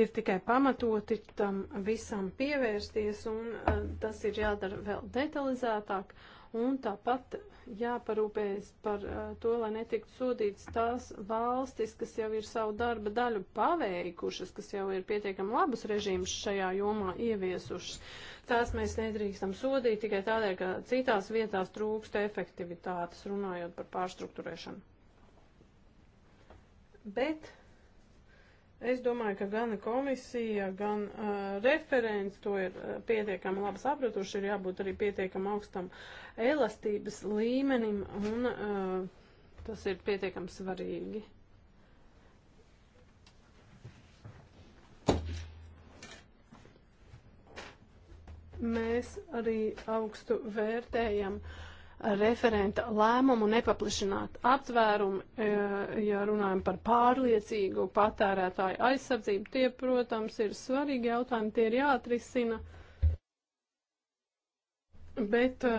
ir tikai pamatoti tam visam pievērsties, un eh, tas ir jādara vēl detalizētāk, un tāpat jāparūpējas par eh, to, lai netiktu sodīts tās valstis, kas jau ir savu darba daļu paveikušas, kas jau ir pietiekami labus režīmus šajā jomā ieviesušas. Tās mēs nedrīkstam sodīt tikai tādēļ, ka citās vietās trūkst efektivitātes, runājot par pārstruktūrēšanu. Bet Es domāju, ka gan komisija, gan uh, referents to ir uh, pietiekami labi sapratuši, ir jābūt arī pietiekami augstam elastības līmenim, un uh, tas ir pietiekami svarīgi. Mēs arī augstu vērtējam uh, referenta lēmumu nepaplašināt aptvērumu, e, ja runājam par pārliecīgu patērētāju aizsardzību. Tie, protams, ir svarīgi jautājumi, tie ir jāatrisina. Bet e,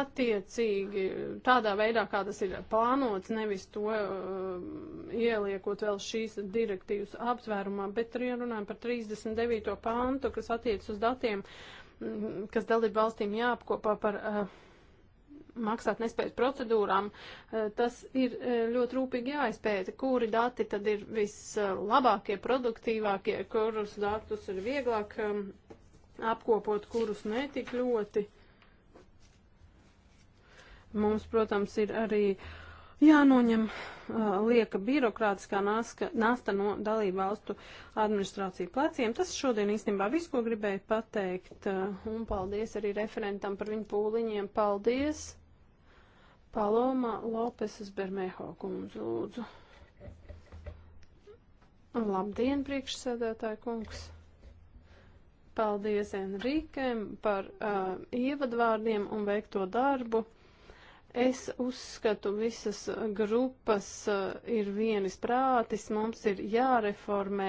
attiecīgi tādā veidā, kā tas ir plānots, nevis to e, ieliekot vēl šīs direktīvas aptvērumā, bet arī runājam par 39. pāntu, kas attiec uz datiem kas dalību valstīm jāapkopā par uh, maksāt nespējas procedūrām, eh, tas ir eh, ļoti rūpīgi jāizpēta, kuri dati tad ir vislabākie, produktīvākie, kurus datus ir vieglāk apkopot, kurus netik ļoti. Mums, protams, ir arī uh, jānoņem uh, lieka birokrātiskā naska, nasta no dalību valstu administrāciju pleciem. Tas šodien īstenībā viss, ko gribēju pateikt, uh, un paldies arī referentam par viņu pūliņiem. Paldies! Paloma Lopesas Bermeho kundz, lūdzu. Labdien, priekšsēdētāji kungs! Paldies Enrīkēm par uh, ievadvārdiem un veikto darbu. Es uzskatu, visas grupas eh, ir vienis prātis, mums ir jāreformē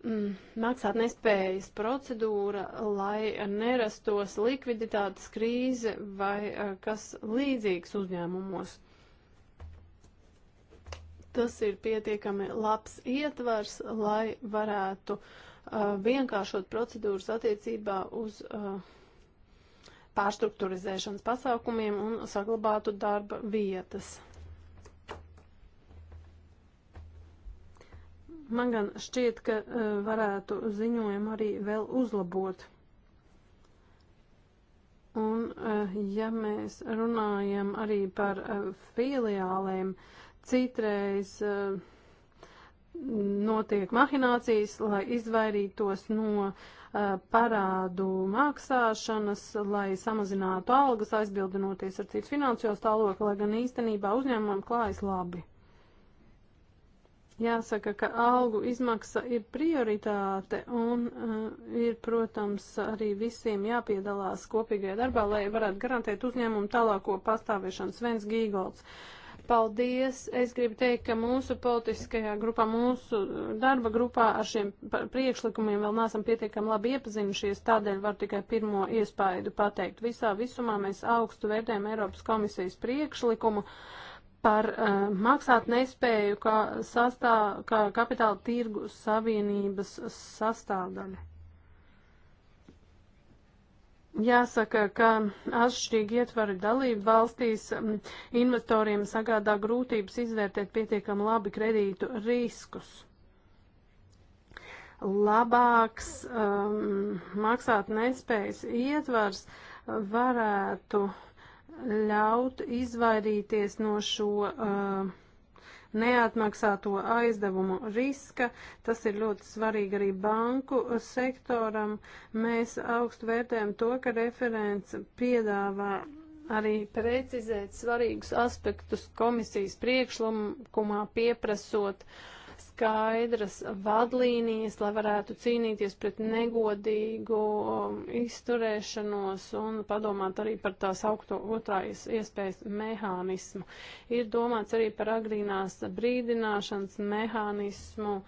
mm, maksāt nespējas procedūra, lai nerastos likviditātes krīze vai eh, kas līdzīgs uzņēmumos. Tas ir pietiekami labs ietvars, lai varētu uh, vienkāršot procedūras attiecībā uz uh, pārstruktūrizēšanas pasākumiem un saglabātu darba vietas. Man gan šķiet, ka e, varētu ziņojumu arī vēl uzlabot. Un, e, ja mēs runājam arī par e, filiālēm, citreiz notiek mahinācijas, lai izvairītos no uh, Uh, parādu maksāšanas, lai samazinātu algas, aizbildinoties ar citu finansiālo stāvokli, lai gan īstenībā uzņēmumam klājas labi. Jāsaka, ka algu izmaksa ir prioritāte un uh, ir, protams, arī visiem jāpiedalās kopīgajā darbā, lai varētu garantēt uzņēmumu tālāko pastāvēšanu. Svens Gīgolds. Uh, Paldies! Es gribu teikt, ka mūsu politiskajā grupā, mūsu darba grupā ar šiem priekšlikumiem vēl neesam pietiekami labi iepazinušies, tādēļ var tikai pirmo iespaidu pateikt. Visā visumā mēs augstu vērtējam Eiropas komisijas priekšlikumu par uh, maksāt nespēju kā, sastā, kā kapitāla tirgu savienības sastāvdaļu. Jāsaka, ka atšķirīgi ietvari dalību valstīs investoriem sagādā grūtības izvērtēt pietiekam labi kredītu riskus. Labāks um, maksāt nespējas ietvars varētu ļaut izvairīties no šo uh, neatmaksāto aizdevumu riska. Tas ir ļoti svarīgi arī banku sektoram. Mēs augstu vērtējam to, ka referents piedāvā arī precizēt svarīgus aspektus komisijas priekšlikumā pieprasot uh, skaidras vadlīnijas, lai varētu cīnīties pret negodīgu um, izturēšanos un padomāt arī par tās augto otrājas iespējas mehānismu. Ir domāts arī par agrīnās brīdināšanas mehānismu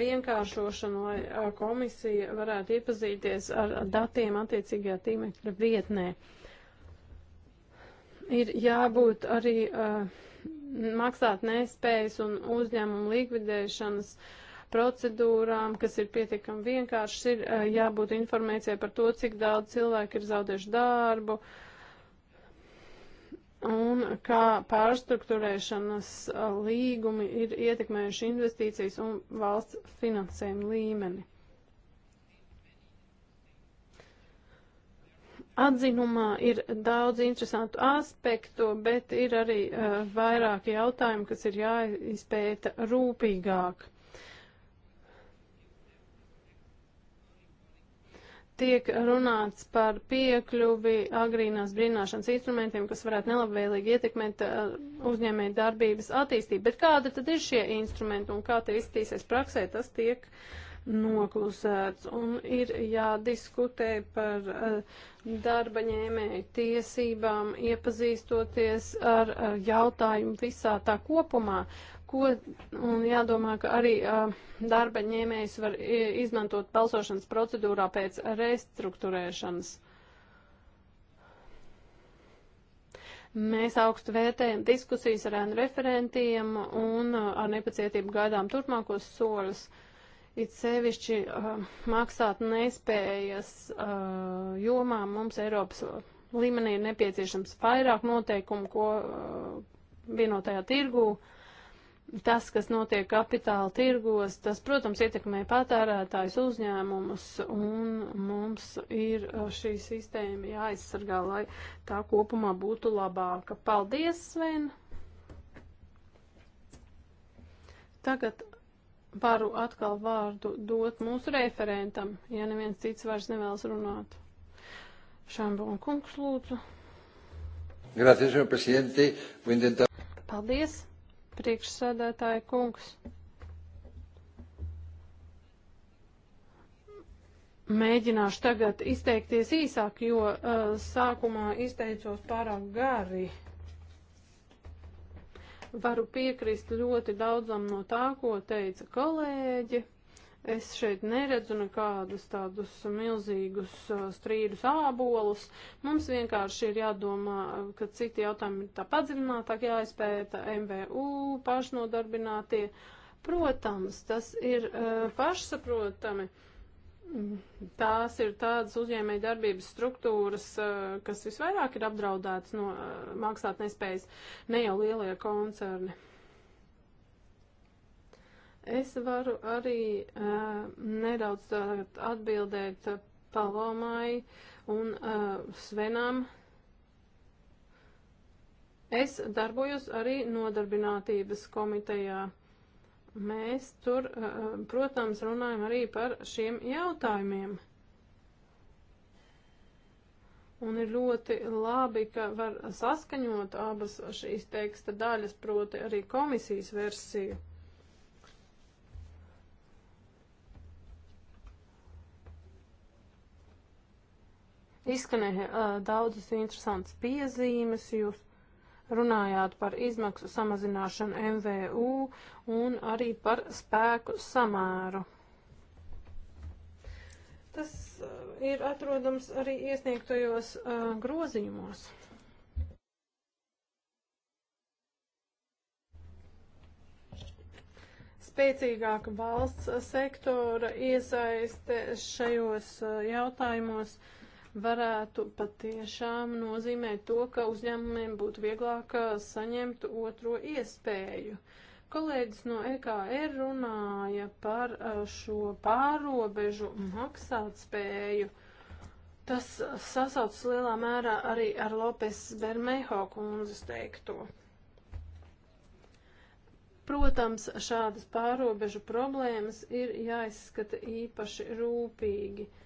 vienkāršošanu, lai uh, komisija varētu iepazīties ar datiem attiecīgajā tīmekļa vietnē. Ir jābūt arī uh, maksāt nespējas un uzņēmumu likvidēšanas procedūrām, kas ir pietiekami vienkāršas, ir eh, jābūt informācijai par to, cik daudz cilvēku ir zaudējuši darbu un kā pārstruktūrēšanas eh, līgumi ir ietekmējuši investīcijas un valsts finansējumu līmeni. Atzinumā ir daudz interesantu aspektu, bet ir arī uh, vairāki jautājumi, kas ir jāizpēta rūpīgāk. tiek runāts par piekļuvi agrīnās brīnāšanas instrumentiem, kas varētu nelabvēlīgi ietekmēt uh, uzņēmēju darbības attīstību. Bet kāda tad ir šie instrumenti un kā tie izskatīsies praksē, tas tiek uh, noklusēts un ir jādiskutē par eh, darba ņēmēju tiesībām, iepazīstoties ar eh, jautājumu visā tā kopumā. Ko, un jādomā, ka arī uh, darba ņēmējs var izmantot balsošanas procedūrā pēc restruktūrēšanas. Mēs augstu vērtējam diskusijas ar referentiem un ar nepacietību gaidām turpmākos soļus. Uh, It sevišķi uh, maksāt nespējas uh, jomā mums Eiropas līmenī ir nepieciešams vairāk noteikumu, ko uh, vienotajā tirgū. Tas, kas notiek kapitāla tirgos, tas, protams, ietekmē patērētājs uzņēmumus, un mums ir uh, šī sistēma jāaizsargā, lai tā kopumā būtu labāka. Paldies, Sven! Tagad varu atkal vārdu dot mūsu referentam, ja neviens cits vairs nevēlas runāt. Šambona kungs, lūdzu. Gracias, señor presidente. Voy a intentar... Paldies, priekšsēdētāja kungs. Mēģināšu tagad izteikties īsāk, jo uh, sākumā izteicos pārāk gari. Uh, Varu piekrist ļoti daudzam no tā, ko teica kolēģi. Es šeit neredzu nekādus tādus milzīgus uh, strīdus ābolus. Mums vienkārši ir jādomā, uh, ka citi jautājumi ir tā padziļinātāk jāizpēta MVU, pašnodarbinātie. Protams, tas ir uh, pašsaprotami. Uh, tās ir tādas uzņēmēja darbības struktūras, eh, kas visvairāk ir apdraudētas no eh, maksāt nespējas, ne jau lielie koncerni. Es varu arī uh, nedaudz atbildēt Palomai un uh, Svenam. Es darbojos arī nodarbinātības komitejā mēs tur, eh, eh, protams, runājam arī par šiem jautājumiem. Un ir ļoti labi, ka var saskaņot abas šīs teksta daļas, proti arī komisijas versiju. Izskanēja uh, daudzas interesantas piezīmes, jūs runājāt par izmaksu samazināšanu MVU un arī par spēku samēru. Tas uh, ir atrodams arī iesniegtojos uh, grozījumos. Spēcīgāka valsts sektora iesaiste šajos uh, jautājumos uh, varētu patiešām nozīmēt to, ka uzņēmumiem būtu vieglāk uh, saņemt otro iespēju. Kolēģis no EKR runāja par uh, šo pārobežu maksātspēju. Tas uh, sasaucas lielā mērā arī ar Lopes Bermeho kundzes teikto. Protams, šādas pārobežu problēmas ir jāizskata īpaši rūpīgi. Uh,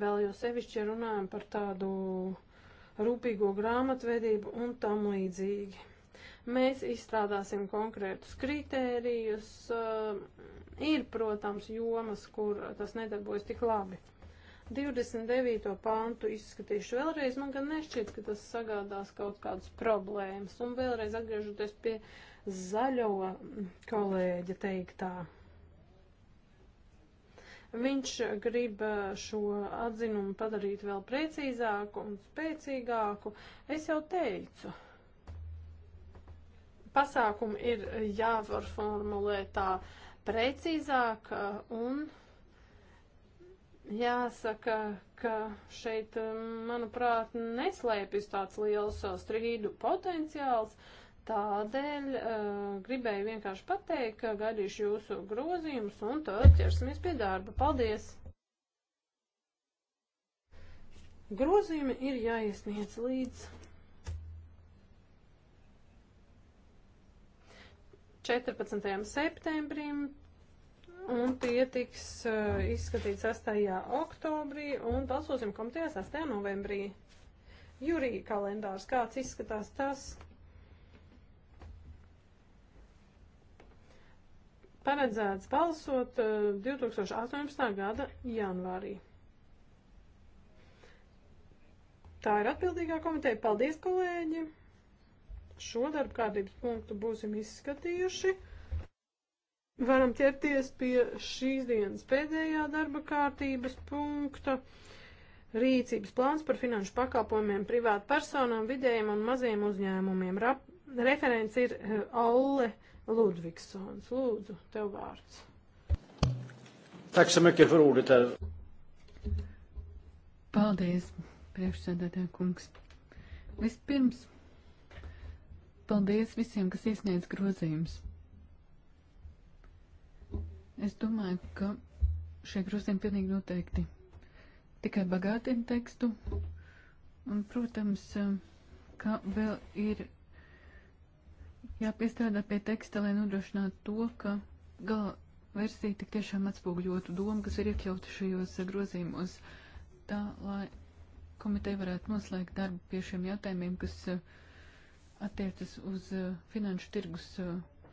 Vēl jau sevišķi, ja runājam par tādu rūpīgo grāmatvedību un tam līdzīgi. Mēs izstrādāsim konkrētus kritērijus. Eh, ir, protams, jomas, kur tas nedarbojas tik labi. 29. pāntu izskatīšu vēlreiz. Man gan nešķiet, ka tas sagādās kaut kādas problēmas. Un vēlreiz atgriežoties pie zaļo kolēģa teiktā. Viņš grib uh, šo atzinumu padarīt vēl precīzāku un spēcīgāku. Es jau teicu, pasākumi ir jāvar formulē tā precīzāk uh, un jāsaka, ka šeit, um, manuprāt, neslēpjas tāds liels uh, strīdu potenciāls. Uh, Tādēļ uh, gribēju vienkārši pateikt, ka gaidīšu jūsu grozījumus un tad ķersimies pie darba. Paldies! Grozījumi ir jāiesniedz līdz 14. septembrim un tie tiks uh, izskatīti 6. oktobrī un balsosim komitejā 6. novembrī. Jūrija kalendārs, kāds izskatās tas? paredzēts balsot 2018. Eh, gada janvārī. Tā ir atbildīgā komiteja. Paldies, kolēģi! Šo darbu kārtības punktu būsim izskatījuši. Varam ķerties pie šīs dienas pēdējā darba kārtības punkta. Rīcības plāns par finanšu pakalpojumiem privātu personām, vidējiem un maziem uzņēmumiem. Rap, referents ir eh, Olle. Uh, Ludvigsons. Lūdzu, tev vārds. Tack så mycket för ordet här. Paldies, priekšsēdētāja kungs. Vispirms, paldies visiem, kas iesniedz grozījumus. Es domāju, ka šie grozījumi pilnīgi noteikti tikai bagātina tekstu. Un, protams, ka vēl ir jāpiestrādā pie teksta, lai nodrošinātu to, ka gala versija tik tiešām atspoguļotu domu, kas ir iekļauta šajos grozījumos, tā lai komiteja varētu noslēgt darbu pie šiem jautājumiem, kas eh, attiecas uz eh, finanšu tirgus, eh,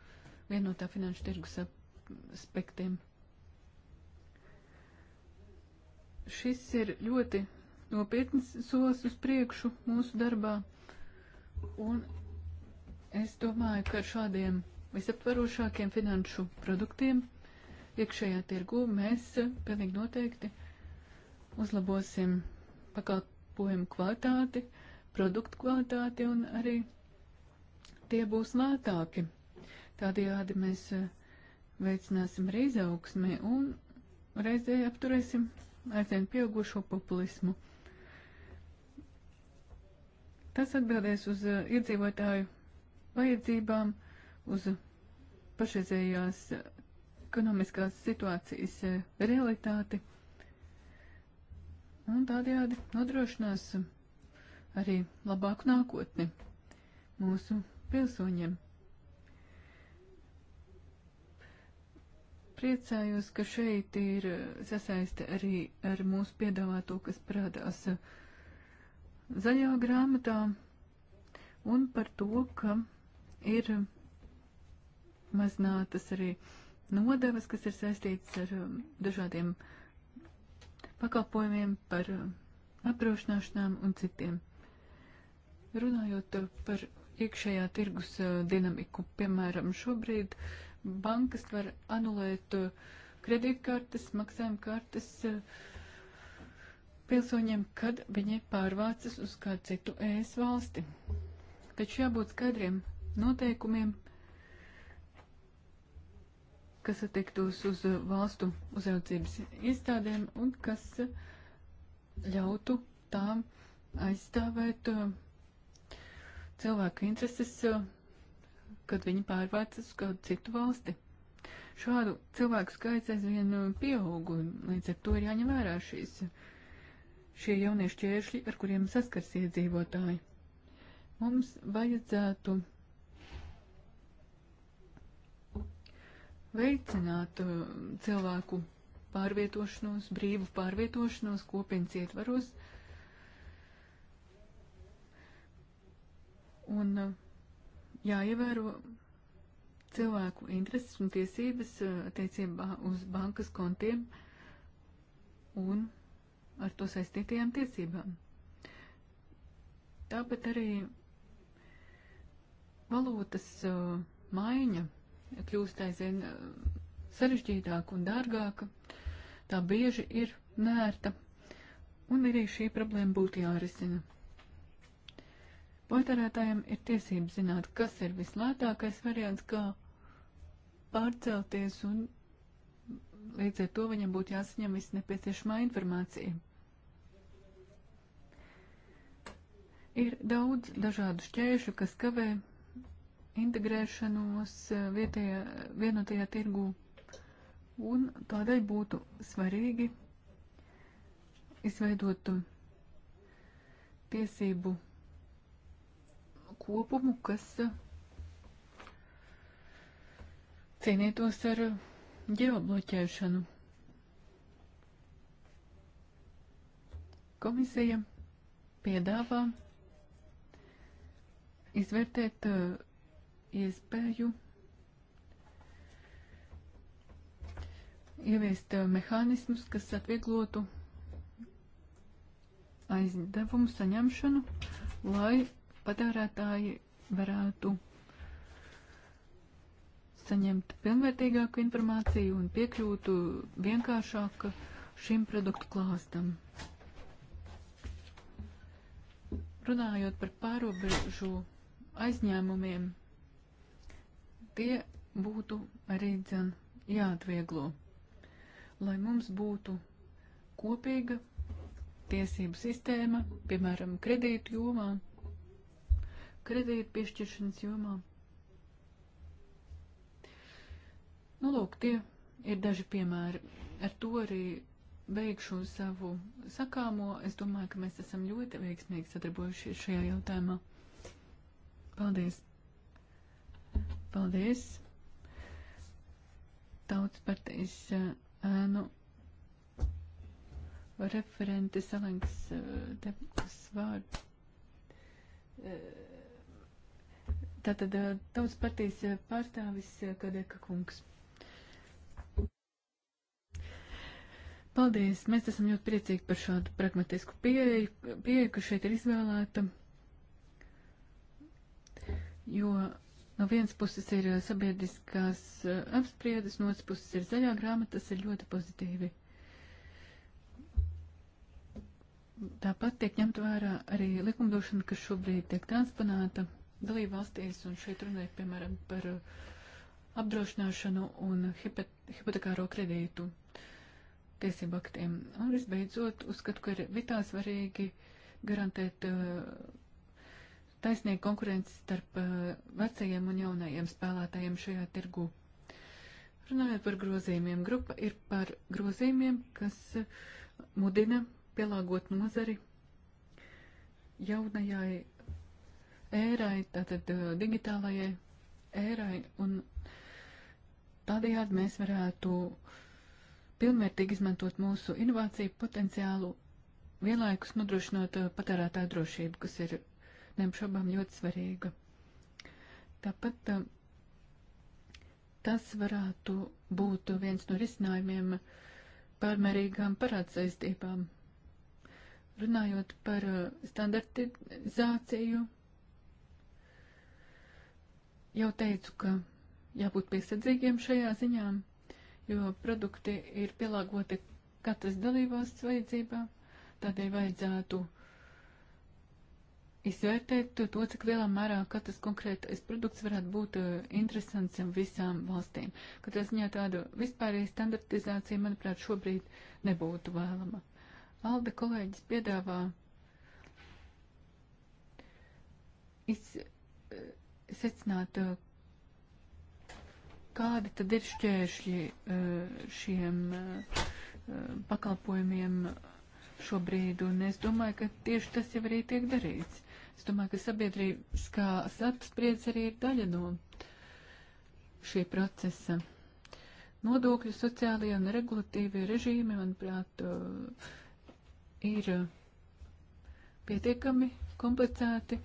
vienotā finanšu tirgus aspektiem. Šis ir ļoti nopietns solis uz priekšu mūsu darbā, un Es domāju, ka ar šādiem visaptvarošākiem finanšu produktiem iekšējā tirgū mēs pilnīgi noteikti uzlabosim pakalpojumu kvalitāti, produktu kvalitāti un arī tie būs lētāki. Tādējādi mēs eh, veicināsim arī izaugsmi un reizē apturēsim aizvien pieaugušo populismu. Tas atbildēs uz eh, iedzīvotāju vajadzībām, uz pašreizējās ekonomiskās situācijas eh, realitāti. Un tādējādi nodrošinās eh, arī labāku nākotni mūsu pilsoņiem. Priecājos, ka šeit ir eh, sasaiste arī ar mūsu piedāvāto, kas prādās zaļā grāmatā un par to, ka Ir mazinātas arī nodevas, kas ir saistītas ar um, dažādiem pakalpojumiem, par um, apdrošināšanām un citiem. Runājot par iekšējā tirgus uh, dinamiku, piemēram, šobrīd bankas var anulēt uh, kredītkartes, maksājuma kartes uh, pilsoņiem, kad viņi pārvācas uz kādu citu ES valsti. Taču jābūt skaidriem noteikumiem, kas attiektos uz valstu uzraudzības iestādēm un kas ļautu tām aizstāvēt uh, cilvēku intereses, uh, kad viņi pārvācas uz kādu citu valsti. Šādu cilvēku skaits aizvien uh, pieaug, un līdz ar to ir jāņem vērā šīs, šie jauniešu ķēršļi, ar kuriem saskars iedzīvotāji. Mums vajadzētu veicināt uh, cilvēku pārvietošanos, brīvu pārvietošanos kopienas ietvaros. Un uh, jāievēro cilvēku intereses un tiesības uh, attiecībā uz bankas kontiem un ar to saistītajām tiesībām. Tāpat arī valūtas maiņa kļūst aizvien eh, sarežģītāka un dārgāka, tā bieži ir nērta, un arī šī problēma būtu jārisina. Patērētājiem ir tiesības zināt, kas ir vislētākais variants, kā pārcelties, un līdz ar to viņam būtu jāsaņem viss nepieciešamā informācija. Ir daudz dažādu šķēršu, kas kavē integrēšanos eh, vietējā, vienotajā tirgū. Un tādēļ būtu svarīgi izveidot tiesību kopumu, kas cīnītos ar ģeobloķēšanu. Komisija piedāvā izvērtēt uh, iespēju ieviest uh, mehānismus, kas atvieglotu aizdevumu saņemšanu, lai patērētāji varētu saņemt pilnvērtīgāku informāciju un piekļūtu vienkāršāk šim produktu klāstam. Runājot par pārobežu aizņēmumiem, tie būtu arī dzen jāatvieglo, lai mums būtu kopīga tiesību sistēma, piemēram, kredītu jomā, kredītu piešķiršanas jomā. Nu, lūk, tie ir daži piemēri. Ar to arī beigšu savu sakāmo. Es domāju, ka mēs esam ļoti veiksmīgi sadarbojušies šajā jautājumā. Paldies! Paldies! Tautas partijas ēnu referente Salenks Debkas vārdu. Tātad Tautas partijas pārstāvis Kadeka kungs. Paldies! Mēs esam ļoti priecīgi par šādu pragmatisku pieeju, pieeju kas šeit ir izvēlēta, jo No vienas puses ir eh, sabiedriskās eh, apspriedes, no otras puses ir zaļā grāmata, tas ir ļoti pozitīvi. Tāpat tiek ņemt vērā arī likumdošana, kas šobrīd tiek transponēta dalību valstīs, un šeit runājot, piemēram, par eh, apdrošināšanu un hipotekāro kredītu tiesību aktiem. Un visbeidzot, uzskatu, ka ir vitāli svarīgi garantēt uh, taisnīga konkurence starp eh, vecajiem un jaunajiem spēlētājiem šajā tirgu. Runājot par grozījumiem, grupa ir par grozījumiem, kas eh, mudina pielāgot nozari jaunajai ērai, tātad eh, digitālajai ērai, un tādējādi mēs varētu pilnvērtīgi izmantot mūsu inovāciju potenciālu, vienlaikus nodrošinot patērētāju drošību, kas ir neapšaubām ļoti svarīga. Tāpat um, tas varētu būt viens no risinājumiem pārmērīgām parādsaistībām. Runājot par uh, standartizāciju, jau teicu, ka jābūt piesardzīgiem šajā ziņā, jo produkti ir pielāgoti katras dalībvalsts vajadzībām, tādēļ vajadzētu uh, izvērtēt to, cik lielā mērā katrs konkrētais produkts varētu būt eh, interesants visām valstīm. Katrā ziņā tāda vispārēja standartizācija, manuprāt, šobrīd nebūtu vēlama. Alde kolēģis piedāvā iz, eh, secināt, eh, kādi tad ir šķēršļi šiem pakalpojumiem šobrīd, un es domāju, ka tieši tas jau arī tiek darīts. Es domāju, ka sabiedrības apspriedz arī ir daļa no šī procesa. Nodokļu sociālajie un regulatīvie režīmi, manuprāt, uh, ir uh, pietiekami komplicēti,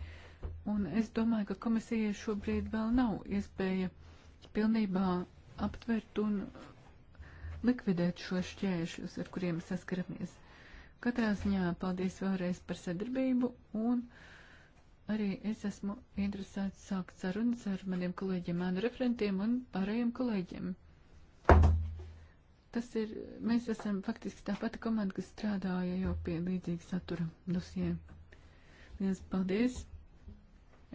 un es domāju, ka komisijai šobrīd vēl nav iespēja pilnībā aptvert un likvidēt šos šķēršļus, ar kuriem saskaramies. Katrā ziņā paldies vēlreiz par sadarbību un uh, arī es esmu interesēts sākt sarunas ar maniem kolēģiem, manu referentiem un pārējiem kolēģiem. Tas ir, mēs esam faktiski tā pati komanda, kas strādāja jau pie līdzīga satura dosiem. Liels paldies!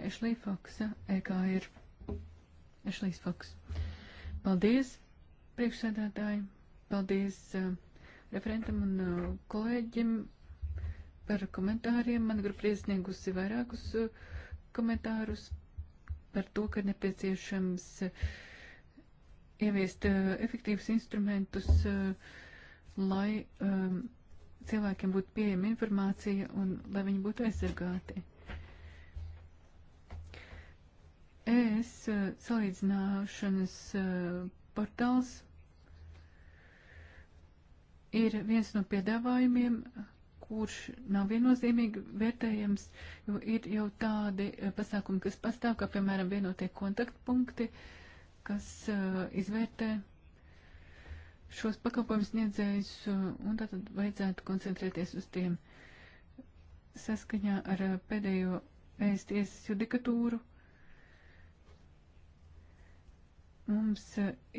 Ešlī Foksa, EK ir Ešlīs Foks. Paldies, priekšsēdētāji! Paldies uh, referentam un uh, kolēģim! par komentāriem. Man grupa iesniegusi vairākus uh, komentārus par to, ka nepieciešams uh, ieviest uh, efektīvus instrumentus, lai um, cilvēkiem būtu pieejama informācija un lai viņi būtu aizsargāti. Es salīdzināšanas portāls ir viens no piedāvājumiem, kurš nav viennozīmīgi vērtējams, jo ir jau tādi eh, pasākumi, kas pastāv, kā piemēram vienotie kontaktpunkti, kas uh, izvērtē šos pakalpojumus sniedzējus, eh, un tātad vajadzētu koncentrēties uz tiem saskaņā ar pēdējo ēst tiesas judikatūru. Mums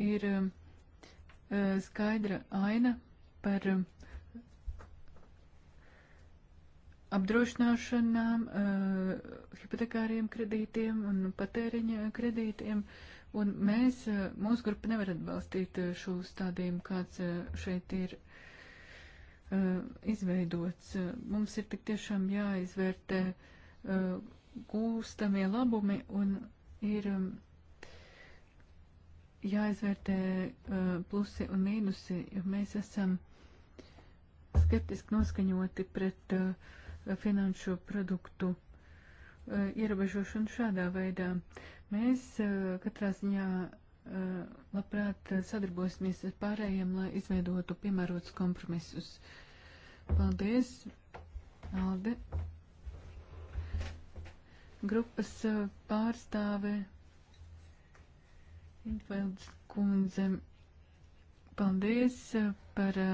ir skaidra aina par apdrošināšanām, eh, hipotekāriem kredītiem un patēriņa kredītiem. Un mēs, eh, mūsu grupa nevar atbalstīt eh, šo stādījumu, kāds šeit ir izveidots. Mums ir tik tiešām jāizvērtē gūstamie labumi un ir mm, jāizvērtē plusi un mīnusi, jo mēs esam skeptiski noskaņoti pret uh, finanšu produktu e, ierobežošanu šādā veidā. Mēs e, katrā ziņā e, labprāt sadarbosimies ar pārējiem, lai izveidotu piemērotus kompromisus. Paldies, Alde. Grupas pārstāve Infelds kundzem Paldies eh, par eh,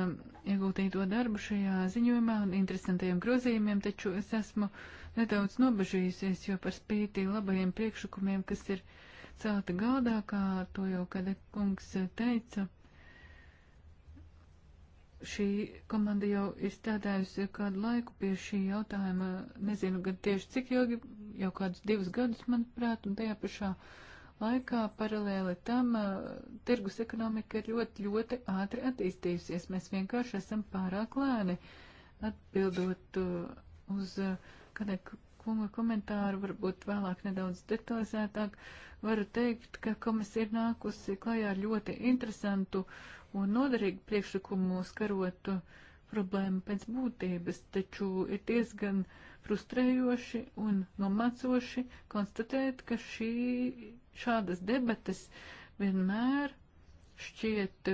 ieguldīto darbu šajā ziņojumā un interesantajiem grozījumiem, taču es esmu nedaudz nobežījusies, jo par spīti labajiem priekšlikumiem, kas ir celta galdā, kā to jau kāda kungs eh, teica, šī komanda jau ir strādājusi kādu laiku pie šī jautājuma, nezinu, gan tieši cik ilgi, jau kādus divus gadus, manuprāt, un tajā pašā. Uh, laikā paralēli tam tirgus ekonomika ir ļoti, ļoti ātri attīstījusies. Mēs vienkārši esam pārāk lēni. Atbildot uz kādā kunga komentāru, varbūt vēlāk nedaudz detalizētāk, varu teikt, ka komisija ir nākusi klajā ar ļoti interesantu un noderīgu priekšlikumu skarot problēmu pēc būtības, taču ir diezgan frustrējoši un nomacoši konstatēt, ka šī šādas debatas vienmēr šķiet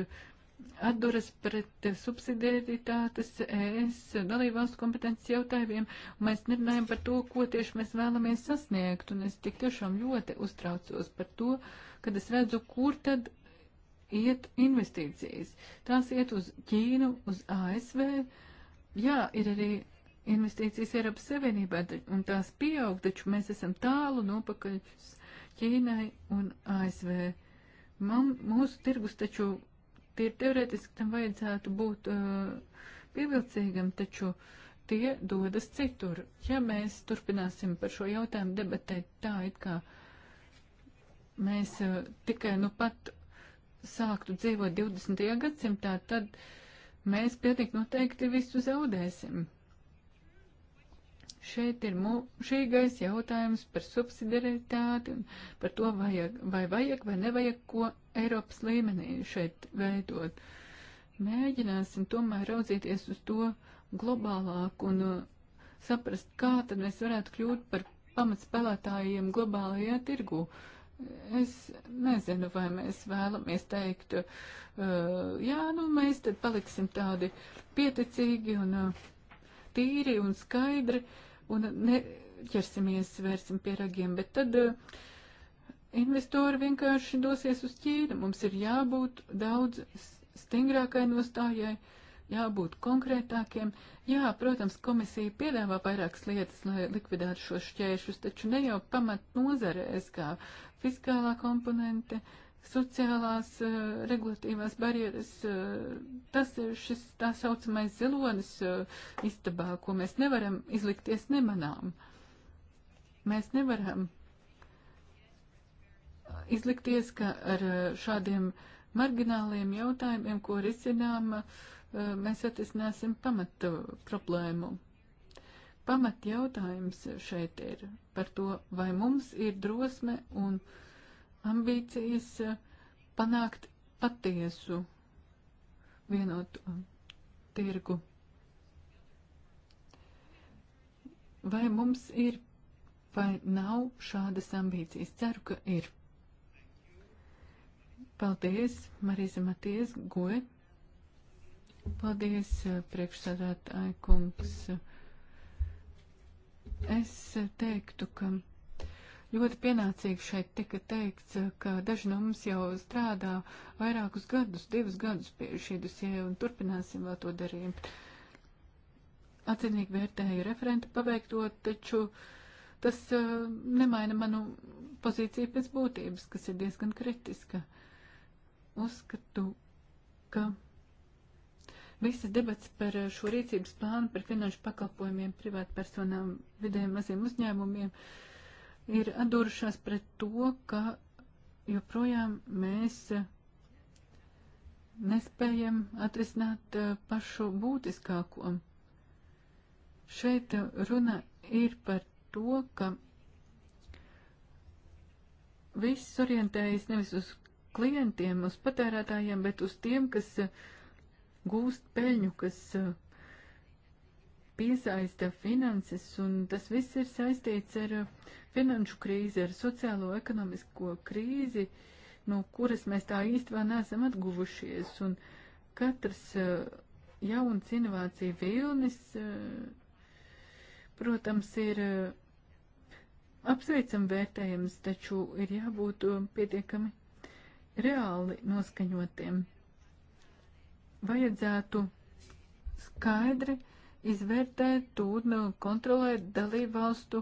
atduras pret subsidiaritātes ES dalībvalstu kompetences jautājumiem, un mēs nerunājam par to, ko tieši mēs vēlamies sasniegt, un es tik tiešām ļoti uztraucos par to, kad es redzu, kur tad iet investīcijas. Tās iet uz Ķīnu, uz ASV, jā, ir arī investīcijas Eiropas Savienībā, un tās pieaug, taču mēs esam tālu nopakaļ. No Ķīnai un ASV. Man, mūsu tirgus taču, tie ir teoretiski tam vajadzētu būt uh, pievilcīgam, taču tie dodas citur. Ja mēs turpināsim par šo jautājumu debatēt tā, it kā mēs uh, tikai nu pat sāktu dzīvot 20. gadsimtā, tad mēs pilnīgi noteikti visu zaudēsim. Šeit ir mūžīgais jautājums par subsidiaritāti un par to, vajag, vai vajag vai nevajag ko Eiropas līmenī šeit veidot. Mēģināsim tomēr raudzīties uz to globālāk un uh, saprast, kā tad mēs varētu kļūt par pamatspēlētājiem globālajā tirgū. Es nezinu, vai mēs vēlamies teikt, uh, jā, nu mēs tad paliksim tādi pieticīgi un uh, tīri un skaidri. Uh, un neķersimies, vērsim pie ragiem, bet tad uh, investori vienkārši dosies uz Ķīnu. Mums ir jābūt daudz stingrākai nostājai, jābūt konkrētākiem. Jā, protams, komisija piedāvā vairākas lietas, lai likvidētu šos šķēršus, taču ne jau pamat nozarēs, kā fiskālā komponente, uh, sociālās uh, regulatīvās barjeras, uh, tas ir šis tā saucamais zilonis uh, istabā, ko mēs nevaram izlikties nemanām. Mēs nevaram izlikties, ka ar uh, šādiem margināliem jautājumiem, ko risinām, uh, mēs atrisināsim pamatu problēmu. Pamat jautājums šeit ir par to, vai mums ir drosme un uh, ambīcijas eh, panākt patiesu vienotu eh, tirgu. Vai mums ir vai nav šādas ambīcijas? Ceru, ka ir. Paldies, Marīza Maties, goe. Paldies, eh, priekšsādātāji kungs. Es teiktu, ka Ļoti pienācīgi šeit tika teikts, ka daži no mums jau strādā vairākus gadus, divus gadus pie šī dosie un turpināsim vēl to darīt. Atzinīgi vērtēju referentu paveikto, taču tas uh, nemaina manu pozīciju pēc būtības, kas ir diezgan kritiska. Uzskatu, ka visas debats par šo rīcības plānu par finanšu pakalpojumiem privātpersonām, vidējiem maziem uzņēmumiem uh, ir atdurušās pret to, ka joprojām mēs nespējam atrisināt eh, pašu būtiskāko. Šeit runa ir par to, ka viss orientējas nevis uz klientiem, uz patērētājiem, bet uz tiem, kas eh, gūst peļņu, kas uh, piesaista finanses, un tas viss ir saistīts ar uh, finanšu krīzi, ar sociālo ekonomisko krīzi, no kuras mēs tā īsti vēl neesam atguvušies. Un katrs uh, jauns inovācija vilnis, uh, protams, ir apsveicam vērtējums, taču ir jābūt pietiekami reāli noskaņotiem. Vajadzētu skaidri izvērtēt un kontrolēt dalībvalstu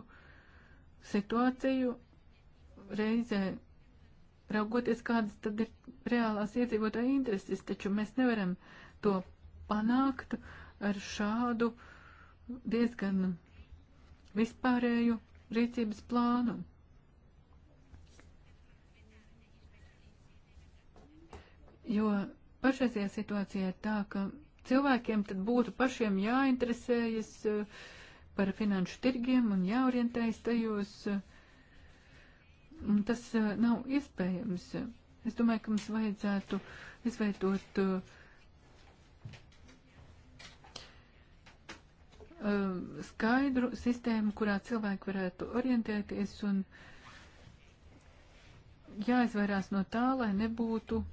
situāciju reizē raugoties, kādas tad ir reālās iedzīvotāja intereses, taču mēs nevaram to panākt ar šādu diezgan vispārēju rīcības plānu. Jo pašreizajā situācijā ir tā, ka cilvēkiem tad būtu pašiem jāinteresējas eh, par finanšu tirgiem un jāorientējas tajos. Un tas eh, nav iespējams. Es domāju, ka mums vajadzētu izveidot eh, skaidru sistēmu, kurā cilvēki varētu orientēties un jāizvairās no tā, lai nebūtu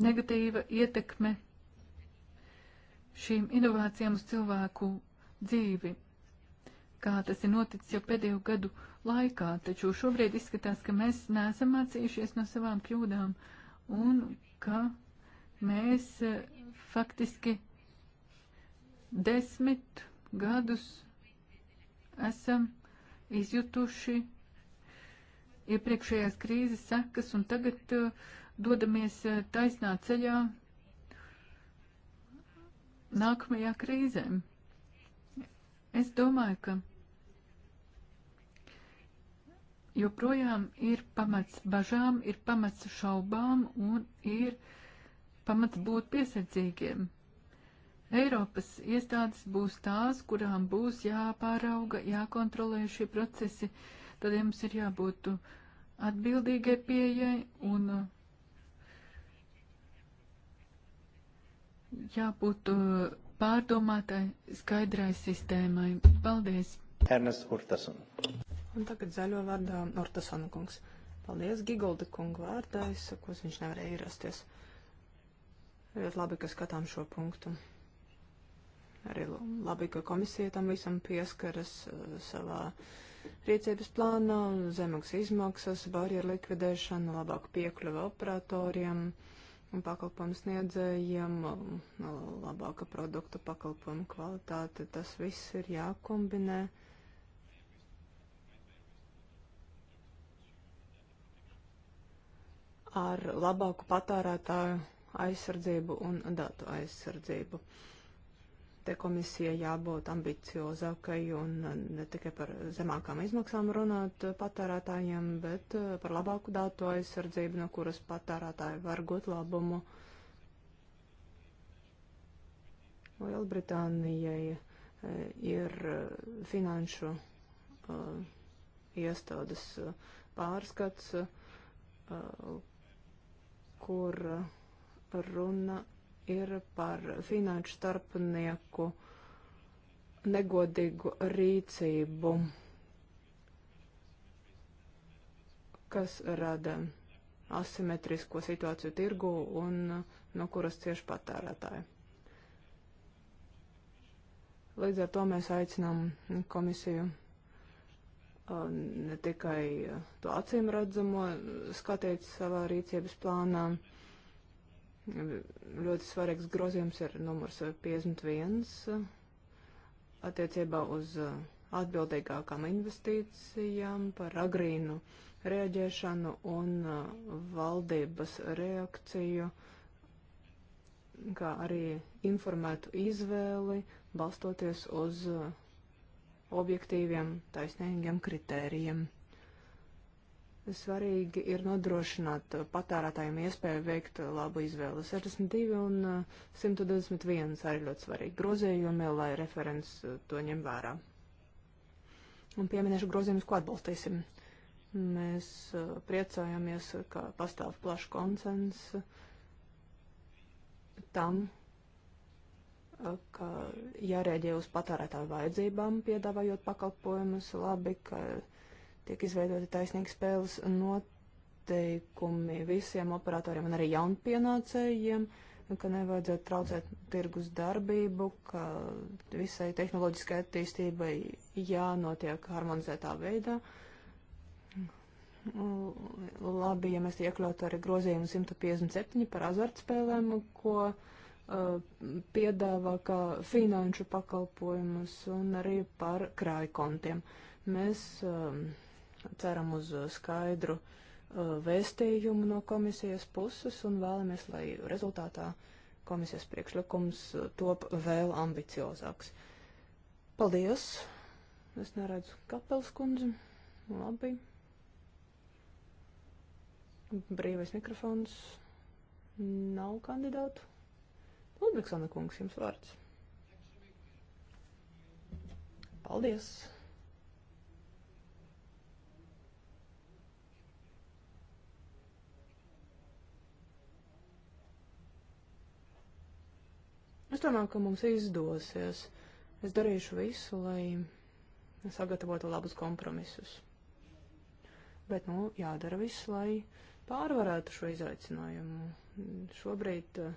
negatīva ietekme šīm inovācijām uz cilvēku dzīvi, kā tas ir noticis jau pēdējo gadu laikā, taču šobrīd izskatās, ka mēs neesam mācījušies no savām kļūdām un ka mēs eh, faktiski desmit gadus esam izjutuši iepriekšējās krīzes sekas un tagad uh, dodamies eh, taisnā ceļā nākamajā krīzē. Es domāju, ka joprojām ir pamats bažām, ir pamats šaubām un ir pamats būt piesardzīgiem. Eiropas iestādes būs tās, kurām būs jāpārauga, jākontrolē šie procesi, tad jums ir jābūt atbildīgai pieejai un uh, jābūt uh, pārdomātai, skaidrai sistēmai. Paldies! Ernests Urtasun. Un tagad zaļo vārdā Urtasun kungs. Paldies Gigolda kungu vārdā, es sakos, viņš nevarēja ierasties. Ļoti labi, ka skatām šo punktu. Arī labi, ka komisija tam visam pieskaras uh, savā rīcības plānā, zemāks izmaksas, barjeru likvidēšana, labāk piekļuva operatoriem. Uh, un pakalpojumu sniedzējiem, um, labāka produktu pakalpojumu kvalitāte. Tas viss ir jākombinē. ar labāku patērētāju aizsardzību un datu aizsardzību. Uh, te komisija jābūt ambiciozākai un ne tikai par zemākām izmaksām runāt patērētājiem, bet eh, par labāku datu aizsardzību, no kuras patērētāji var gūt labumu. Lielbritānijai eh, ir eh, finanšu iestādes pārskats, kur runa ir par finanšu starpnieku negodīgu rīcību, kas rada asimetrisko situāciju tirgu un no kuras cieši patērētāji. Līdz ar to mēs aicinām komisiju ne tikai to acīm redzamo skatīt savā rīcības plānā, Ļoti svarīgs grozījums ir numurs 51 uh, attiecībā uz uh, atbildīgākām investīcijām, par agrīnu rēģēšanu un uh, valdības reakciju, kā arī informētu izvēli, balstoties uz objektīviem, taisnīgiem kritērijiem svarīgi ir nodrošināt patērētājiem iespēju veikt labu izvēli. 62 un 121 eh, arī ļoti svarīgi grozējumi, lai referents eh, to ņem vērā. Un pieminēšu grozījumus, ko atbalstīsim. Mēs eh, priecājamies, ka pastāv plašs konsens tam, ka jārēģē uz patērētāju vajadzībām, piedāvājot pakalpojumus labi, ka tiek izveidoti taisnīgi spēles noteikumi visiem operatoriem un arī jaunpienācējiem, ka nevajadzētu traucēt tirgus darbību, ka visai tehnoloģiskai attīstībai jānotiek harmonizētā veidā. Nu, labi, ja mēs iekļautu arī grozījumu 157 par azartspēlēm, ko uh, piedāvā kā finanšu pakalpojumus un arī par krājkontiem. Mēs um, Ceram uz uh, skaidru uh, vēstījumu no komisijas puses un vēlamies, lai rezultātā komisijas priekšlikums uh, top vēl ambiciozāks. Paldies! Es neredzu kapels kundzi. Labi. Brīvais mikrofons. Nav kandidātu. Ludvigsona kungs, jums vārds. Paldies! Es domāju, ka mums izdosies. Es darīšu visu, lai sagatavotu labus kompromisus. Bet, nu, jādara viss, lai pārvarētu šo izaicinājumu. Šobrīd eh,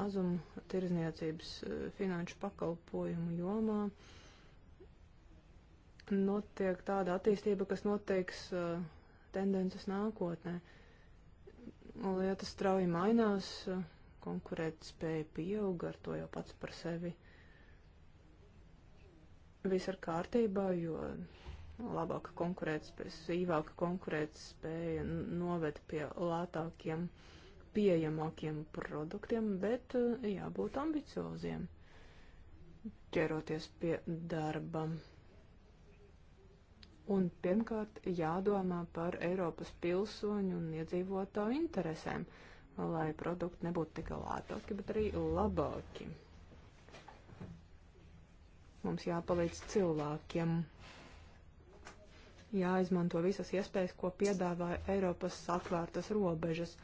mazuma tirzniecības eh, finanšu pakalpojumu jomā notiek tāda attīstība, kas noteiks eh, tendences nākotnē. Lietas strauji mainās. Uh, konkurētspēja pieauga, ar to jau pats par sevi viss ir kārtībā, jo labāka konkurētspēja, sīvāka konkurētspēja noved pie lētākiem, pieejamākiem produktiem, bet eh, jābūt ambicioziem, ķeroties pie darba. Un pirmkārt jādomā par Eiropas pilsoņu un iedzīvotāju interesēm. Uh, lai produkti nebūtu tikai lētāki, bet arī labāki. Mums jāpalīdz cilvēkiem, jāizmanto visas iespējas, ko piedāvā Eiropas atvērtas robežas,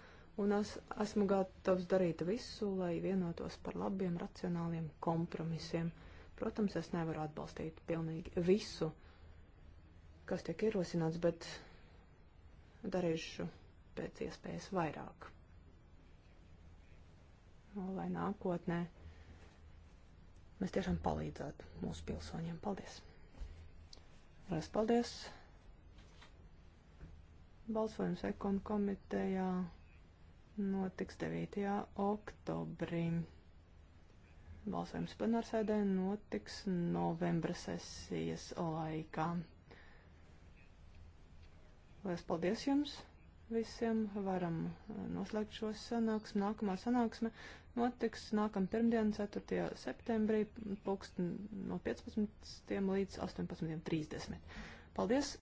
un es esmu gatavs darīt visu, lai vienotos par labiem, racionāliem kompromisiem. Protams, es nevaru atbalstīt pilnīgi visu, kas tiek ierosināts, bet darīšu pēc iespējas vairāk lai nākotnē mēs tiešām palīdzētu mūsu pilsoņiem. Paldies! Lielas paldies! Balsojums ekonu komitejā notiks 9. oktobrī. Balsojums plenārsēdē notiks novembra sesijas laikā. Lielas paldies jums visiem! Varam noslēgt šo sanāksmi. Nākamā sanāksme notiks nākamā pirmdiena, 4. septembrī, pulksten no 15. līdz 18.30. Paldies!